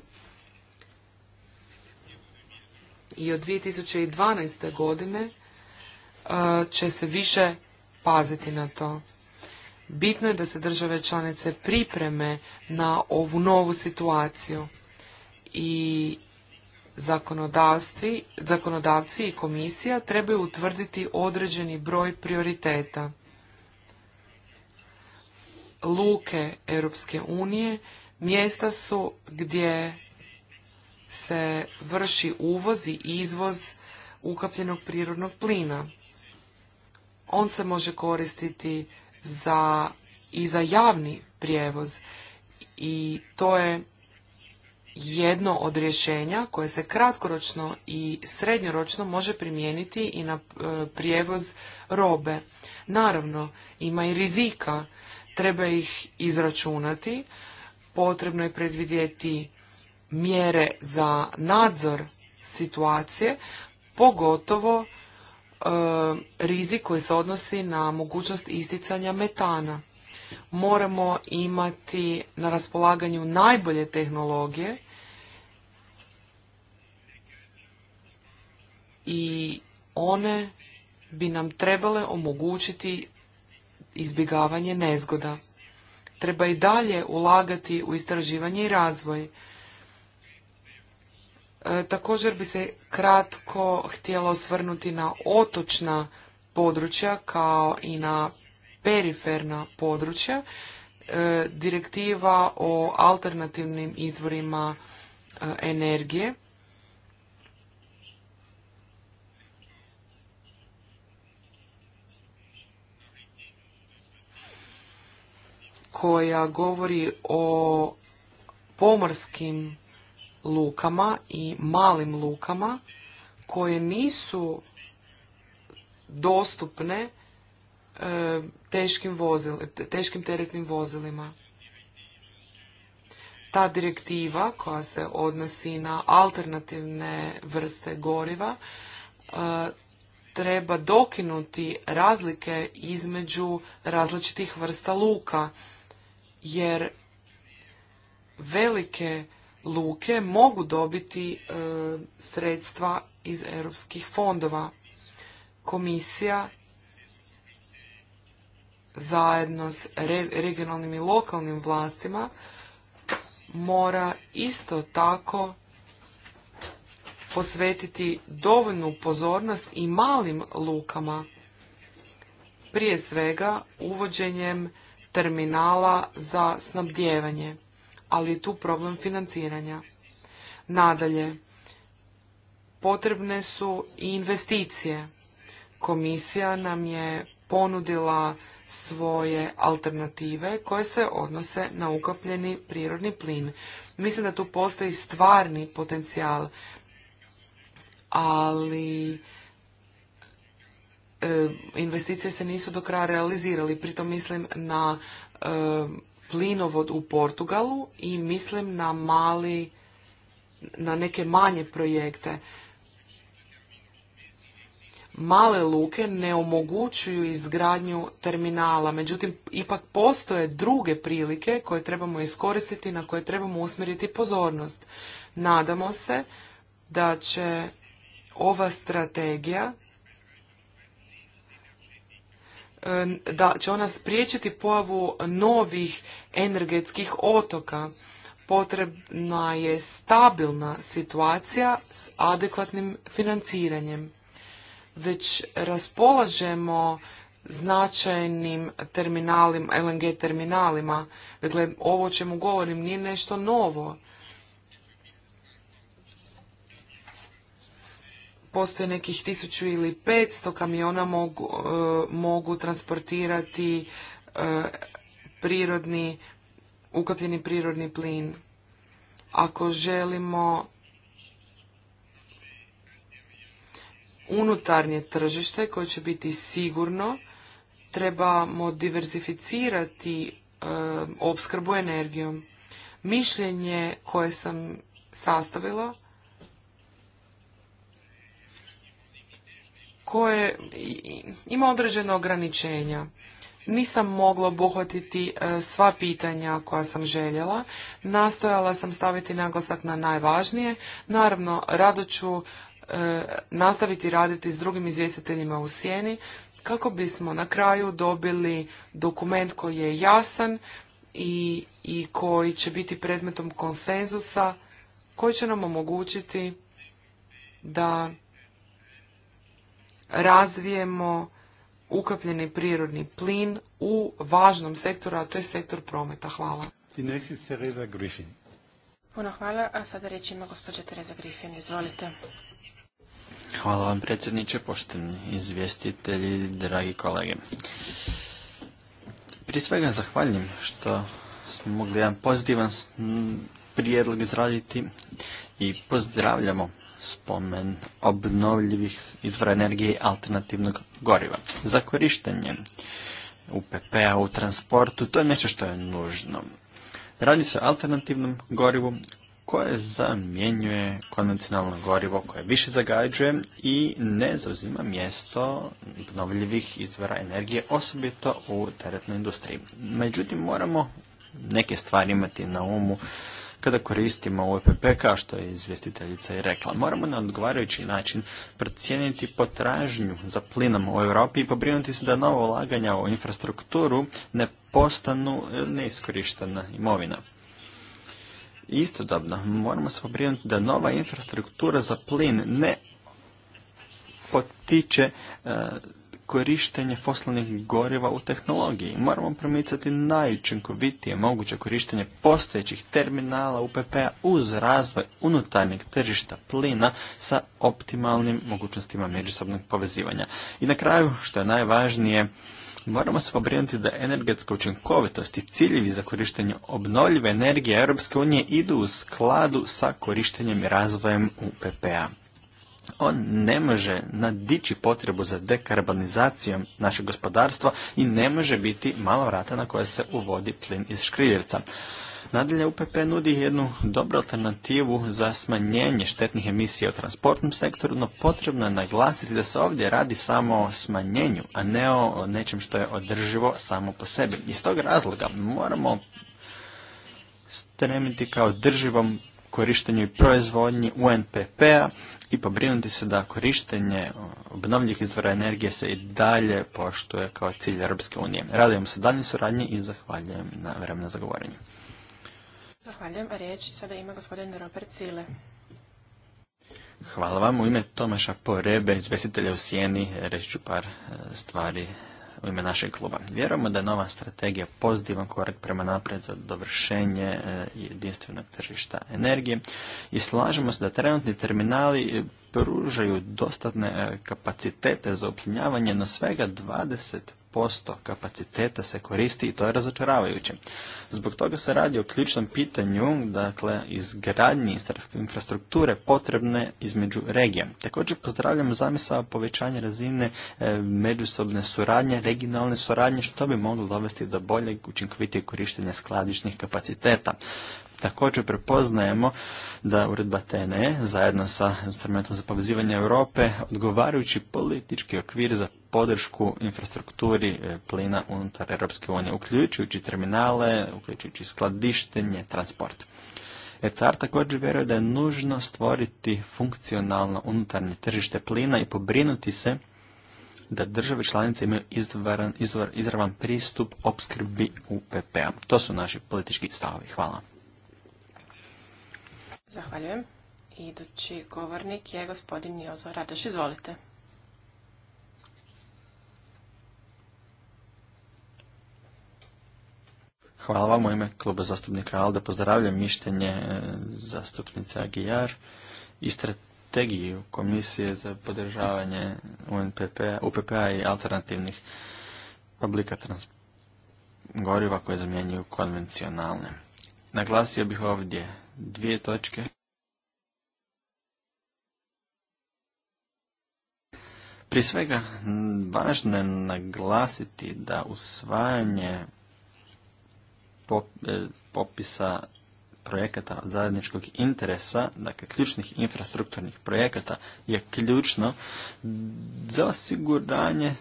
[SPEAKER 3] i od 2012. godine e, će se više paziti na to. Bitno je da se države članice pripreme na ovu novu situaciju i zakonodavci i komisija trebaju utvrditi određeni broj prioriteta. Luke Europske unije mjesta su gdje se vrši uvoz i izvoz ukapljenog prirodnog plina. On se može koristiti za, i za javni prijevoz i to je jedno od rješenja koje se kratkoročno i srednjoročno može primijeniti i na e, prijevoz robe. Naravno, ima i rizika, treba ih izračunati, potrebno je predvidjeti mjere za nadzor situacije, pogotovo e, rizik koji se odnosi na mogućnost isticanja metana. Moramo imati na raspolaganju najbolje tehnologije i one bi nam trebale omogućiti izbjegavanje nezgoda. Treba i dalje ulagati u istraživanje i razvoj E, također bi se kratko htjelo osvrnuti na otočna područja kao i na periferna područja. E, direktiva o alternativnim izvorima e, energije. koja govori o pomorskim lukama i malim lukama koje nisu dostupne e, teškim, vozil, teškim teretnim vozilima. Ta direktiva koja se odnosi na alternativne vrste goriva e, treba dokinuti razlike između različitih vrsta luka jer velike luke mogu dobiti e, sredstva iz europskih fondova. Komisija zajedno s regionalnim i lokalnim vlastima mora isto tako posvetiti dovoljnu pozornost i malim lukama. Prije svega uvođenjem terminala za snabdjevanje ali je tu problem financiranja. Nadalje, potrebne su i investicije. Komisija nam je ponudila svoje alternative koje se odnose na ukapljeni prirodni plin. Mislim da tu postoji stvarni potencijal, ali e, investicije se nisu do kraja realizirali. Pritom mislim na e, plinovod u Portugalu i mislim na mali, na neke manje projekte. Male luke ne omogućuju izgradnju terminala, međutim ipak postoje druge prilike koje trebamo iskoristiti, na koje trebamo usmjeriti pozornost. Nadamo se da će ova strategija da će ona spriječiti pojavu novih energetskih otoka. Potrebna je stabilna situacija s adekvatnim financiranjem. Već raspolažemo značajnim terminalima, LNG terminalima. Dakle, ovo o čemu govorim nije nešto novo. postoje nekih tisuću ili 500 kamiona mogu, e, mogu transportirati e, prirodni, ukapljeni prirodni plin. Ako želimo unutarnje tržište koje će biti sigurno, trebamo diversificirati e, opskrbu energijom. Mišljenje koje sam sastavila koje ima određene ograničenja. Nisam mogla obuhvatiti e, sva pitanja koja sam željela. Nastojala sam staviti naglasak na najvažnije. Naravno, rado ću e, nastaviti raditi s drugim izvjestiteljima u sjeni kako bismo na kraju dobili dokument koji je jasan i, i koji će biti predmetom konsenzusa koji će nam omogućiti da razvijemo ukapljeni prirodni plin u važnom sektoru, a to je sektor prometa. Hvala.
[SPEAKER 2] Puno hvala, a sada reći ima gospođa Tereza Griffin. Izvolite.
[SPEAKER 1] Hvala vam predsjedniče, pošteni izvjestitelji, dragi kolege. Prije svega zahvaljujem što smo mogli jedan pozitivan prijedlog izraditi i pozdravljamo spomen obnovljivih izvora energije i alternativnog goriva. Za korištenje UPP-a u transportu, to je nešto što je nužno. Radi se o alternativnom gorivu koje zamjenjuje konvencionalno gorivo koje više zagađuje i ne zauzima mjesto obnovljivih izvora energije, osobito u teretnoj industriji. Međutim, moramo neke stvari imati na umu kada koristimo OPP kao što je izvjestiteljica i rekla. Moramo na odgovarajući način procijeniti potražnju za plinom u Europi i pobrinuti se da nova ulaganja u infrastrukturu ne postanu neiskorištena imovina. Istodobno moramo se pobrinuti da nova infrastruktura za plin ne potiče e, korištenje fosilnih goriva u tehnologiji. Moramo promicati najučinkovitije moguće korištenje postojećih terminala UPP-a uz razvoj unutarnjeg tržišta plina sa optimalnim mogućnostima međusobnog povezivanja. I na kraju, što je najvažnije, moramo se pobrinuti da energetska učinkovitost i ciljevi za korištenje obnovljive energije Europske unije idu u skladu sa korištenjem i razvojem UPP-a on ne može nadići potrebu za dekarbonizacijom našeg gospodarstva i ne može biti mala vrata na koja se uvodi plin iz škriljevca. Nadalje, UPP nudi jednu dobru alternativu za smanjenje štetnih emisija u transportnom sektoru, no potrebno je naglasiti da se ovdje radi samo o smanjenju, a ne o nečem što je održivo samo po sebi. Iz tog razloga moramo stremiti kao drživom korištenju i proizvodnji UNPP-a i pobrinuti se da korištenje obnovljivih izvora energije se i dalje poštuje kao cilj Europske unije. Radujem se daljnjoj suradnji i zahvaljujem na vremena za govorenje.
[SPEAKER 2] Zahvaljujem. A riječ sada ima gospodin Robert Cile.
[SPEAKER 1] Hvala vam. U ime Tomaša Porebe, izvestitelja u Sijeni, reći ću par e, stvari u ime našeg kluba. Vjerujemo da je nova strategija pozitivan korak prema naprijed za dovršenje e, jedinstvenog tržišta energije i slažemo se da trenutni terminali pružaju dostatne e, kapacitete za uplinjavanje, no svega 20% kapaciteta se koristi i to je razočaravajuće. Zbog toga se radi o ključnom pitanju, dakle, izgradnji infrastrukture potrebne između regija. Također pozdravljam o povećanju razine e, međusobne suradnje, regionalne suradnje, što bi moglo dovesti do boljeg učinkovitijeg korištenja skladišnih kapaciteta. Također prepoznajemo da uredba TNE zajedno sa instrumentom za povezivanje Europe odgovarajući politički okvir za podršku infrastrukturi e, plina unutar Europske unije, uključujući terminale, uključujući skladištenje, transport. ECAR također vjeruje da je nužno stvoriti funkcionalno unutarnje tržište plina i pobrinuti se da države članice imaju izravan pristup opskrbi UPP-a. To su naši politički stavovi. Hvala.
[SPEAKER 2] Zahvaljujem. Idući govornik je gospodin Jozo Radeš. Izvolite.
[SPEAKER 1] Hvala vam u ime kluba zastupnika ALDA. Pozdravljam mišljenje e, zastupnice Agijar i strategiju Komisije za podržavanje unpp i alternativnih oblika goriva koje zamjenjuju konvencionalne. Naglasio bih ovdje dvije točke. Prije svega, važno je naglasiti da usvajanje e, popisa projekata od zajedničkog interesa, dakle ključnih infrastrukturnih projekata, je ključno za osiguranje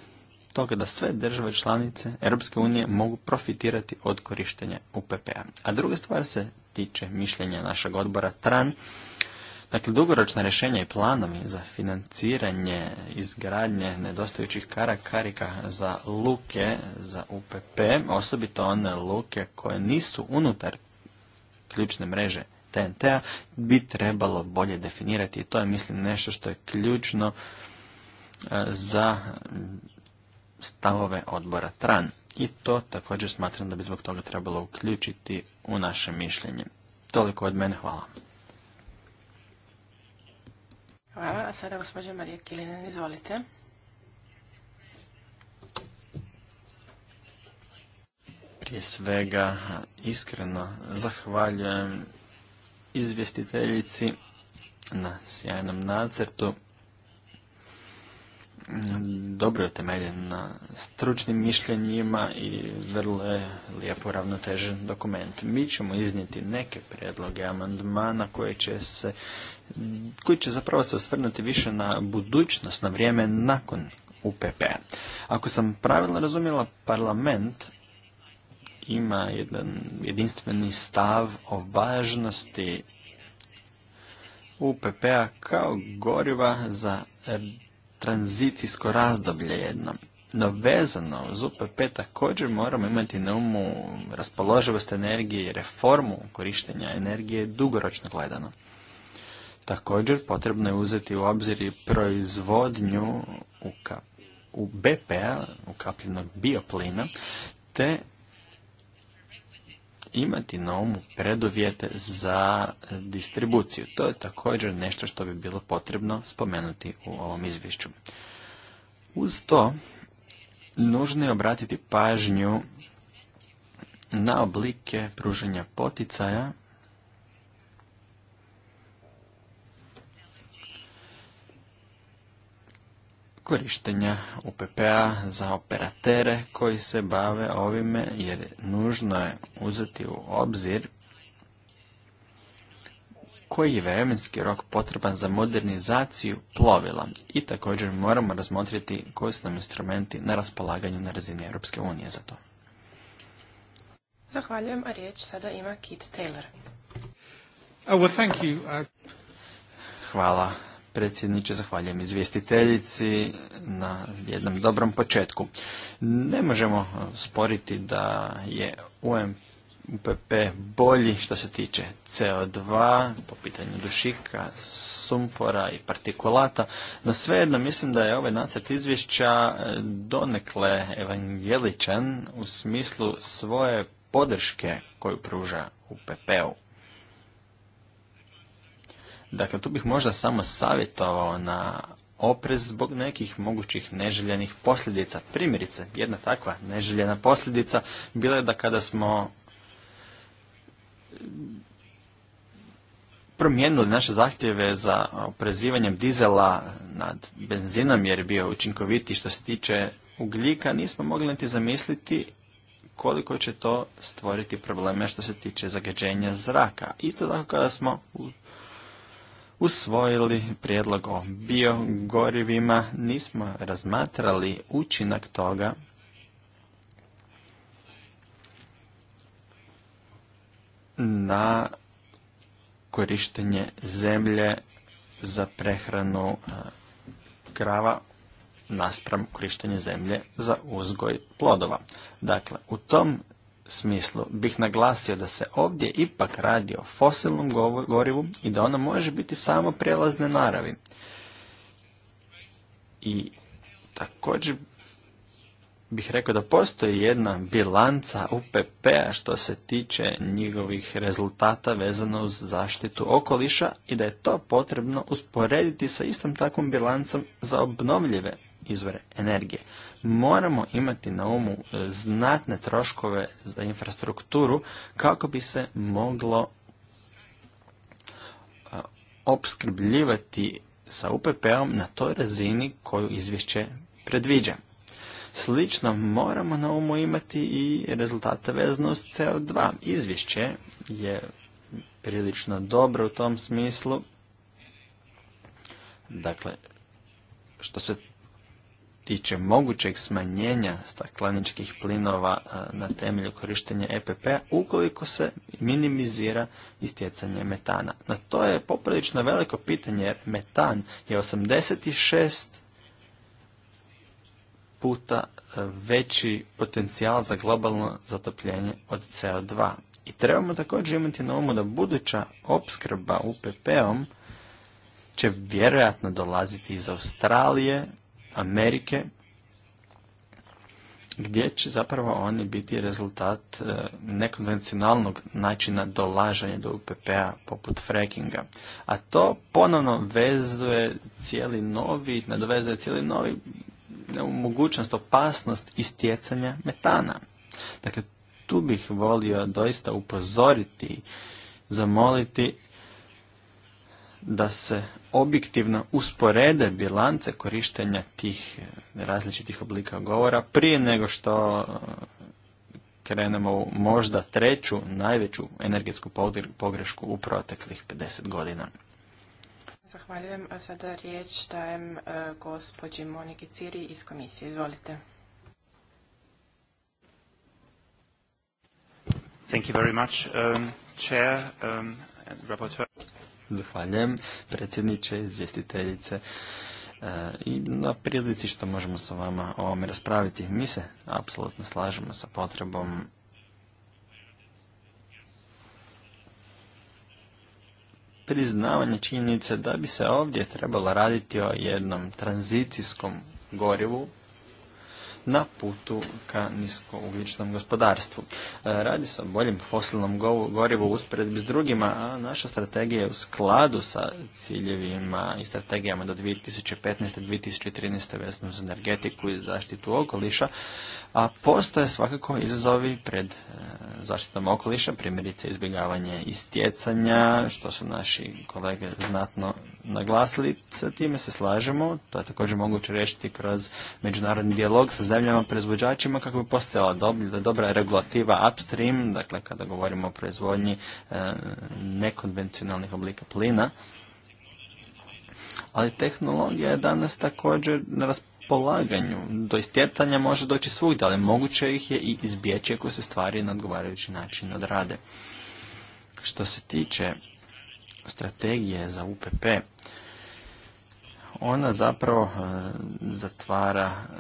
[SPEAKER 1] toga da sve države članice Europske unije mogu profitirati od korištenja UPP-a. A druga stvar se tiče mišljenja našeg odbora TRAN. Dakle, dugoročna rješenja i planovi za financiranje izgradnje nedostajućih kara karika za luke, za UPP, osobito one luke koje nisu unutar ključne mreže TNT-a, bi trebalo bolje definirati i to je, mislim, nešto što je ključno e, za stavove odbora TRAN. I to također smatram da bi zbog toga trebalo uključiti u naše mišljenje. Toliko od mene, hvala.
[SPEAKER 2] Hvala, a sada gospođa Marija izvolite.
[SPEAKER 1] Prije svega, iskreno zahvaljujem izvjestiteljici na sjajnom nacrtu dobro je temeljen na stručnim mišljenjima i vrlo je lijepo ravnotežen dokument. Mi ćemo iznijeti neke predloge amandmana koje će se koji će zapravo se osvrnuti više na budućnost, na vrijeme nakon UPP. Ako sam pravilno razumjela, parlament ima jedan jedinstveni stav o važnosti UPP-a kao goriva za tranzicijsko razdoblje jedno. No vezano uz UPP također moramo imati na umu raspoloživost energije i reformu korištenja energije dugoročno gledano. Također potrebno je uzeti u obzir i proizvodnju u, u bp p-a, ukapljenog bioplina, te imati na umu preduvjete za distribuciju. To je također nešto što bi bilo potrebno spomenuti u ovom izvješću. Uz to, nužno je obratiti pažnju na oblike pružanja poticaja korištenja UPP-a za operatere koji se bave ovime jer nužno je uzeti u obzir koji je vremenski rok potreban za modernizaciju plovila i također moramo razmotriti koji su nam instrumenti na raspolaganju na razini Europske unije za to.
[SPEAKER 2] Zahvaljujem, a riječ sada ima Kit Taylor.
[SPEAKER 1] Oh, uh, Hvala predsjedniče, zahvaljujem izvjestiteljici na jednom dobrom početku. Ne možemo sporiti da je UMPP bolji što se tiče CO2, po pitanju dušika, sumpora i partikulata, no svejedno mislim da je ovaj nacrt izvješća e, donekle evangeličan u smislu svoje podrške koju pruža UPP-u. Dakle, tu bih možda samo savjetovao na oprez zbog nekih mogućih neželjenih posljedica. Primjerice, jedna takva neželjena posljedica bila je da kada smo promijenili naše zahtjeve za oprezivanjem dizela nad benzinom jer je bio učinkoviti što se tiče ugljika, nismo mogli niti zamisliti koliko će to stvoriti probleme što se tiče zagađenja zraka. Isto tako kada smo usvojili prijedlog o biogorivima, nismo razmatrali učinak toga na korištenje zemlje za prehranu e, krava naspram korištenje zemlje za uzgoj plodova. Dakle, u tom smislu bih naglasio da se ovdje ipak radi o fosilnom gorivu i da ono može biti samo prijelazne naravi. I također bih rekao da postoji jedna bilanca UPP-a što se tiče njegovih rezultata vezano uz zaštitu okoliša i da je to potrebno usporediti sa istom takvom bilancom za obnovljive izvore energije moramo imati na umu e, znatne troškove za infrastrukturu kako bi se moglo e, opskrbljivati sa UPP-om na toj razini koju izvješće predviđa. Slično moramo na umu imati i rezultate vezano s CO2. Izvješće je prilično dobro u tom smislu. Dakle, što se tiče mogućeg smanjenja stakleničkih plinova na temelju korištenja EPP ukoliko se minimizira istjecanje metana. Na to je poprilično veliko pitanje jer metan je 86 puta e, veći potencijal za globalno zatopljenje od CO2. I trebamo također imati na umu da buduća opskrba UPP-om će vjerojatno dolaziti iz Australije, Amerike, gdje će zapravo oni biti rezultat e, nekonvencionalnog načina dolaženja do UPP-a poput frackinga. A to ponovno vezuje cijeli novi, nadovezuje cijeli novi e, mogućnost, opasnost istjecanja metana. Dakle, tu bih volio doista upozoriti, zamoliti da se objektivno usporede bilance korištenja tih eh, različitih oblika govora prije nego što eh, krenemo u možda treću najveću energetsku pogrešku u proteklih 50 godina.
[SPEAKER 2] Zahvaljujem, a sada riječ dajem eh, gospođi Moniki Ciri iz komisije. Izvolite.
[SPEAKER 1] Thank you very much, um, chair, um, Zahvaljujem predsjedniče, izvjestiteljice e, i na prilici što možemo sa vama o ovome raspraviti. Mi se apsolutno slažemo sa potrebom priznavanja činjenice da bi se ovdje trebalo raditi o jednom tranzicijskom gorivu na putu ka niskougljičnom gospodarstvu. E, radi se o boljem fosilnom gorivu usporedbi s drugima, a naša strategija je u skladu sa ciljevima i strategijama do 2015. i 2013. vezano za energetiku i zaštitu okoliša, a postoje svakako izazovi pred e, zaštitom okoliša, primjerice izbjegavanje istjecanja, što su naši kolege znatno naglasili. Sa time se slažemo, to je također moguće rešiti kroz međunarodni dijalog sa zemljama proizvođačima kako bi postojala dobra regulativa upstream, dakle kada govorimo o proizvodnji e, nekonvencionalnih oblika plina ali tehnologija je danas također na polaganju, Do istjetanja može doći svugdje, ali moguće ih je i izbjeći ako se stvari na odgovarajući način odrade. Što se tiče strategije za UPP, ona zapravo e, zatvara e,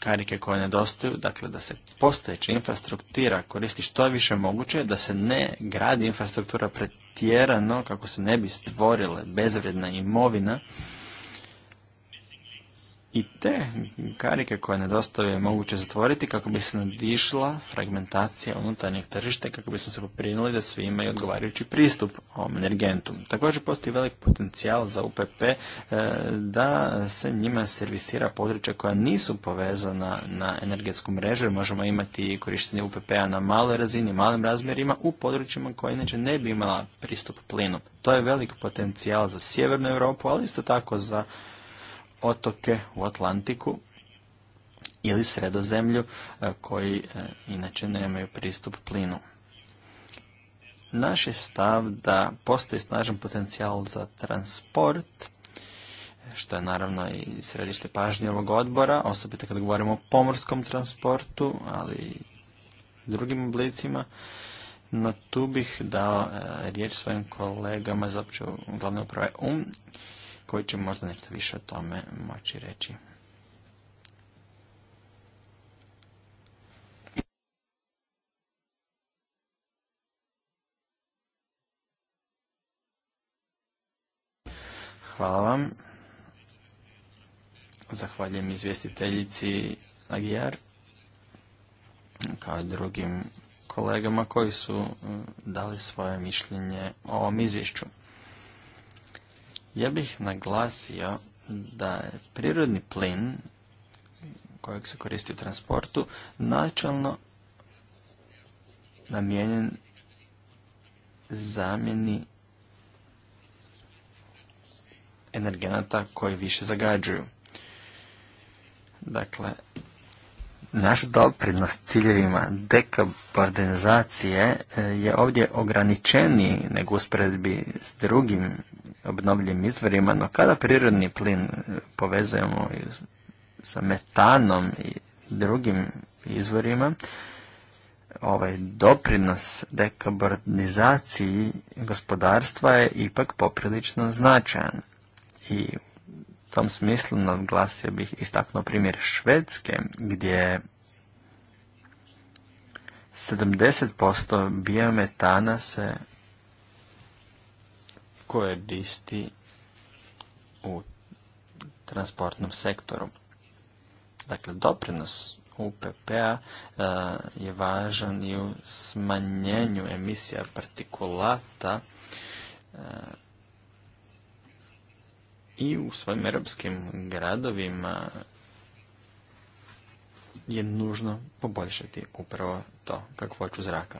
[SPEAKER 1] karike koje nedostaju, dakle da se postojeća infrastruktura koristi što više moguće, da se ne gradi infrastruktura pretjerano kako se ne bi stvorile bezvredna imovina, i te karike koje nedostaju je moguće zatvoriti kako bi se nadišla fragmentacija unutarnjeg tržišta kako bismo se poprinuli da svi imaju odgovarajući pristup ovom energentu. Također postoji velik potencijal za UPP e, da se njima servisira područja koja nisu povezana na energetsku mrežu jer možemo imati korištenje UPP-a na maloj razini, malim razmjerima u područjima koja inače ne bi imala pristup plinu. To je velik potencijal za sjevernu Europu, ali isto tako za otoke u Atlantiku ili sredozemlju e, koji e, inače nemaju pristup plinu. Naš je stav da postoji snažan potencijal za transport, što je naravno i središte pažnje ovog odbora, osobito kad govorimo o pomorskom transportu, ali i drugim oblicima. No tu bih dao e, riječ svojim kolegama za glavne uprave UM koji će možda nešto više o tome moći reći. Hvala vam. Zahvaljujem izvjestiteljici Agijar kao i drugim kolegama koji su mm, dali svoje mišljenje o ovom izvješću. Ja bih naglasio da je prirodni plin kojeg se koristi u transportu načalno namijenjen zamjeni energenata koji više zagađuju. Dakle, naš doprinos ciljevima dekarbonizacije e, je ovdje ograničeniji nego usporedbi s drugim obnovljivim izvorima, no kada prirodni plin e, povezujemo sa metanom i drugim izvorima, ovaj doprinos dekarbonizaciji gospodarstva je ipak poprilično značajan. I tom smislu naglasio bih istaknuo primjer Švedske gdje 70% biometana se koristi u transportnom sektoru. Dakle, doprinos UPP-a e, je važan i u smanjenju emisija partikulata e, i u svojim europskim gradovima je nužno poboljšati upravo to kakvoću zraka.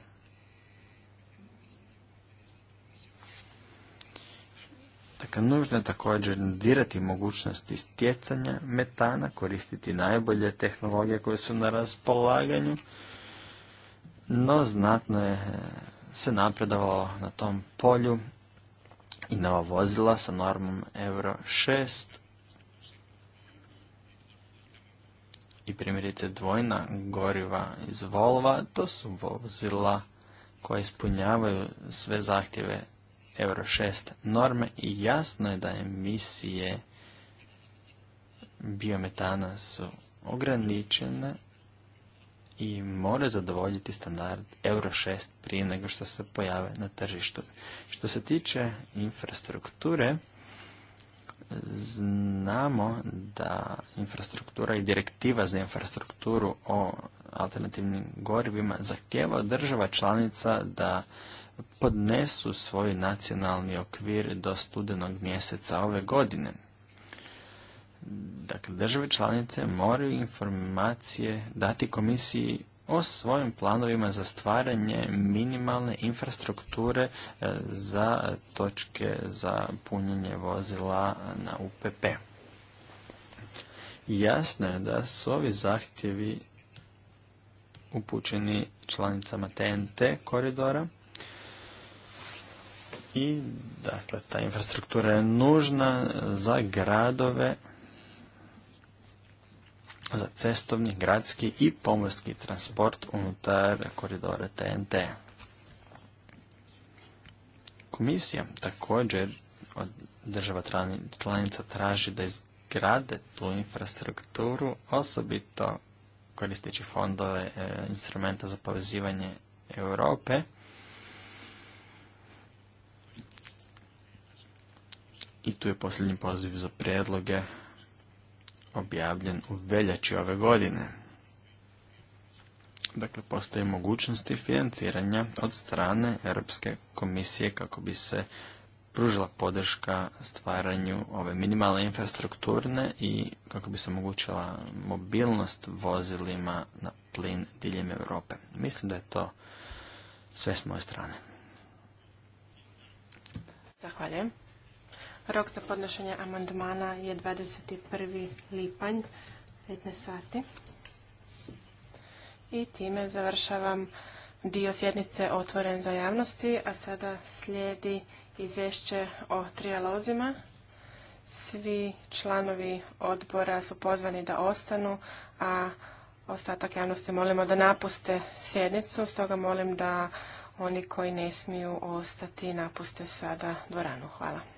[SPEAKER 1] Dakle, nužno je također dirati mogućnosti stjecanja metana, koristiti najbolje tehnologije koje su na raspolaganju, no znatno je se napredovalo na tom polju i nova vozila sa normom Euro 6 i primjerice dvojna goriva iz Volva, to su vozila koja ispunjavaju sve zahtjeve Euro 6 norme i jasno je da emisije biometana su ograničene i mora zadovoljiti standard Euro 6 prije nego što se pojave na tržištu. Što se tiče infrastrukture, znamo da infrastruktura i direktiva za infrastrukturu o alternativnim gorivima zahtjeva država članica da podnesu svoj nacionalni okvir do studenog mjeseca ove godine. Dakle, države članice moraju informacije dati komisiji o svojim planovima za stvaranje minimalne infrastrukture e, za točke za punjenje vozila na UPP. Jasno je da su ovi zahtjevi upućeni članicama TNT koridora i dakle ta infrastruktura je nužna za gradove za cestovni, gradski i pomorski transport unutar koridora TNT. Komisija također od država članica traži da izgrade tu infrastrukturu, osobito koristeći fondove e, instrumenta za povezivanje Europe. I tu je posljednji poziv za prijedloge objavljen u veljači ove godine. Dakle, postoji mogućnosti financiranja od strane Europske komisije kako bi se pružila podrška stvaranju ove minimalne infrastrukturne i kako bi se omogućila mobilnost vozilima na plin diljem Europe. Mislim da je to sve s moje strane.
[SPEAKER 2] Zahvaljujem. Rok za podnošenje amandmana je 21. lipanj, 15 sati. I time završavam dio sjednice otvoren za javnosti, a sada slijedi izvješće o trijalozima. Svi članovi odbora su pozvani da ostanu, a ostatak javnosti molimo da napuste sjednicu, stoga molim da oni koji ne smiju ostati
[SPEAKER 1] napuste sada dvoranu. Hvala.